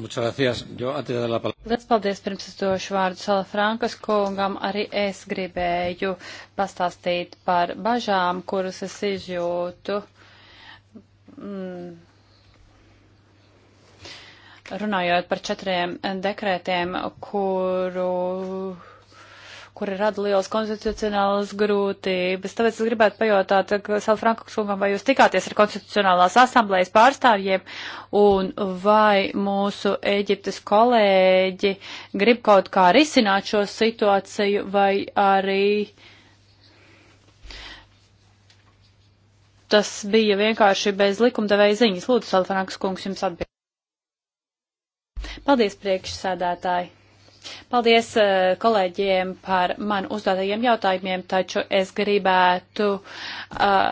Liels paldies, pirms es došu vārdu Sala Frankas kungam. Arī es gribēju pastāstīt par bažām, kuras es izjūtu. Mm runājot par četriem dekrētiem, kuru, kuri rada lielas konstitucionālas grūtības. Tāpēc es gribētu pajautāt savu Frankuskungam, vai jūs tikāties ar konstitucionālās asamblējas pārstāvjiem un vai mūsu Eģiptes kolēģi grib kaut kā risināt šo situāciju vai arī. Tas bija vienkārši bez likumdevēja ziņas. Lūdzu, Salfanāks kungs, jums atbild. Paldies, priekšsēdētāji! Paldies uh, kolēģiem par man uzdotajiem jautājumiem, taču es gribētu uh,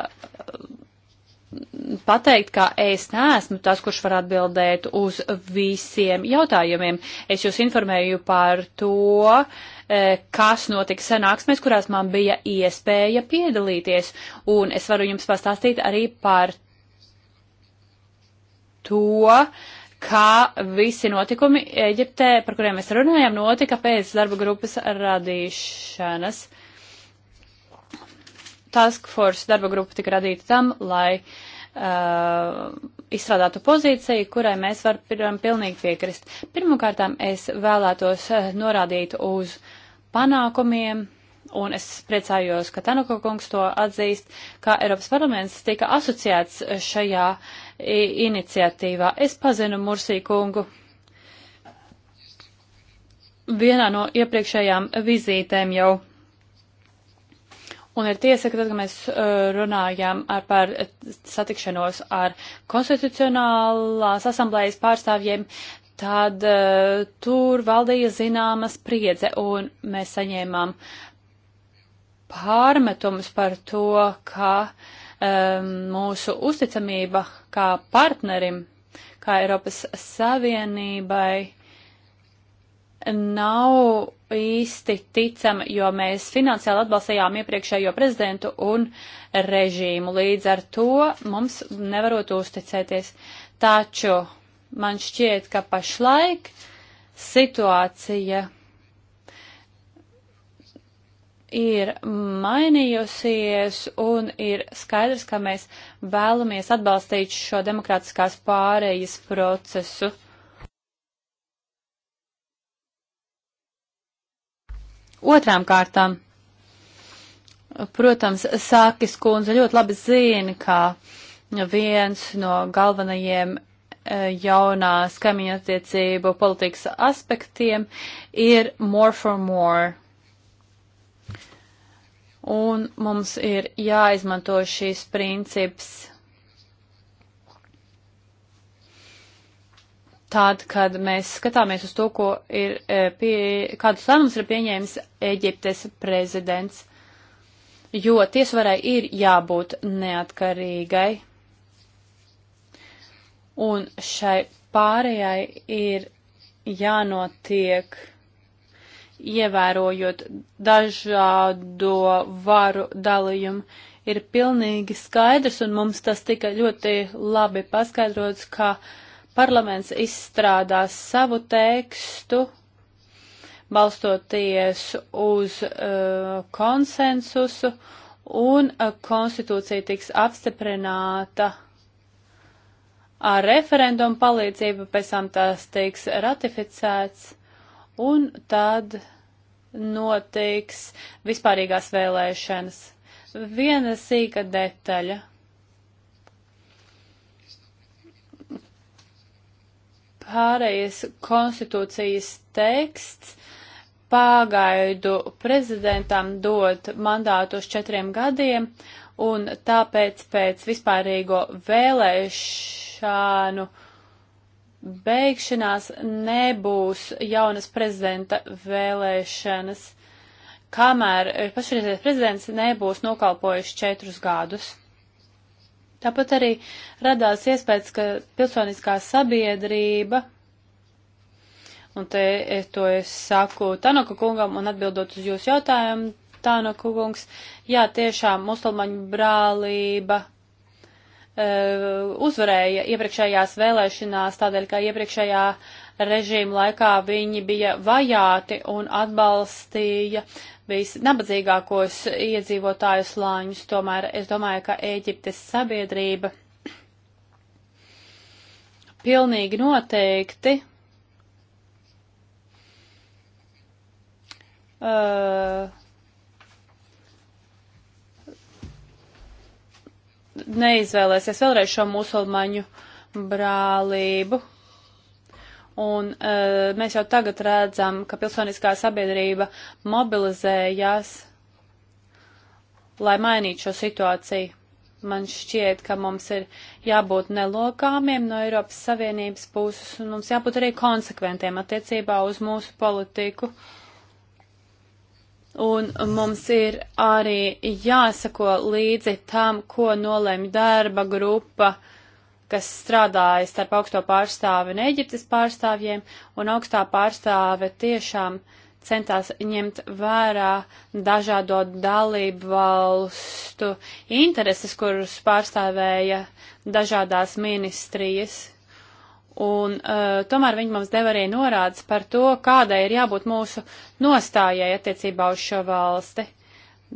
pateikt, ka es neesmu tas, kurš var atbildēt uz visiem jautājumiem. Es jūs informēju par to, eh, kas notika sanāksmēs, kurās man bija iespēja piedalīties, un es varu jums pastāstīt arī par to, uh, kā visi notikumi Eģiptē, par kuriem mēs runājam, notika pēc darba grupas radīšanas. Task Force darba grupa tika radīta tam, lai uh, izstrādātu pozīciju, kurai mēs varam pilnīgi piekrist. Pirmkārtām es vēlētos uh, norādīt uz panākumiem, un es priecājos, ka Tanuka kungs to atzīst, ka Eiropas parlaments tika asociēts šajā uh, iniciatīvā. Es pazinu Mursī kungu vienā no iepriekšējām vizītēm jau. Un ir tiesa, ka tad, kad mēs uh, runājām ar par satikšanos ar konstitucionālās asamblējas pārstāvjiem, tad uh, tur valdīja zināma spriedze, un mēs saņēmām pārmetumus par to, ka uh, Ehm, mūsu uzticamība kā partnerim, kā Eiropas Savienībai nav īsti ticama, jo mēs finansiāli atbalstījām iepriekšējo prezidentu un režīmu. Līdz ar to mums nevarot uzticēties. Taču man šķiet, ka pašlaik situācija ir mainījusies un ir skaidrs, ka mēs vēlamies atbalstīt šo demokrātiskās pārējas procesu. Otrām kārtām, protams, Sākis kundze ļoti labi zina, ka viens no galvenajiem e, jaunās kaimiņu attiecību politikas aspektiem ir more for more un mums ir jāizmanto šīs princips tad, kad mēs skatāmies uz to, ko ir e, pie, kādus lēmumus ir pieņēmis Eģiptes prezidents, jo tiesvarai ir jābūt neatkarīgai. Un šai pārējai ir jānotiek ievērojot dažādo varu dalījumu, ir pilnīgi skaidrs, un mums tas tika ļoti labi paskaidrots, ka parlaments izstrādās savu tekstu, balstoties uz uh, konsensusu, un uh, konstitūcija tiks apstiprināta ar referendumu palīdzību, pēc tam tas tiks ratificēts un tad notiks vispārīgās vēlēšanas. Viena sīka detaļa. Pārējais konstitūcijas teksts pāgaidu prezidentam dot mandātu uz četriem gadiem, un tāpēc pēc vispārīgo vēlēšanu uh, beigšanās nebūs jaunas prezidenta vēlēšanas, kamēr pašreizējais prezidents nebūs nokalpojuši četrus gadus. Tāpat arī radās iespējas, ka pilsoniskā sabiedrība, un te es eh, to es saku Tanoka kungam un atbildot uz jūsu jautājumu, Tanoka kungs, jā, tiešām musulmaņu brālība Uh, uzvarēja iepriekšējās vēlēšanās, tādēļ, ka iepriekšējā režīma laikā viņi bija vajāti un atbalstīja visnabadzīgākos iedzīvotāju slāņus. Tomēr es domāju, ka Ēģiptes sabiedrība pilnīgi noteikti uh, neizvēlēsies vēlreiz šo musulmaņu brālību. Un e, mēs jau tagad redzam, ka pilsoniskā sabiedrība mobilizējās, lai mainītu šo situāciju. Man šķiet, ka mums ir jābūt nelokāmiem no Eiropas Savienības puses, un mums jābūt arī konsekventiem attiecībā uz mūsu politiku. Uh, un mums ir arī jāsako līdzi tam, ko nolēma darba grupa, kas strādāja starp augsto pārstāvi un Eģiptes pārstāvjiem, un augstā pārstāve tiešām centās ņemt vērā dažādo dalību valstu intereses, kurus pārstāvēja dažādās ministrijas, Un uh, tomēr viņi mums deva arī norādes par to, kādai ir jābūt mūsu nostājai attiecībā uz šo valsti.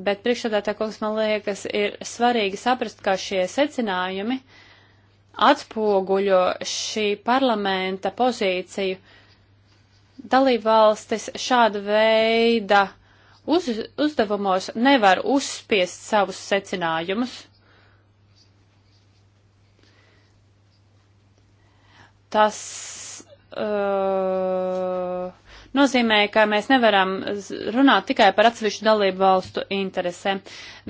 Bet priekšsādātā kungs, man liekas, ir svarīgi saprast, kā šie secinājumi atspoguļo šī parlamenta pozīciju. Dalībvalstis šāda veida uz, uzdevumos nevar uzspiest savus secinājumus. Tas uh, nozīmē, ka mēs nevaram runāt tikai par atsevišķu dalību valstu interesēm.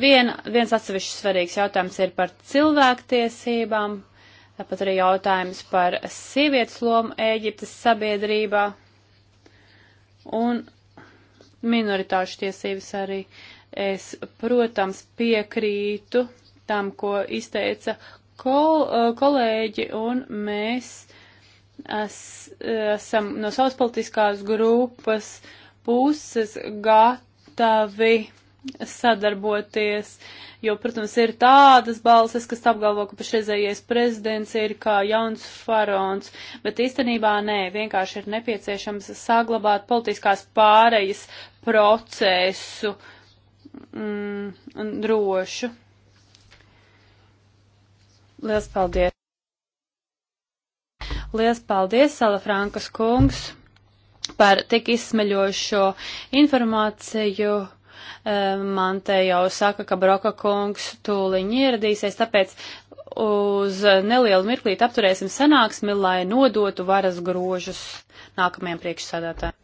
Vien, viens atsevišķs svarīgs jautājums ir par cilvēktiesībām, tāpat arī jautājums par sievietes lomu Ēģiptes sabiedrībā un minoritāšu tiesības arī. Es, protams, piekrītu tam, ko izteica kol, uh, kolēģi, un mēs es, esam no savas politiskās grupas puses gatavi sadarboties, jo, protams, ir tādas balses, kas apgalvo, ka pašreizējais prezidents ir kā jauns farons, bet īstenībā nē, vienkārši ir nepieciešams saglabāt politiskās pārejas procesu mm, drošu. Liels paldies! Lielas paldies, Salafrankas kungs, par tik izsmeļošo informāciju. Eh, man te jau saka, ka Broka kungs tūliņ ieradīsies, tāpēc uz nelielu mirklīti apturēsim sanāksmi, lai nodotu varas grožus nākamajam priekšsādātājiem.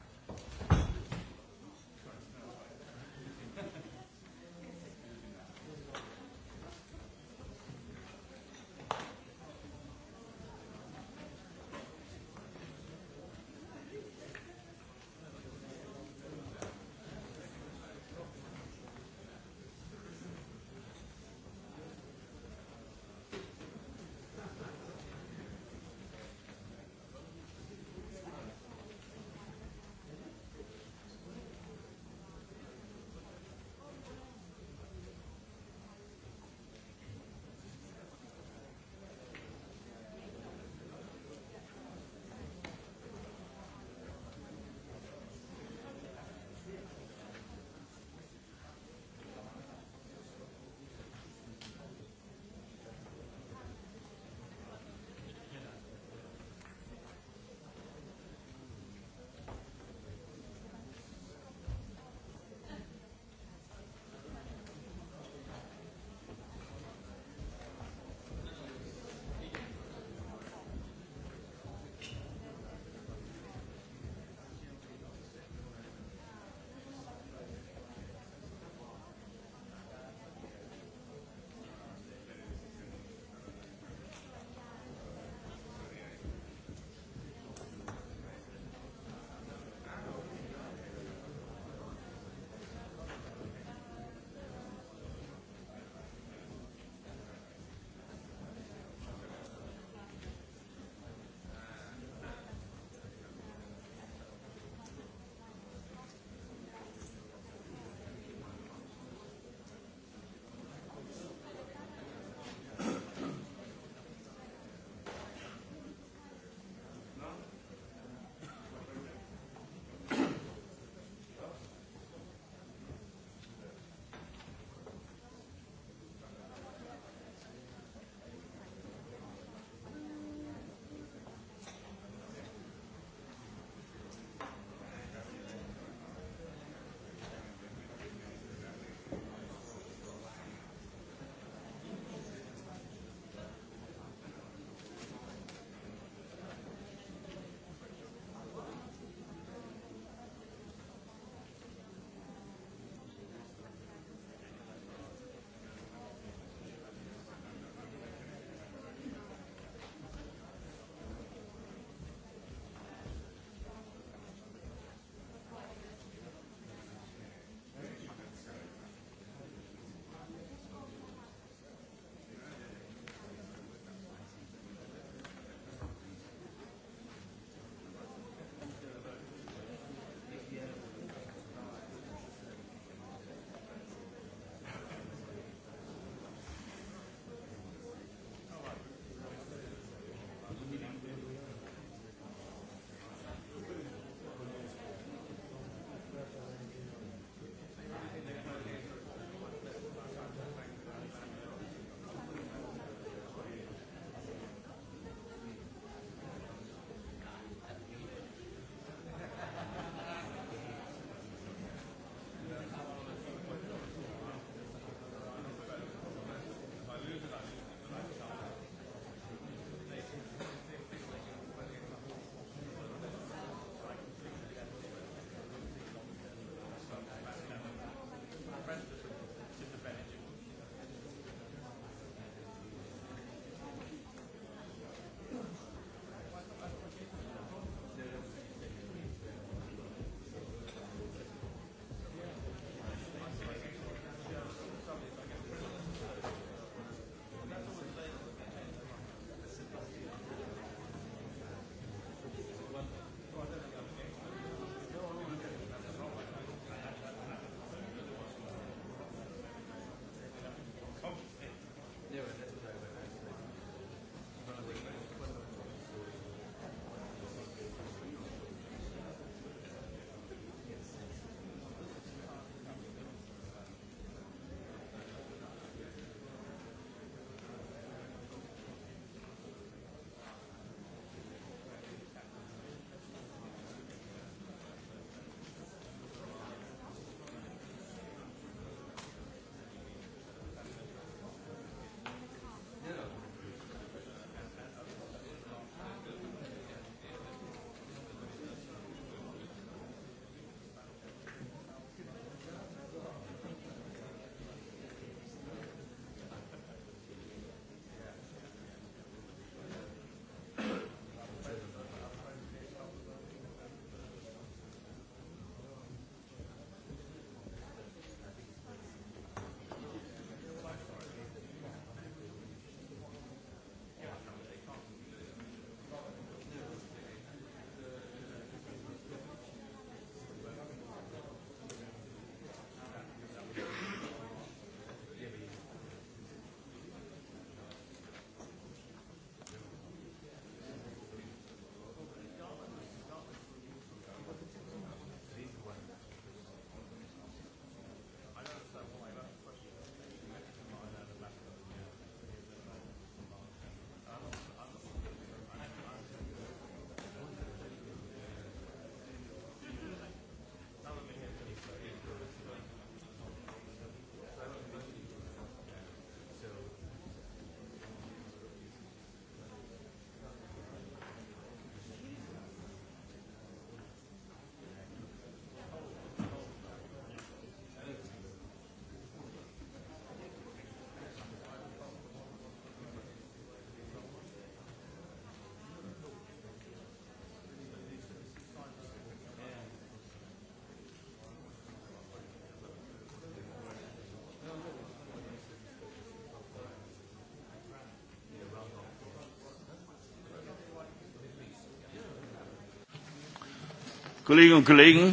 Kolēģi un kolēģi.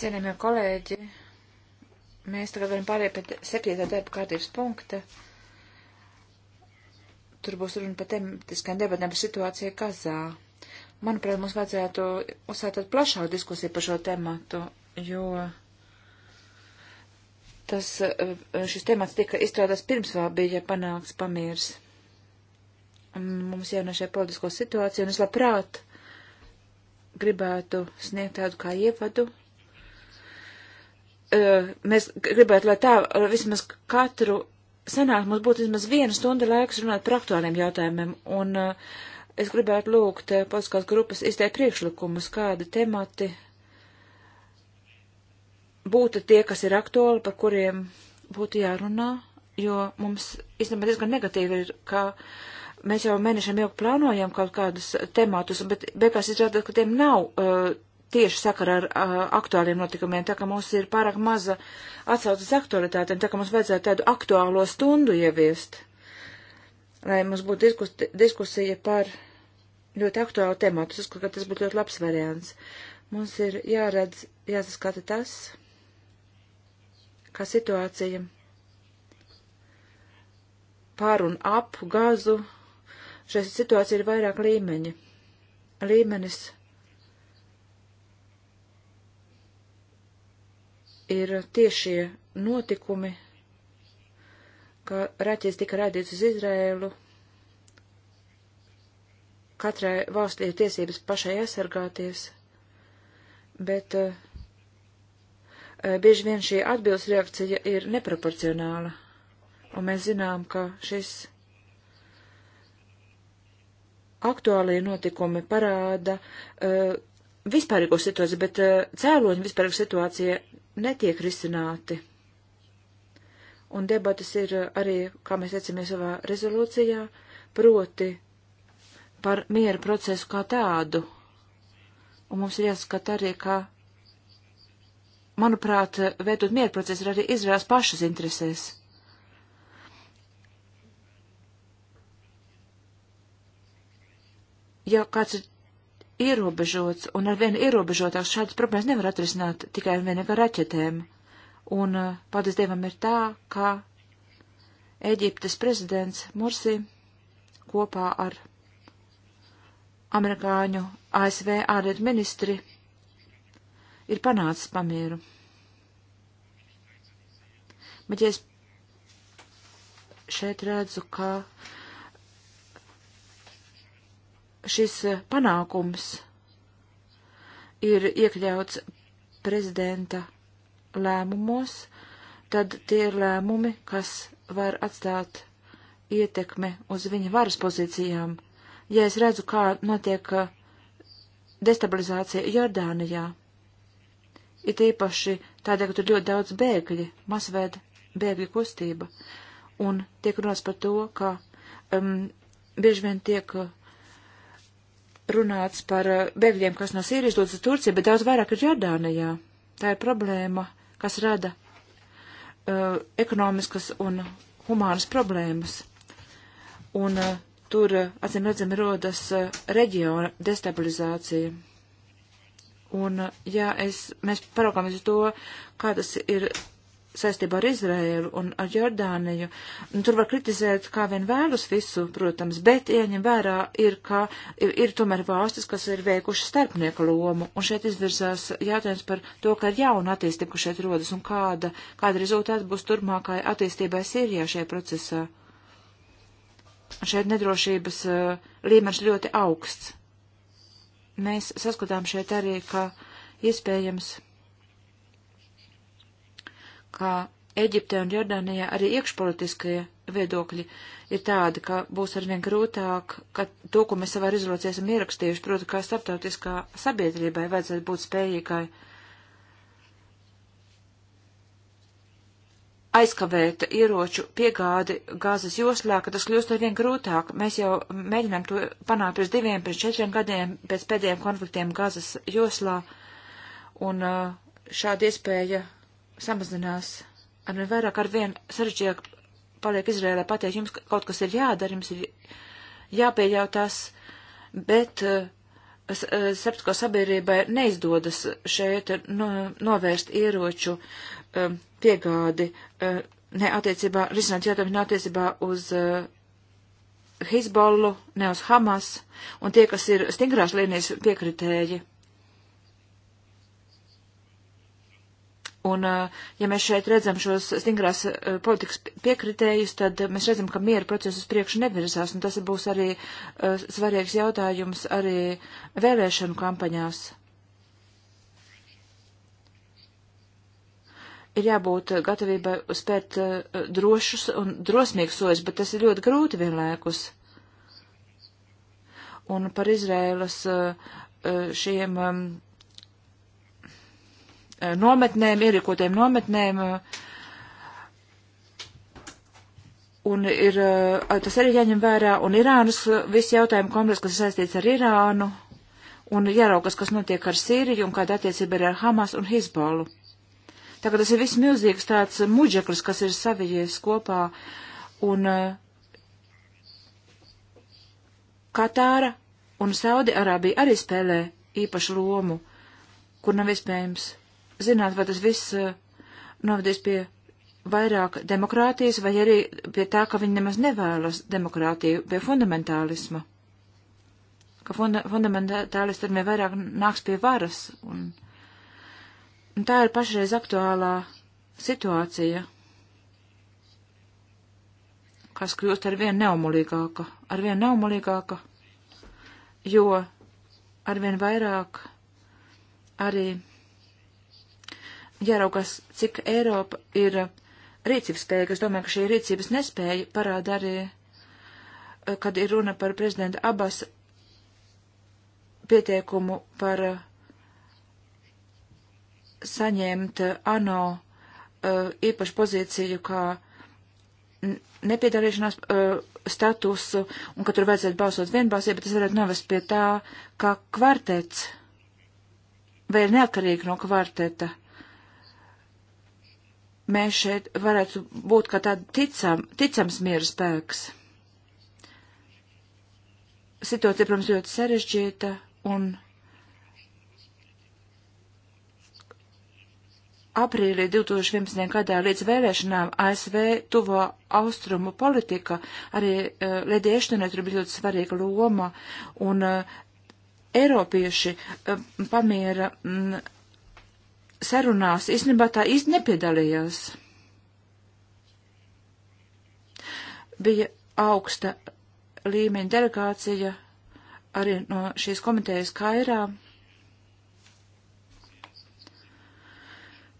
Cienījamie kolēģi, mēs tagad varam pāriet pie septītā darba kārtības punkta. Tur būs runa par tematiskām debatēm par situāciju Kazā. Manuprāt, mums vajadzētu uzsākt tādu plašāku diskusiju par šo tematu, jo tas, eh, šis temats tika izstrādāts pirms vēl bija panāks pamieris. Mums jānošē politisko situāciju, un es labprāt gribētu sniegt tādu kā ievadu. Mēs gribētu, lai tā vismaz katru sanāk mums būtu vismaz viena stunda laiks runāt par aktuāliem jautājumiem, un es gribētu lūgt politiskās grupas izteikt priekšlikumus, kādi temati būtu tie, kas ir aktuāli, par kuriem būtu jārunā, jo mums īstenībā diezgan negatīvi ir, ka uh, Mēs jau mēnešiem ilgi plānojam kaut kādus tematus, bet beigās izrādās, ka tiem nav uh, tieši sakara ar uh, aktuāliem notikumiem, tā ka mums ir pārāk maza atsaucas aktualitātēm, tā ka mums vajadzētu tādu aktuālo stundu ieviest, lai mums būtu diskus, diskusija par ļoti aktuālu tematu. Es uzskatu, ka tas būtu ļoti labs variants. Mums ir jāredz, jāsaskata tas, kā situācija pār un ap gazu Šai situācija ir vairāk līmeņi. Līmenis ir tiešie notikumi, ka raķis tika raidīts uz Izrēlu. Katrai valstī ir tiesības pašai aizsargāties, bet uh, bieži vien šī atbildes reakcija ir neproporcionāla, un mēs zinām, ka šis aktuālie notikumi parāda uh, vispārīgo situāciju, bet uh, eh, cēloņu vispārīgo situācija netiek risināti. Un debatas ir uh, arī, kā mēs teicamies savā rezolūcijā, proti par miera procesu kā tādu. Un mums ir jāskata arī, ka, manuprāt, veidot miera procesu ir arī Izraels pašas interesēs. ja kāds ir ierobežots un ar vienu ierobežotāks šādas problēmas nevar atrisināt tikai un vienīgi ar raķetēm. Un, eh, paldies Dievam, ir tā, ka Eģiptes prezidents Mursi kopā ar amerikāņu ASV ārlietu ministri ir panācis pamieru. Bet ja es šeit redzu, ka šis eh, panākums ir iekļauts prezidenta lēmumos, tad tie ir lēmumi, kas var atstāt ietekmi uz viņa varas pozīcijām. Ja es redzu, kā notiek eh, destabilizācija Jordānijā, ir īpaši tādēļ, ka tur ļoti daudz bēgļi, masveida bēgļu kustība, un tiek runāts par to, ka um, bieži vien tiek uh, runāts par eh, bēgļiem, kas no Sīrijas dodas uz Turciju, bet daudz vairāk ir Jordānijā. Tā ir problēma, kas rada uh, ekonomiskas un humānas problēmas. Un uh, tur, acīm redzam, rodas uh, reģiona destabilizācija. Un, uh, ja es, mēs paraugāmies uz to, kā tas ir saistībā ar Izraēlu un ar Jordāniju. Un tur var kritizēt kā vien vēlus visu, protams, bet ieņem vērā ir, ka ir, ir tomēr valstis, kas ir veikuši starpnieku lomu. Un šeit izvirzās jautājums par to, ka ir jauna attīstība, kas šeit rodas un kāda, kāda rezultāta būs turpmākai attīstībai Sīrijā šajā procesā. Šeit nedrošības uh, līmenis ļoti augsts. Mēs saskatām šeit arī, ka iespējams ka Eģipte un Jordānijā arī iekšpolitiskie viedokļi ir tādi, ka būs arvien grūtāk, ka to, ko mēs savā rezolūcijā esam ierakstījuši, proti, kā starptautiskā sabiedrībai vajadzētu būt spējīgai aizkavēt ieroču piegādi gāzes joslā, ka tas kļūst arvien grūtāk. Mēs jau mēģinām to panākt pirms diviem, pirms četriem gadiem, pēc pēdējiem konfliktiem gāzes joslā, un šāda iespēja samazinās ar vien vairāk, ar vien sarežģījāk paliek Izrēlē pateikt, jums kaut kas ir jādara, jums ir jāpieļauj tas, bet uh, starptautiskā sabiedrībai neizdodas šeit eh, no, novērst ieroču um, piegādi, uh, ne attiecībā, risināt jautājumu ne attiecībā uz uh, Hizbollu, ne uz Hamas, un tie, kas ir stingrās līnijas piekritēji, Un, eh, ja mēs šeit redzam šos stingrās eh, politikas piekritējus, tad mēs redzam, ka miera process uz priekšu nevirzās, un tas būs arī eh, svarīgs jautājums arī vēlēšanu kampaņās. Ir jābūt gatavībai spērt drošus un drosmīgus soļus, bet tas ir ļoti grūti vienlaikus. Un par Izrēlas šiem ehm, Eh, nometnēm, ierīkotiem nometnēm. Eh, un ir, eh, tas arī jāņem vērā, un Irānas visi jautājumi kompleks, kas saistīts ar Irānu, un jāraukas, kas notiek ar Sīriju, un kāda attiecība ir ar Hamas un Hizbalu. Tā kā tas ir viss milzīgs tāds muģeklis, kas ir savijies kopā, un Katāra un Saudi Arābija arī spēlē īpašu lomu, kur nav iespējams zināt, vai tas viss eh, novadīs pie vairāk demokrātijas, vai arī pie tā, ka viņi nemaz nevēlas demokrātiju, pie fundamentālisma. Ka funda, fundamentālisti arvien vairāk nāks pie varas, un, un tā ir pašreiz aktuālā situācija, kas kļūst arvien neumulīgāka, arvien neumulīgāka, jo arvien vairāk arī jāraugās, cik Eiropa ir rīcības spēja. Es domāju, ka šī rīcības nespēja parāda arī, eh, kad ir runa par prezidenta abas pieteikumu par eh, saņemt eh, ANO īpašu pozīciju kā nepiedalīšanās statusu un ka tur vajadzētu balsot vienbalsīgi, bet tas varētu novest pie tā, ka kvartets vai ir neatkarīgi no kvarteta. Uh, mēs šeit varētu būt kā tāda ticam, ticams miera spēks. Situācija, protams, ļoti sarežģīta un aprīlī 2011. gadā līdz vēlēšanām ASV tuvo austrumu politika, arī uh, eh, Ledi Eštonē tur bija ļoti svarīga loma, un uh, Eiropieši uh, pamiera. Mm, sarunās īstenībā tā īsti nepiedalījās. Bija augsta līmeņa delegācija arī no šīs komitejas Kairā.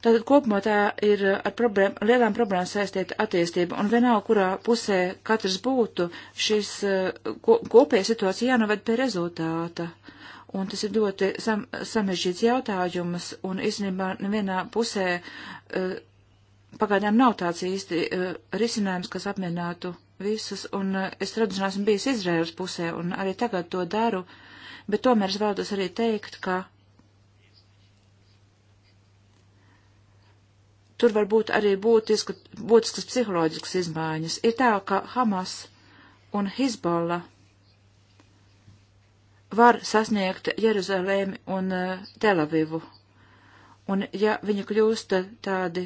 Tātad kopumā tā ir ar problēm, lielām problēmām saistīta attīstība, un vienalga, kurā pusē katrs būtu, šis eh, ko, kopējā situācija jānoved pie rezultāta. Uh, un tas ir ļoti sam, samežģīts jautājums, un īstenībā nevienā pusē uh, pagaidām nav tāds īsti uh, risinājums, kas apmierinātu visus, un uh, es tradicionāli esmu bijis Izraels pusē, un arī tagad to daru, bet tomēr es vēlos arī teikt, ka tur var būt arī būtiska, būtiskas psiholoģiskas izmaiņas. Ir tā, ka Hamas un Hizbola var sasniegt Jeruzalēmi un eh, Telavivu. Un ja viņi kļūst tādi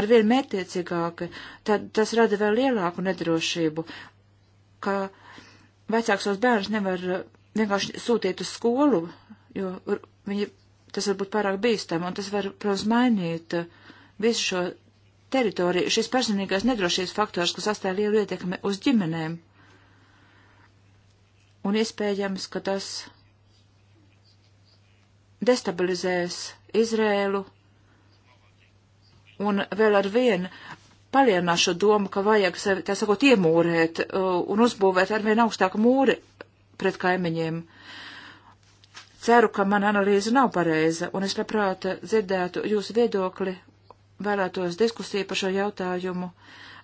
arvien mērtiecīgāki, tad tas rada vēl lielāku nedrošību, ka vecāks savus bērnus nevar eh, vienkārši sūtīt uz skolu, jo viņi, tas var būt pārāk bīstam, un tas var, protams, mainīt eh, visu šo teritoriju. Šis personīgais nedrošības faktors, kas atstāja lielu ietekmi uz ģimenēm un iespējams, ka tas destabilizēs Izrēlu un vēl ar vienu palielinās šo domu, ka vajag sevi, tā sakot, iemūrēt uh, un uzbūvēt arvien augstāku mūri pret kaimiņiem. Ceru, ka mana analīze nav pareiza, un es labprāt dzirdētu jūsu viedokli, vēlētos diskusiju par šo jautājumu,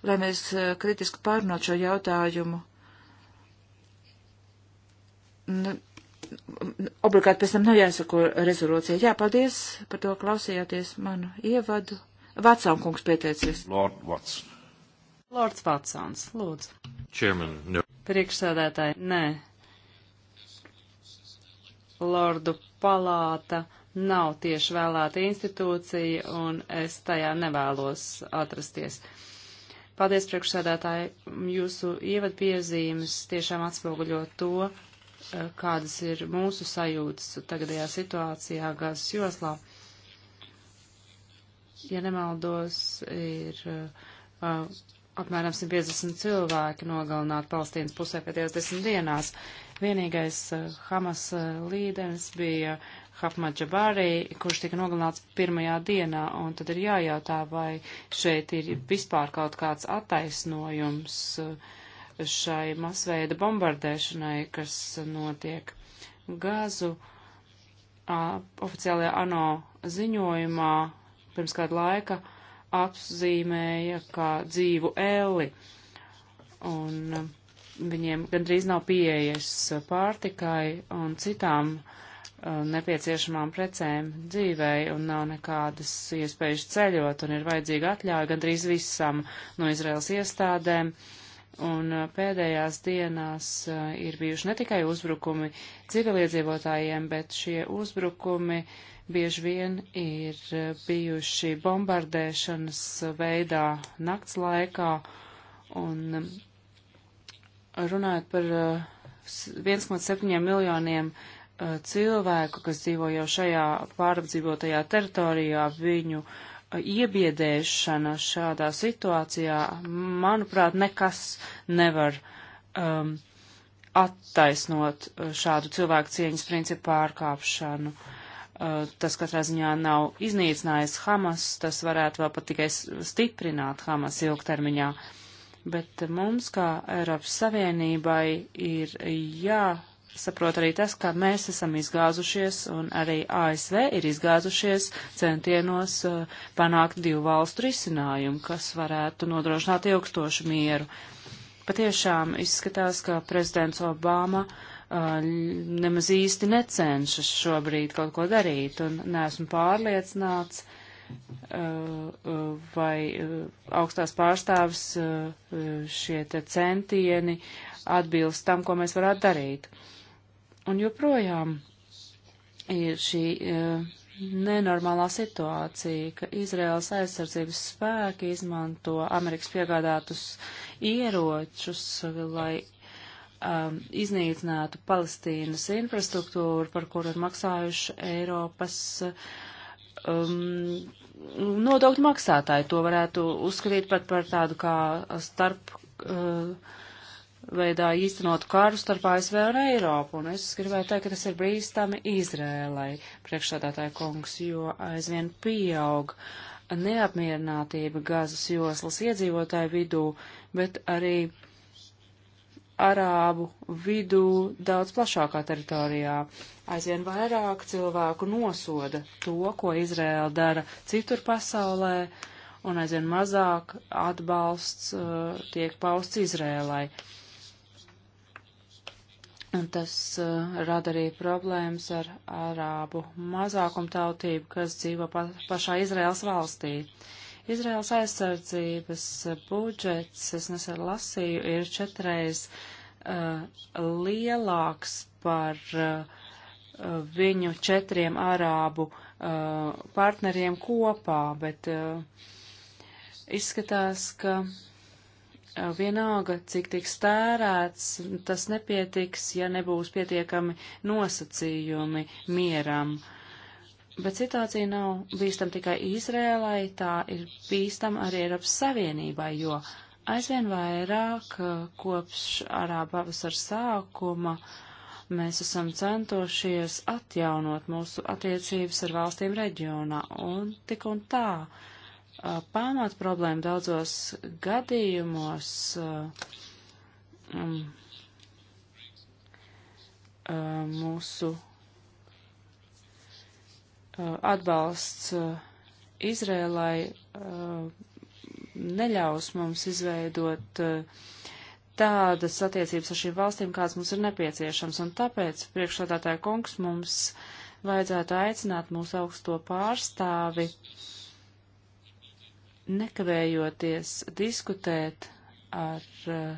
lai mēs uh, kritiski pārnot šo jautājumu Nu, obligāti pēc tam nav jāsako rezolūcija. Jā, paldies par to klausījāties manu ievadu. Vatsāna kungs pieteicies. Lord Watson. Lords Vatsāns, lūdzu. Chairman, no. Priekšsēdētāji, nē. Lordu palāta nav tieši vēlēta institūcija, un es tajā nevēlos atrasties. Paldies, priekšsēdētāji, jūsu ievadpiezīmes tiešām atspoguļo to, Eh, kādas ir mūsu sajūtas tagadējā situācijā gāzes joslā. Ja nemaldos, ir uh, apmēram 150 cilvēki nogalināti Palestīnas pusē pēdējās desmit dienās. Vienīgais uh, Hamas uh, līderis bija Hafma Džabārī, kurš tika nogalināts pirmajā dienā, un tad ir jājautā, vai šeit ir vispār kaut kāds attaisnojums. Uh, šai masveida bombardēšanai, kas notiek. Gāzu a, oficiālajā ANO ziņojumā pirms kādu laika apzīmēja kā dzīvu elli, un a, viņiem gandrīz nav pieejas pārtikai un citām a, nepieciešamām precēm dzīvēi un nav nekādas iespējas ceļot un ir vajadzīga atļauja gandrīz visam no Izraels iestādēm. Uh, Un uh, pēdējās dienās uh, ir bijuši ne tikai uzbrukumi civiliedzīvotājiem, bet šie uzbrukumi bieži vien ir uh, bijuši bombardēšanas veidā nakts laikā. Un um, runājot par 1,7 miljoniem cilvēku, kas dzīvo jau šajā pārapdzīvotajā teritorijā, viņu uh, iebiedēšana šādā situācijā, manuprāt, nekas nevar um, attaisnot uh, šādu cilvēku cieņas principu pārkāpšanu. Uh, tas katrā ziņā nav iznīcinājis Hamas, tas varētu vēl pat tikai stiprināt Hamas ilgtermiņā. Bet mums, kā Eiropas Savienībai, ir jā. Ja jāsaprot arī tas, ka mēs esam izgāzušies un arī ASV ir izgāzušies centienos uh, panākt divu valstu risinājumu, kas varētu nodrošināt ilgstošu mieru. Patiešām izskatās, ka prezidents Obama uh, nemaz īsti necenšas šobrīd kaut ko darīt, un neesmu pārliecināts, uh, uh vai uh, augstās pārstāvis uh, šie te centieni atbilst tam, ko mēs varētu darīt. Uh, Un joprojām ir šī uh, nenormālā situācija, ka Izraels aizsardzības spēki izmanto Amerikas piegādātus ieročus, lai um, iznīcinātu Palestīnas infrastruktūru, par kuru ir maksājuši Eiropas um, nodokļu maksātāji. To varētu uzskatīt pat par tādu kā starp. Uh, veidā īstenotu karu starp ASV un Eiropu, un es gribēju teikt, ka tas ir brīstami Izrēlai, priekšsādātāja kungs, jo aizvien pieaug neapmierinātība gazas joslas iedzīvotāju vidū, bet arī arābu vidū daudz plašākā teritorijā. Aizvien vairāk cilvēku nosoda to, ko Izrēla dara citur pasaulē un aizvien mazāk atbalsts uh, tiek pausts Izrēlai. Un tas uh, rada arī problēmas ar arābu mazākumtautību, kas dzīvo pa, pašā Izraels valstī. Izraels aizsardzības budžets, es nesen lasīju, ir četreiz uh, lielāks par uh, viņu četriem arābu uh, partneriem kopā, bet uh, izskatās, ka Eh, vienalga, cik tiks tērēts, tas nepietiks, ja nebūs pietiekami nosacījumi mieram. Bet situācija nav bīstama tikai Izrēlai, tā ir bīstama arī Eiropas Savienībai, jo aizvien vairāk eh, kopš arā pavasara sākuma mēs esam centošies atjaunot mūsu attiecības ar valstīm reģionā un tik un tā Uh, pamat problēma daudzos gadījumos. Uh, um, uh, mūsu atbalsts Izrēlai neļaus mums izveidot tādas attiecības ar šīm valstīm, kāds mums ir nepieciešams, un tāpēc priekšsādātāja kungs mums vajadzētu aicināt mūsu augsto pārstāvi uh, nekavējoties diskutēt ar uh,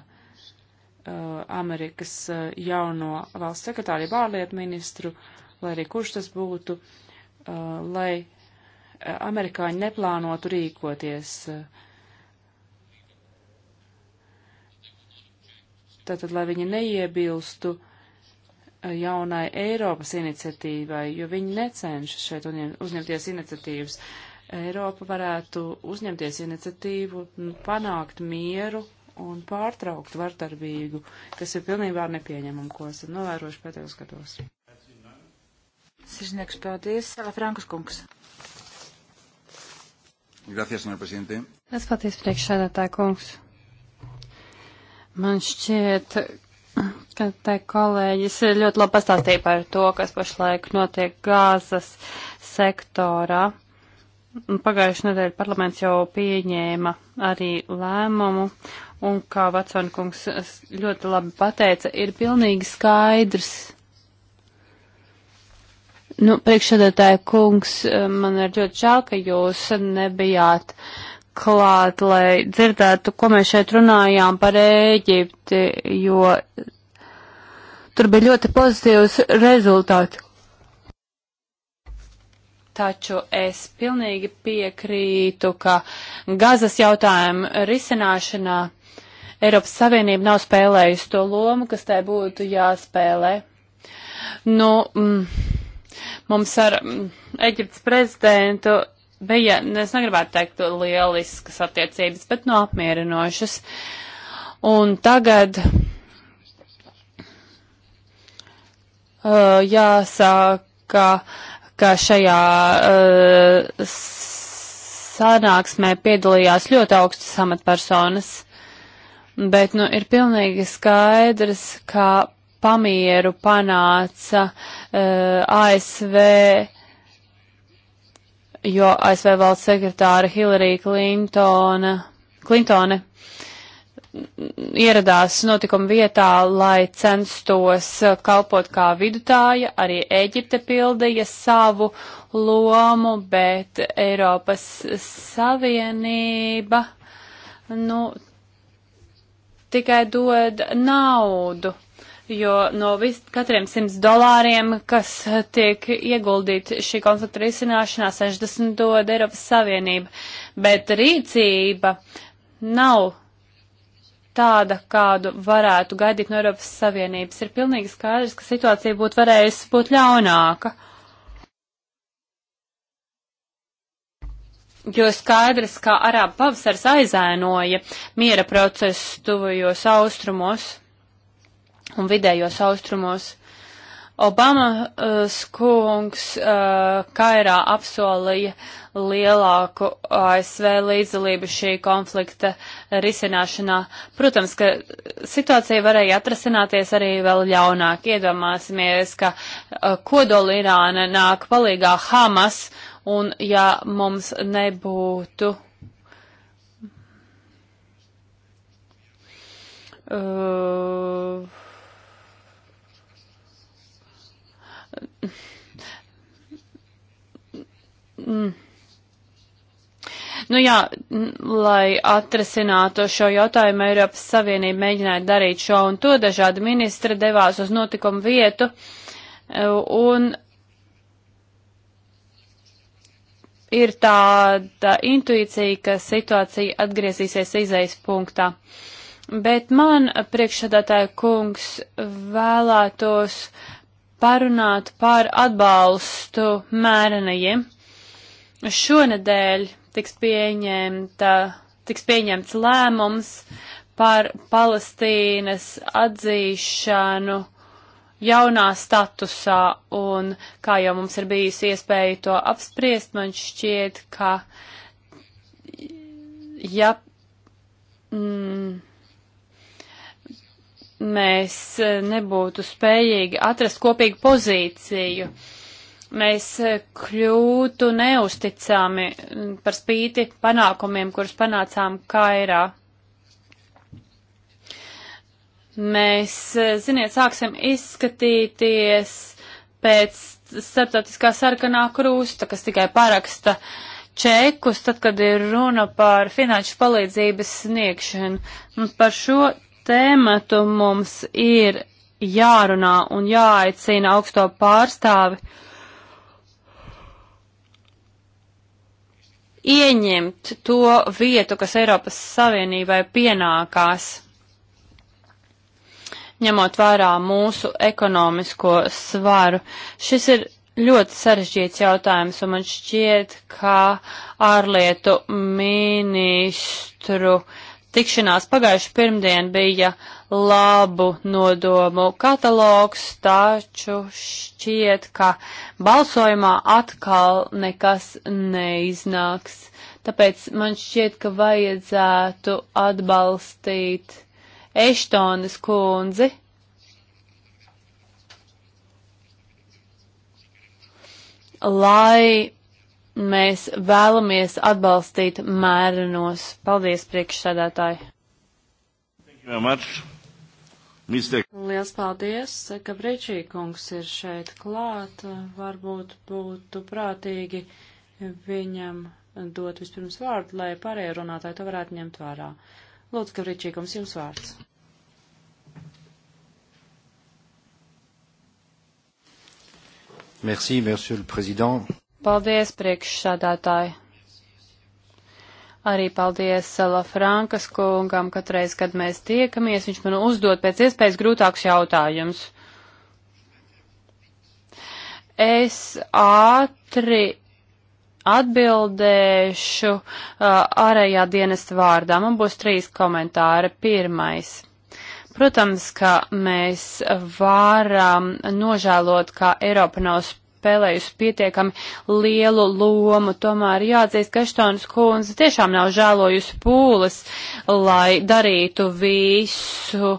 uh Amerikas uh, jauno valsts sekretāru, ārlietu ministru, lai arī kurš tas būtu, uh, lai uh, amerikāņi neplānotu rīkoties. Tātad, lai viņi neiebilstu jaunai Eiropas iniciatīvai, jo viņi necenšas šeit uzņemties iniciatīvas. Uh, Eiropa varētu uzņemties iniciatīvu, nu, panākt mieru un pārtraukt vardarbīgu, kas ir pilnībā nepieņemama, ko esam novērojuši pēdējos gados. Sirsnieks, paldies. Sala Frankas kungs. Gracias, senor presidente. Es paties priekšsēdētāja kungs. Man šķiet, ka te kolēģis ļoti labi pastāstīja par to, kas pašlaik notiek gāzas sektorā. Pagājušajā nedēļā parlaments jau pieņēma arī lēmumu, un kā Vatsonkungs ļoti labi pateica, ir pilnīgi skaidrs. Nu, priekšsēdētāja kungs, man ir ļoti žēl, ka jūs nebijāt klāt, lai dzirdētu, ko mēs šeit runājām par Ēģipti, jo tur bija ļoti pozitīvs rezultāts taču es pilnīgi piekrītu, ka gazas jautājumu risināšanā Eiropas Savienība nav spēlējusi to lomu, kas tai būtu jāspēlē. Nu, mm, mums ar mm, Eģiptes prezidentu bija, nu, es negribētu teikt, lieliskas attiecības, bet no nu, apmierinošas. Un tagad uh, jāsāk, ka uh, ka šajā uh, sanāksmē piedalījās ļoti augstas amatpersonas, bet nu, ir pilnīgi skaidrs, ka pamieru panāca uh, ASV, jo ASV valsts sekretāra Hillary Clintona, Clintone ieradās notikuma vietā, lai censtos kalpot kā vidutāja. Arī Eģipte pildīja savu lomu, bet Eiropas Savienība nu, tikai dod naudu. Jo no vis, katriem 100 dolāriem, kas tiek ieguldīti šī konflikta risināšanā, 60 dod Eiropas Savienība. Bet rīcība nav tāda, kādu varētu gaidīt no Eiropas Savienības. Ir pilnīgi skaidrs, ka situācija būtu varējusi būt ļaunāka. Jo skaidrs, ka Arābu pavasars aizēnoja miera procesu tuvajos austrumos un vidējos austrumos. Obama uh, eh, skungs uh, eh, Kairā apsolīja lielāku ASV līdzdalību šī konflikta risināšanā. Protams, ka situācija varēja atrasināties arī vēl ļaunāk. Iedomāsimies, ka uh, kodoli Irāna nāk palīgā Hamas, un ja mums nebūtu. Uh, Mm. Nu jā, lai atrisinātu šo jautājumu, Eiropas Savienība mēģināja darīt šo un to. Dažādi ministri devās uz notikumu vietu un ir tāda intuīcija, ka situācija atgriezīsies izejas punktā. Bet man priekšsēdētāja kungs vēlētos uh, parunāt par atbalstu mērenajiem. Šonedēļ tiks, pieņemta, tiks pieņemts lēmums par Palestīnas atzīšanu jaunā statusā, un kā jau mums ir bijusi iespēja to apspriest, man šķiet, ka ja. Mm, mēs eh, nebūtu spējīgi atrast kopīgu pozīciju. Mēs eh, kļūtu neusticami mm, par spīti panākumiem, kurus panācām Kairā. Mēs, eh, ziniet, sāksim izskatīties pēc starptautiskā sarkanā krūsta, kas tikai paraksta čekus, tad, kad ir runa par finanšu palīdzības sniegšanu. Un par šo tēmatu mums ir jārunā un jāaicina augsto pārstāvi ieņemt to vietu, kas Eiropas Savienībai pienākās, ņemot vērā mūsu ekonomisko svaru. Šis ir ļoti sarežģīts jautājums, un man šķiet, ka ārlietu ministru uh, tikšanās pagājuši pirmdien bija labu nodomu katalogs, taču šķiet, ka balsojumā atkal nekas neiznāks. Tāpēc man šķiet, ka vajadzētu atbalstīt Eštonas kundzi. Lai mēs vēlamies atbalstīt mērenos. Paldies, priekšsēdētāji! Liels paldies, ka Bričī kungs ir šeit klāt. Varbūt būtu prātīgi viņam dot vispirms vārdu, lai pārējie runātāji to varētu ņemt vērā. Lūdzu, ka Bričī kungs jums vārds. Merci, Monsieur le Président. Paldies, priekšsādātāji! Arī paldies Sala Frankas kungam, katreiz, kad mēs tiekamies, viņš man uzdod pēc iespējas grūtākus jautājumus. Es ātri atbildēšu uh, ārējā dienesta vārdā. Man būs trīs komentāri. Pirmais. Protams, ka mēs varam nožēlot, ka Eiropa nav spēlējusi pietiekami lielu lomu. Tomēr jāatzīst, ka Eštons kundze tiešām nav žēlojusi pūles, lai darītu visu,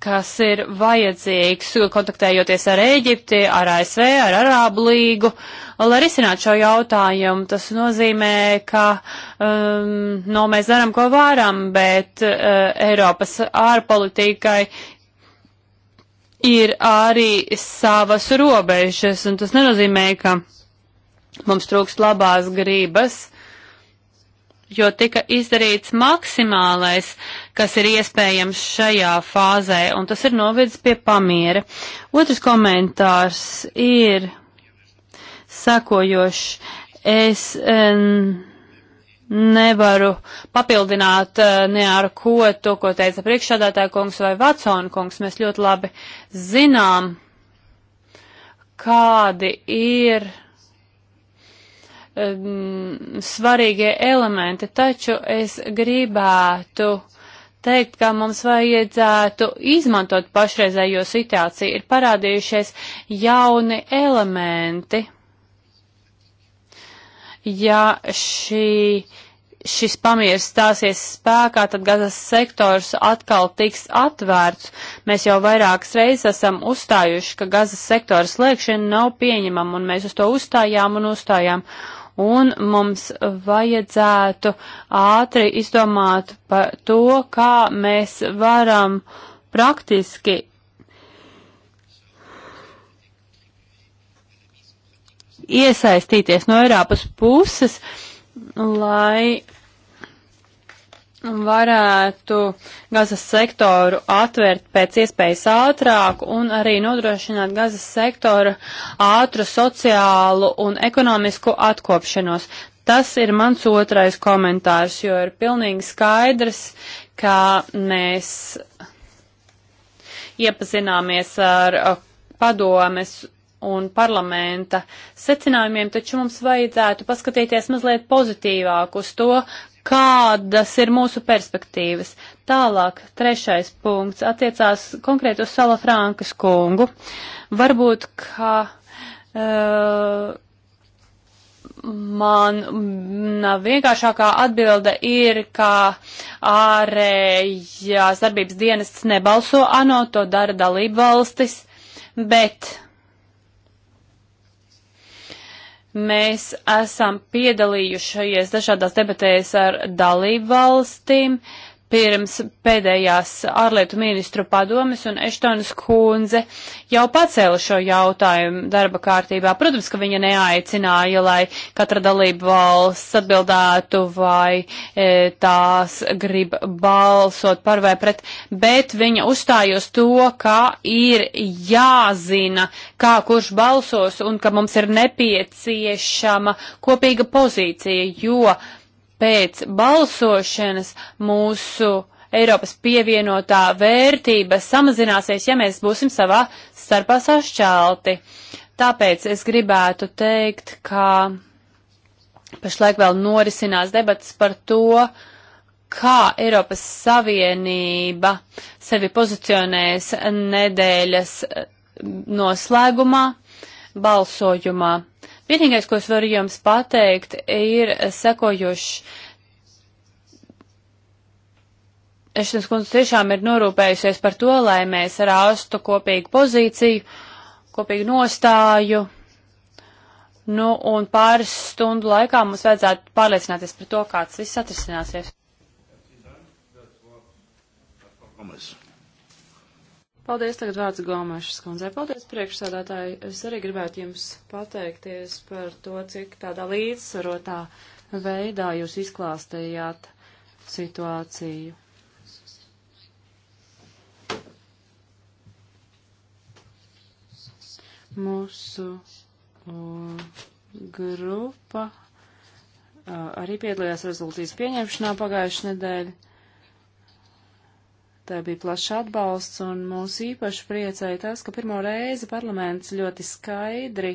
kas ir vajadzīgs, kontaktējoties ar Eģipti, ar ASV, ar Arābu līgu, lai risinātu šo jautājumu. Tas nozīmē, ka um, no nu, mēs darām, ko varam, bet uh, Eiropas ārpolitikai ir arī savas robežas, un tas nenozīmē, ka mums trūkst labās gribas, jo tika izdarīts maksimālais, kas ir iespējams šajā fāzē, un tas ir novedis pie pamiera. Otrs komentārs ir sekojošs. Es. Um, nevaru papildināt eh, ne ar ko to, ko teica priekšādātāja kungs vai Vatsona kungs. Mēs ļoti labi zinām, kādi ir um, svarīgie elementi, taču es gribētu teikt, ka mums vajadzētu izmantot pašreizējo situāciju. Ir parādījušies jauni elementi ja šī, šis pamieris stāsies spēkā, tad gazas sektors atkal tiks atvērts. Mēs jau vairākas reizes esam uzstājuši, ka gazas sektors slēgšana nav pieņemama, un mēs uz to uzstājām un uzstājām. Un mums vajadzētu ātri izdomāt par to, kā mēs varam praktiski iesaistīties no Eiropas puses, lai varētu gazas sektoru atvērt pēc iespējas ātrāk un arī nodrošināt gazas sektoru ātru sociālu un ekonomisku atkopšanos. Tas ir mans otrais komentārs, jo ir pilnīgi skaidrs, ka mēs iepazināmies ar uh, padomes un parlamenta secinājumiem, taču mums vajadzētu paskatīties mazliet pozitīvāk uz to, kādas ir mūsu perspektīvas. Tālāk, trešais punkts attiecās konkrēti uz Sala Frankas kungu. Varbūt, ka uh, man vienkāršākā atbilde ir, ka ārējās darbības dienests nebalso ANO, to dara dalību valstis, bet Mēs esam piedalījušies dažādās debatēs ar dalību valstīm. Uh, pirms pēdējās ārlietu ministru padomes, un Eštonas kundze jau pacēla šo jautājumu darba kārtībā. Protams, ka viņa neaicināja, lai katra dalība valsts atbildētu, vai e, tās grib balsot par vai pret, bet viņa uzstājos to, ka ir jāzina, kā kurš balsos, un ka mums ir nepieciešama kopīga pozīcija, jo pēc balsošanas mūsu Eiropas pievienotā vērtība samazināsies, ja mēs būsim savā starpā sašķelti. Tāpēc es gribētu teikt, ka pašlaik vēl norisinās debats par to, kā Eiropas Savienība sevi pozicionēs nedēļas noslēgumā balsojumā. Vienīgais, ko es varu jums pateikt, ir sekojošs. Ešnes kundze tiešām ir norūpējusies par to, lai mēs rāstu kopīgu pozīciju, kopīgu nostāju. Nu, un pāris stundu laikā mums vajadzētu pārliecināties par to, kāds viss atrisināsies. Promise. Paldies tagad vārds Gomešas kundzē. Paldies priekšsādātāji. Es arī gribētu jums pateikties par to, cik tādā līdzsvarotā veidā jūs izklāstījāt situāciju. Mūsu uh, grupa uh, arī piedalījās rezultātīs pieņemšanā pagājušajā nedēļā. Tā bija plaša atbalsts, un mūs īpaši priecēja tas, ka pirmo reizi parlaments ļoti skaidri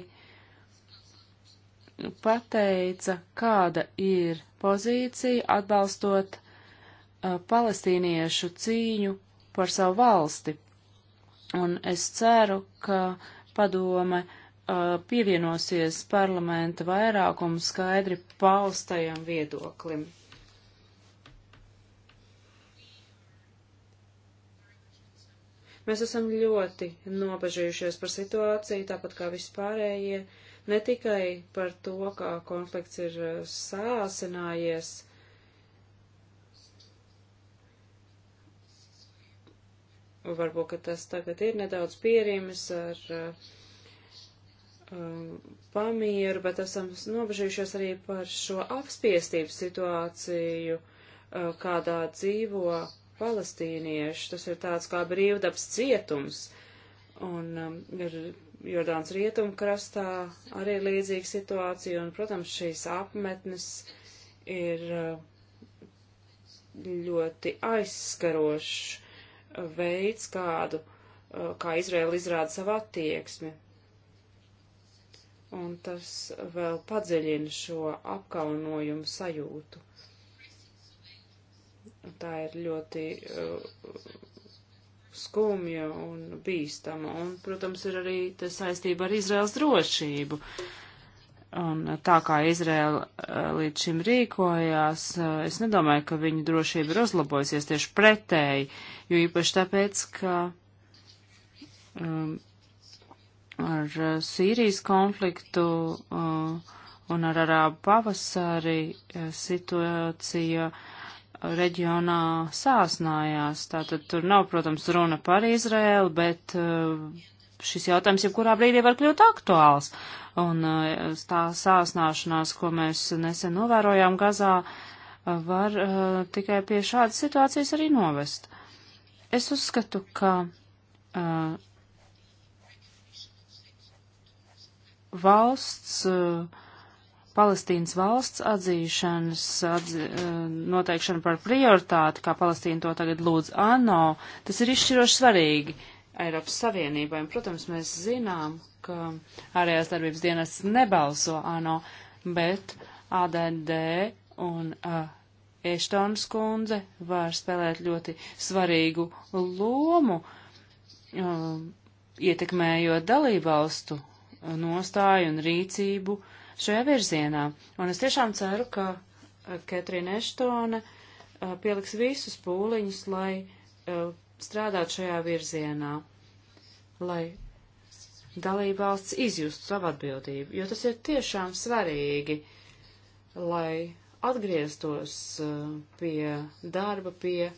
pateica, kāda ir pozīcija atbalstot uh, palestīniešu cīņu par savu valsti. Un es ceru, ka padome uh, pievienosies parlamenta vairākumu skaidri paustajam viedoklim. Mēs esam ļoti nobežījušies par situāciju, tāpat kā vispārējie, ne tikai par to, kā konflikts ir eh, sāsinājies, varbūt, ka tas tagad ir nedaudz pierimis ar um, pamieru, bet esam nobežījušies arī par šo apspiestības situāciju, uh, kādā dzīvo palestīnieši. Tas ir tāds kā brīvdabs cietums. Un um, ir Jordāns rietumkrastā arī ir līdzīga situācija. Un, protams, šīs apmetnes ir uh, ļoti aizskarošs uh, veids, kādu, uh, kā Izraela izrāda savu attieksmi un tas vēl padziļina šo apkaunojumu sajūtu tā ir ļoti uh, skumja un bīstama. Un, protams, ir arī saistība ar Izraels drošību. Un tā kā Izraela uh, līdz šim rīkojās, uh, es nedomāju, ka viņu drošība ir uzlabojusies tieši pretēji, jo īpaši tāpēc, ka um, ar uh, Sīrijas konfliktu uh, un ar Arābu pavasari uh, situācija uh, reģionā sāsnājās. Tātad tur nav, protams, runa par Izraēlu, bet uh, šis jautājums jebkurā brīdī var kļūt aktuāls. Un uh, tā sāsnāšanās, ko mēs nesen novērojām Gazā, uh, var tikai pie šādas situācijas arī novest. Es uzskatu, ka valsts uh, Palestīnas valsts atzīšanas atzi, eh, noteikšana par prioritāti, kā Palestīna to tagad lūdz ANO, tas ir izšķiroši svarīgi Eiropas Savienībai. Un, protams, mēs zinām, ka ārējās darbības dienas nebalso ANO, bet ADD un uh, Eštons kundze var spēlēt ļoti svarīgu lomu, uh, ietekmējot dalībvalstu nostāju un rīcību uh, šajā virzienā. Un es tiešām ceru, ka eh, Ketrīna Eštone eh, pieliks visus pūliņus, lai eh, strādātu šajā virzienā, lai dalībvalsts izjustu savu atbildību, jo tas ir tiešām svarīgi, lai atgrieztos pie darba, pie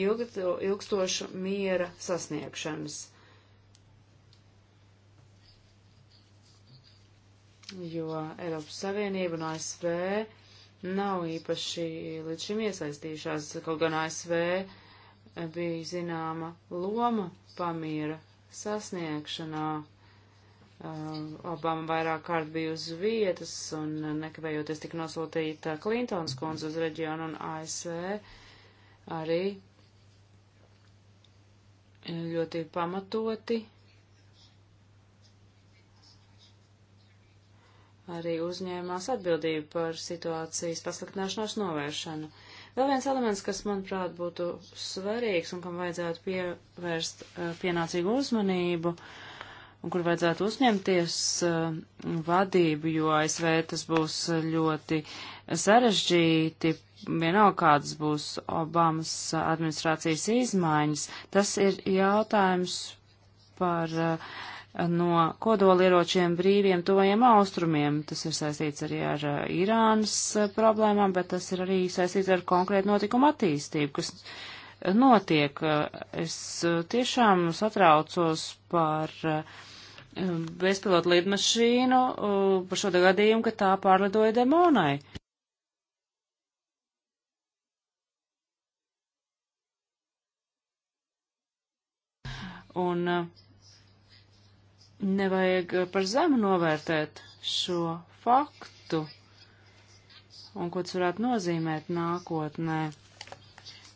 ilgstoša miera sasniegšanas. jo Eiropas Savienība un ASV nav īpaši līdz šim iesaistījušās, kaut gan ASV bija zināma loma pamiera sasniegšanā. Uh, Obama vairāk kārt bija uz vietas un nekavējoties tik nosūtīta Klintons kundze uz reģionu un ASV arī ļoti pamatoti arī uzņēmās atbildību par situācijas pasliktināšanos novēršanu. Vēl viens elements, kas, manuprāt, būtu svarīgs un kam vajadzētu pievērst eh, pienācīgu uzmanību un kur vajadzētu uzņemties eh, vadību, jo ASV tas būs ļoti sarežģīti, vienalga kādas būs Obamas administrācijas izmaiņas. Tas ir jautājums par uh, no kodolieročiem brīviem tuvajiem austrumiem. Tas ir saistīts arī ar uh, Irānas uh, problēmām, bet tas ir arī saistīts ar konkrētu notikumu attīstību, kas uh, notiek. Es tiešām satraucos par um, bezpilotu lidmašīnu, par šo gadījumu, ka tā pārlidoja demonai. Un uh, nevajag eh, par zemu novērtēt šo faktu un ko tas varētu nozīmēt nākotnē.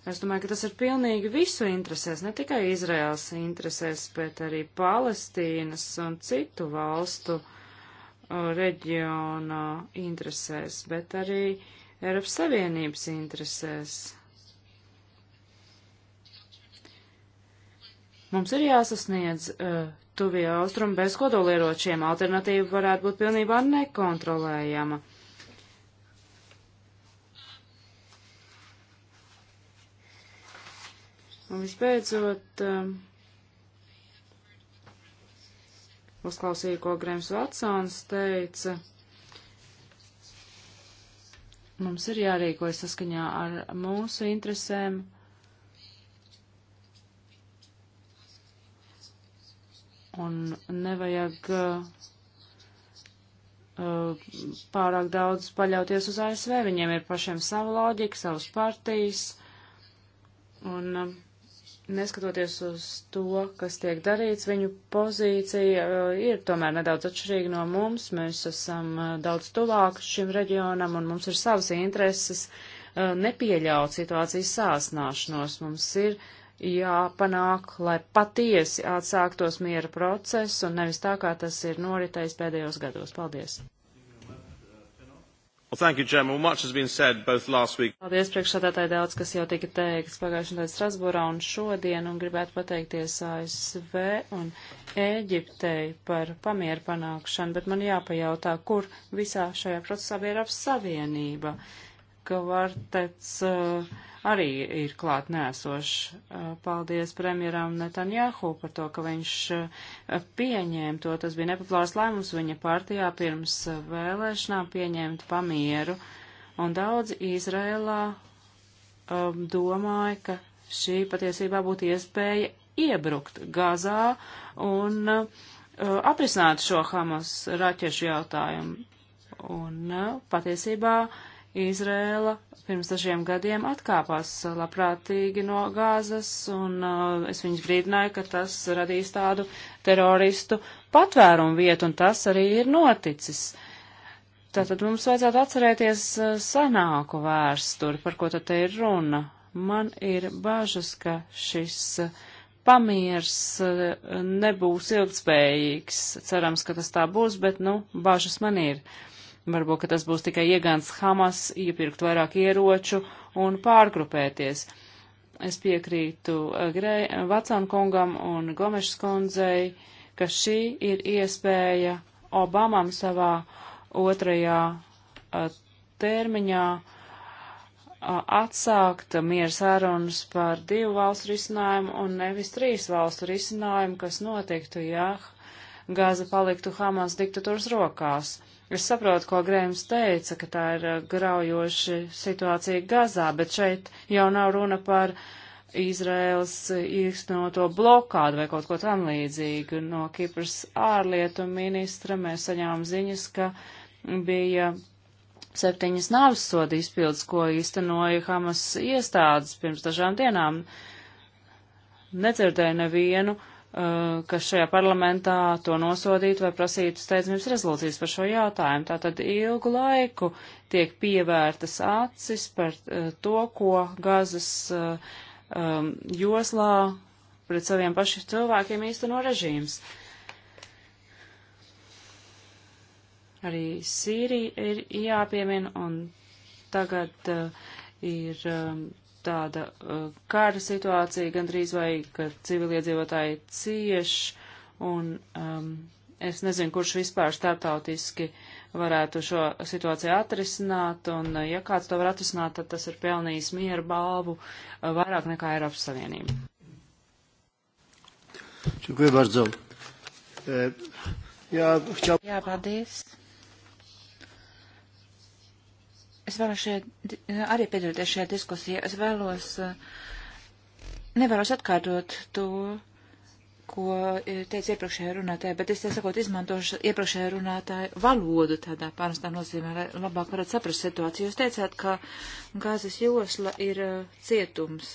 Es domāju, ka tas ir pilnīgi visu interesēs, ne tikai Izraels interesēs, bet arī Palestīnas un citu valstu eh, reģiona interesēs, bet arī Eiropas Savienības interesēs. Mums ir jāsasniedz uh, tuvie austrumi bez kodolieročiem. Alternatīva varētu būt pilnībā nekontrolējama. Un visbeidzot, um, uzklausīju, ko Grems Vatsons teica. Mums ir jārīkojas saskaņā ar mūsu interesēm un nevajag uh, pārāk daudz paļauties uz ASV. Viņiem ir pašiem sava loģika, savas partijas, un uh, neskatoties uz to, kas tiek darīts, viņu pozīcija uh, ir tomēr nedaudz atšķirīga no mums. Mēs esam uh, daudz tuvāk šim reģionam, un mums ir savas intereses uh, nepieļaut situācijas sāsnāšanos. Mums ir uh, jāpanāk, lai patiesi atsāktos miera process un nevis tā, kā tas ir noritējis pēdējos gados. Paldies! Well, thank you, Chairman. Well, much has been said both last week. Paldies priekšsādātāji daudz, kas jau tika teikts pagājušajā nedēļā Strasbūrā un šodien, un gribētu pateikties ASV un Ēģiptei par pamieru panākšanu, bet man jāpajautā, kur visā šajā procesā bija Eiropas Savienība, ka var teic. Uh, arī ir klāt nēsošs. Uh, paldies premjeram Netanjahu par to, ka viņš uh, pieņēma to. Tas bija nepopulārs lēmums viņa partijā pirms uh, vēlēšanām pieņemt pamieru. Un daudzi Izrēlā um, domāja, ka šī patiesībā būtu iespēja iebrukt Gazā un uh, aprisināt šo Hamas raķešu jautājumu. Un uh, patiesībā uh, Izrēla pirms dažiem gadiem atkāpās labprātīgi no gāzes, un uh, es viņus brīdināju, ka tas radīs tādu teroristu patvērumu vietu, un tas arī ir noticis. Tātad mums vajadzētu atcerēties uh, senāku vēsturi, par ko tad te ir runa. Man ir bažas, ka šis uh, pamiers uh, nebūs ilgspējīgs. Cerams, ka tas tā būs, bet, nu, bažas man ir. Uh, Varbūt, ka tas būs tikai iegāns Hamas, iepirkt vairāk ieroču un pārgrupēties. Es piekrītu eh, Vatsānu kungam un Gomešas kundzei, ka šī ir iespēja Obamam savā otrajā eh, termiņā eh, atsākt miera sarunas par divu valstu risinājumu un nevis trīs valstu risinājumu, kas notiktu, ja Gāza paliktu Hamas diktatūras rokās. Es saprotu, ko Grēms teica, ka tā ir uh, graujoša situācija Gazā, bet šeit jau nav runa par Izraels uh, īstenoto blokādu vai kaut ko tam līdzīgu. No Kipras ārlietu ministra mēs saņēmām ziņas, ka bija septiņas nāves sodu izpildes, ko īstenoja Hamas iestādes pirms dažām dienām. Nedzirdēju nevienu Uh, kas šajā parlamentā to nosodītu vai prasītu steidzamības rezolūcijas par šo jautājumu. Tātad ilgu laiku tiek pievērtas acis par uh, to, ko gazas uh, um, joslā pret saviem pašiem cilvēkiem īsteno režīms. Arī Sīrija ir jāpiemina, un tagad uh, ir um, tāda uh, kara situācija gandrīz vai, ka civiliedzīvotāji cieš, un um, es nezinu, kurš vispār starptautiski varētu šo situāciju atrisināt, un uh, ja kāds to var atrisināt, tad tas ir pelnījis mieru balvu uh, vairāk nekā Eiropas Savienība. Čukuj, e, Jā, paldies. Es vēlos šeit, eh, arī piedalīties šajā diskusijā. Es vēlos, eh, nevēlos atkārtot to, ko eh, teica iepriekšējā runātāja, bet es, tā sakot, izmantošu iepriekšējā runātāja valodu tādā pārnestā nozīmē, lai labāk varētu saprast situāciju. Jūs teicāt, ka gāzes josla ir cietums.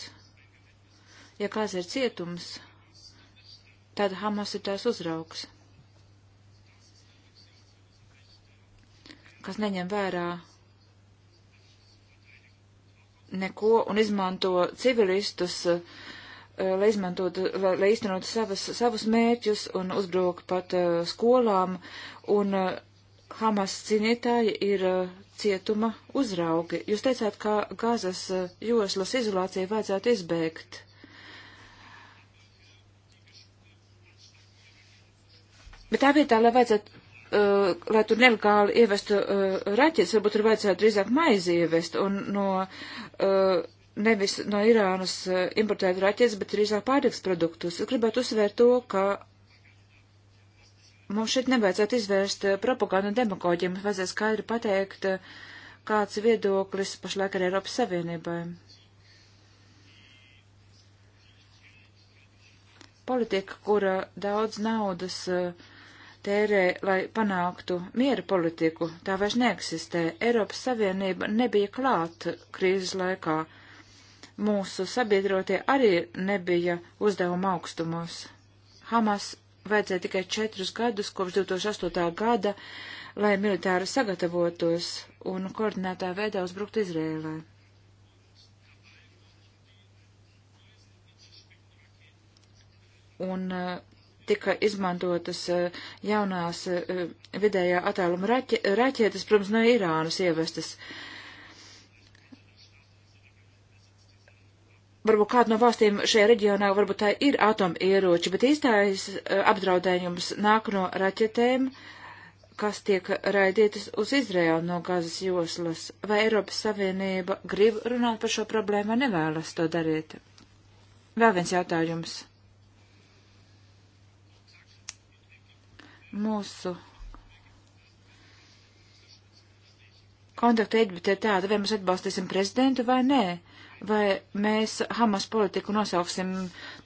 Ja gāze ir cietums, tad Hamas ir tās uzraugs, kas neņem vērā neko un izmanto civilistus, eh, lai izmantotu, lai īstenotu savas, savus mērķus un uzbruk pat uh, skolām, un uh, Hamas cīnītāji ir uh, cietuma uzraugi. Jūs teicāt, ka gazas joslas izolācija vajadzētu izbēgt. Bet tā vietā, lai vajadzētu uh, lai tur nelegāli ievestu uh, raķetes, varbūt tur vajadzētu drīzāk maizi ievest un no, uh, nevis no Irānas uh, importēt raķetes, bet drīzāk pārtiks produktus. Es gribētu uzsvērt to, ka mums šeit nevajadzētu izvērst uh, propagandu un demagoģiju, mums vajadzētu skaidri pateikt, uh, kāds viedoklis pašlaik ir Eiropas Savienībai. Politika, kura daudz naudas uh, tērē, lai panāktu miera politiku, tā vairs neeksistē. Eiropas Savienība nebija klāt krīzes laikā. Mūsu sabiedrotie arī nebija uzdevuma augstumos. Hamas vajadzēja tikai četrus gadus kopš 2008. gada, lai militāri sagatavotos un koordinētā veidā uzbruktu Izrēlē. Un uh, tika izmantotas eh, jaunās eh, vidējā attāluma raķe, raķetes, protams, no Irānas ievestas. Varbūt kāda no valstīm šajā reģionā, varbūt tā ir atomieroči, bet īstais eh, apdraudējums nāk no raķetēm, kas tiek raidītas uz Izraēlu no gazas joslas. Vai Eiropas Savienība grib runāt par šo problēmu vai nevēlas to darīt? Vēl viens jautājums. mūsu kontaktu eidbite ir tāda, vai mēs atbalstīsim prezidentu vai nē, vai mēs Hamas politiku nosauksim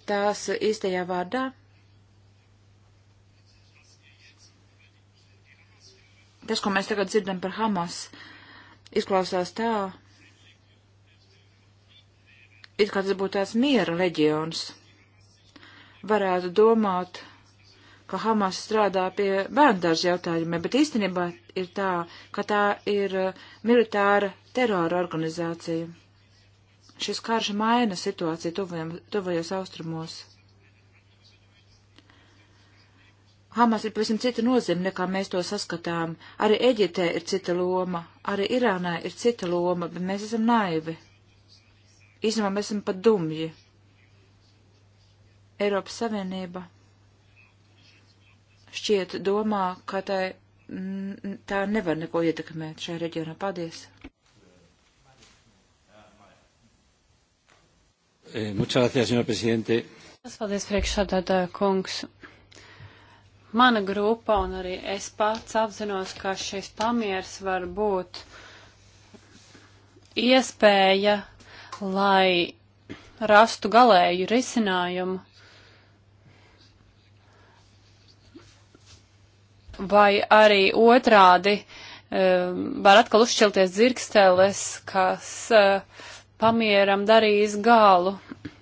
tās īstajā vārdā. Tas, ko mēs tagad dzirdam par Hamas, izklausās tā, it kā tas būtu tāds miera leģions. Varētu domāt, ka Hamas strādā pie bērndārza jautājumiem, bet īstenībā ir tā, ka tā ir uh, militāra terora organizācija. Šis karš maina situāciju tuvajam, tuvajos austrumos. Hamas ir pavisam cita nozīme, nekā mēs to saskatām. Arī Eģiptē ir cita loma, arī Irānā ir cita loma, bet mēs esam naivi. Īstenībā mēs esam pat dumji. Eiropas Savienība šķiet domā, ka tai, tā nevar neko ietekmēt šajā reģionā. Paldies! Eh, muchas gracias, señor presidente. Paldies, priekšsādātāja kungs. Mana grupa un arī es pats apzinos, ka šis pamiers var būt iespēja, lai rastu galēju risinājumu vai arī otrādi eh, var atkal uzšķelties dzirksteles, kas eh, pamieram darīs gālu.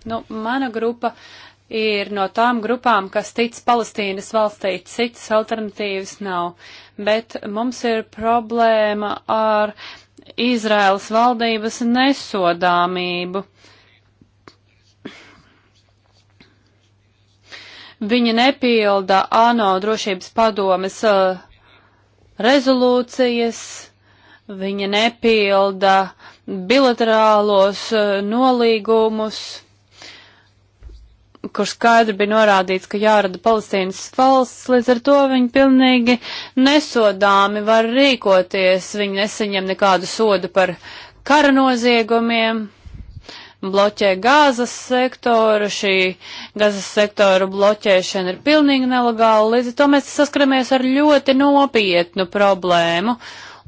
Nu, mana grupa ir no tām grupām, kas tic Palestīnas valstī, citas alternatīvas nav, bet mums ir problēma ar Izraels valdības nesodāmību. Uh, Viņa nepilda ANO drošības padomes uh, rezolūcijas, viņa nepilda bilaterālos uh, nolīgumus, kur skaidri bija norādīts, ka jārada Palestīnas valsts, līdz ar to viņi pilnīgi nesodāmi var rīkoties, viņi nesaņem nekādu sodu par kara noziegumiem bloķē gāzes sektoru, šī gāzes sektoru bloķēšana ir pilnīgi nelegāla, līdz ar to mēs saskaramies ar ļoti nopietnu problēmu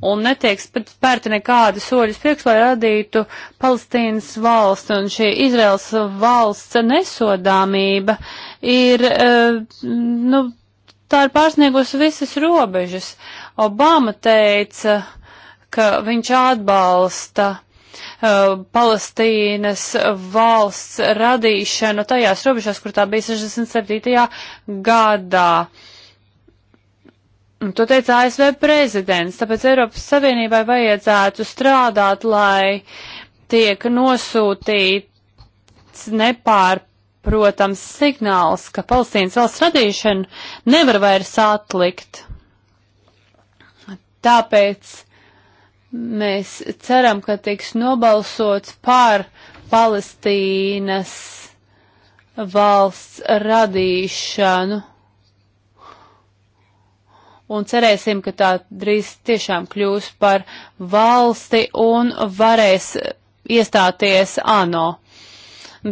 un netiek spērti nekādi soļus priekš, lai radītu Palestīnas valsts, un šī Izraels valsts nesodāmība ir, eh, nu, tā ir pārsniegusi visas robežas. Obama teica, ka viņš atbalsta Uh, Palestīnas valsts radīšanu tajās robežās, kur tā bija 67. gadā. Un to teica ASV prezidents, tāpēc Eiropas Savienībai vajadzētu strādāt, lai tiek nosūtīts nepārprotams signāls, ka Palestīnas valsts radīšanu nevar vairs atlikt. Tāpēc Mēs ceram, ka tiks nobalsots par Palestīnas valsts radīšanu. Un cerēsim, ka tā drīz tiešām kļūs par valsti un varēs iestāties ANO.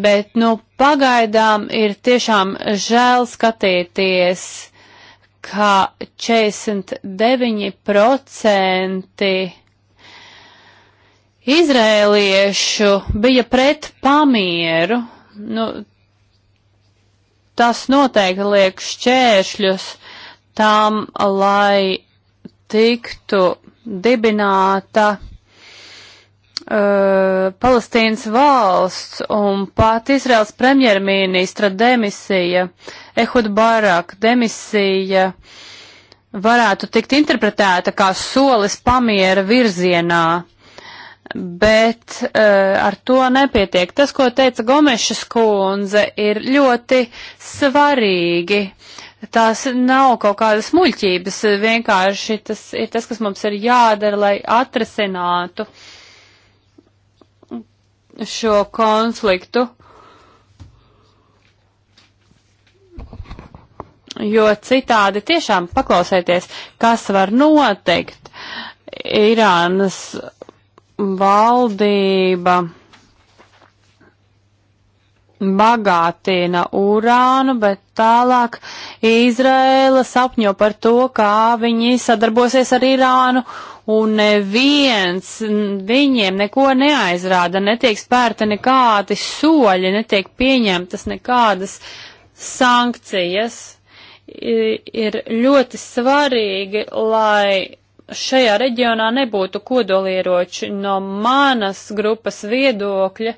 Bet, nu, pagaidām ir tiešām žēl skatīties, ka 49% izrēliešu bija pret pamieru. Nu, tas noteikti liek šķēršļus tam, lai tiktu dibināta uh, Palestīnas valsts un pat Izraels premjerministra demisija, Ehud Barak demisija varētu tikt interpretēta kā solis pamiera virzienā bet uh, ar to nepietiek. Tas, ko teica Gomešas kundze, ir ļoti svarīgi. Tās nav kaut kādas muļķības, vienkārši tas ir tas, kas mums ir jādara, lai atrasinātu šo konfliktu. Jo citādi tiešām paklausieties, kas var notikt. Irānas valdība bagātina urānu, bet tālāk Izraela sapņo par to, kā viņi sadarbosies ar Irānu, un neviens viņiem neko neaizrāda, netiek spērta nekādi soļi, netiek pieņemtas nekādas sankcijas. Ir ļoti svarīgi, lai šajā reģionā nebūtu kodolieroči no manas grupas viedokļa,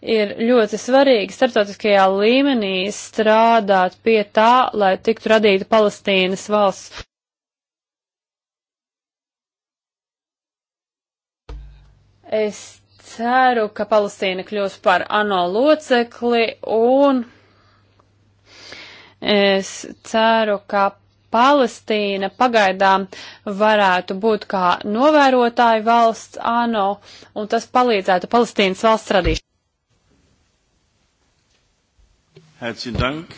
ir ļoti svarīgi starptautiskajā līmenī strādāt pie tā, lai tiktu radīta Palestīnas valsts. Es ceru, ka Palestīna kļūs par ANO locekli un es ceru, ka Palestīna pagaidām varētu būt kā novērotāja valsts ANO, un tas palīdzētu Palestīnas valsts radīšanai. Herzlichen Dank.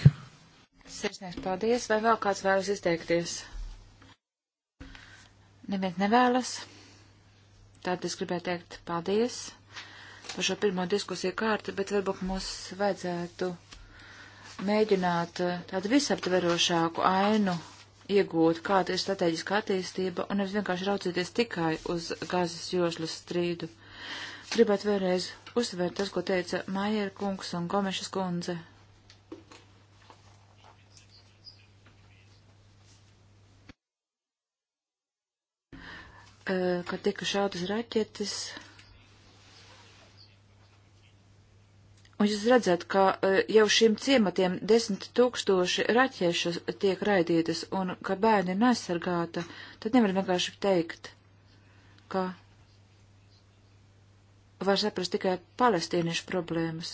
Sirsnieks, paldies. Vai vēl kāds vēlas izteikties? Neviens nevēlas. Tātad es gribēju teikt paldies par šo pirmo diskusiju kārtu, bet varbūt mums vajadzētu mēģināt uh, tādu visaptverošāku ainu iegūt, kāda ir strateģiska attīstība, un nevis vienkārši raucīties tikai uz gazas jošļas strīdu. Gribētu vēlreiz uzsvērt tas, ko teica Maier kungs un Gomešas kundze. Kad tika šautas raķetes. Un jūs redzat, ka eh, jau šiem ciematiem desmit tūkstoši raķešas tiek raidītas un ka bērni ir nesargāta, tad nevar vienkārši teikt, ka var saprast tikai palestīniešu problēmas,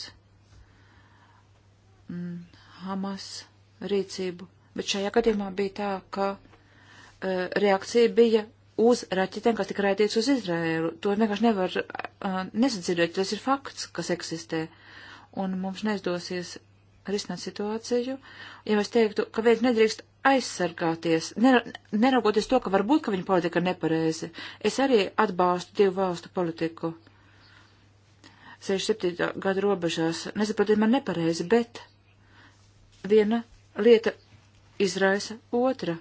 mm, Hamas rīcību. Bet šajā gadījumā bija tā, ka uh, reakcija bija uz raķetēm, kas tika raidīts uz Izraēlu. To vienkārši nevar uh, nesadzirdēt, tas ir fakts, kas eksistē. Uh, un mums neizdosies risināt situāciju, ja mēs teiktu, ka veids nedrīkst aizsargāties, neraugoties to, ka varbūt, ka viņa politika ir nepareizi. Es arī atbalstu divu valstu politiku. 67. gada robežās, nesaprotiet man nepareizi, bet viena lieta izraisa otra.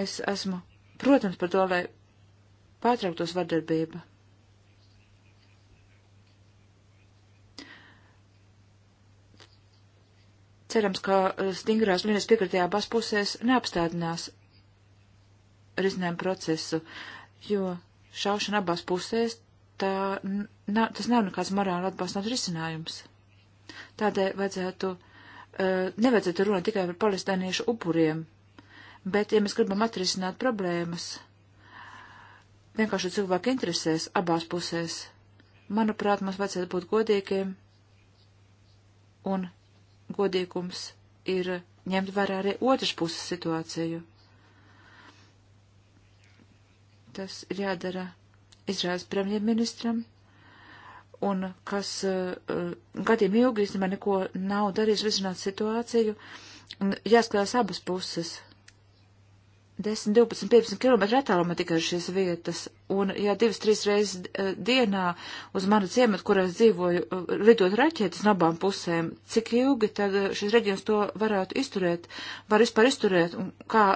Es esmu, protams, par to, lai pārtrauktos vardarbība. Cerams, ka e, stingrās līnijas piekritajā abās pusēs neapstādinās risinājumu procesu, jo šaušana abās pusēs tā, nav, tas nav nekāds morāli atbalstāms risinājums. Tādēļ vajadzētu, uh, nevajadzētu runāt tikai par palestīniešu upuriem, bet, ja mēs gribam atrisināt problēmas, vienkārši cilvēku interesēs abās pusēs, manuprāt, mums vajadzētu būt godīgiem un godīgums ir ņemt vērā arī otras puses situāciju. Tas ir jādara Izraels premjerministram, un kas uh, gadiem ilgi īstenībā neko nav darījis risināt situāciju, un jāskatās abas puses. 10, 12, 15 km attālumā tikai šīs vietas, un ja divas, trīs reizes eh, dienā uz manu ciematu, kurā es dzīvoju, eh, lidot raķetes no abām pusēm, cik ilgi tad eh, šis reģions to varētu izturēt, var vispār izturēt, un kā,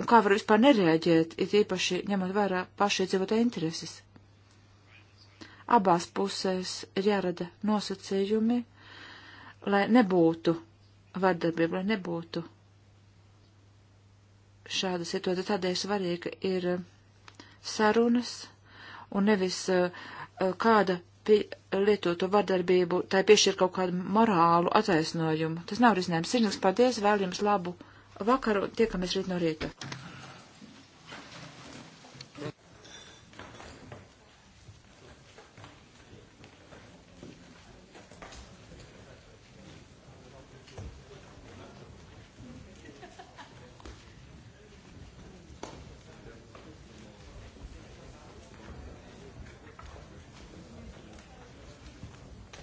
un kā var vispār nereaģēt, it īpaši ņemot vērā paši iedzīvotāju intereses. Abās pusēs ir jārada nosacījumi, lai nebūtu vardarbība, lai nebūtu šāda situācija. Tādēļ svarīga ir eh, sarunas un nevis eh, eh, kāda lietoto vardarbību, tai piešķir kaut kādu morālu attaisnojumu. Tas nav risinājums. Sirdnieks, paldies, vēl jums labu vakaru, tiekamies rīt no rīta.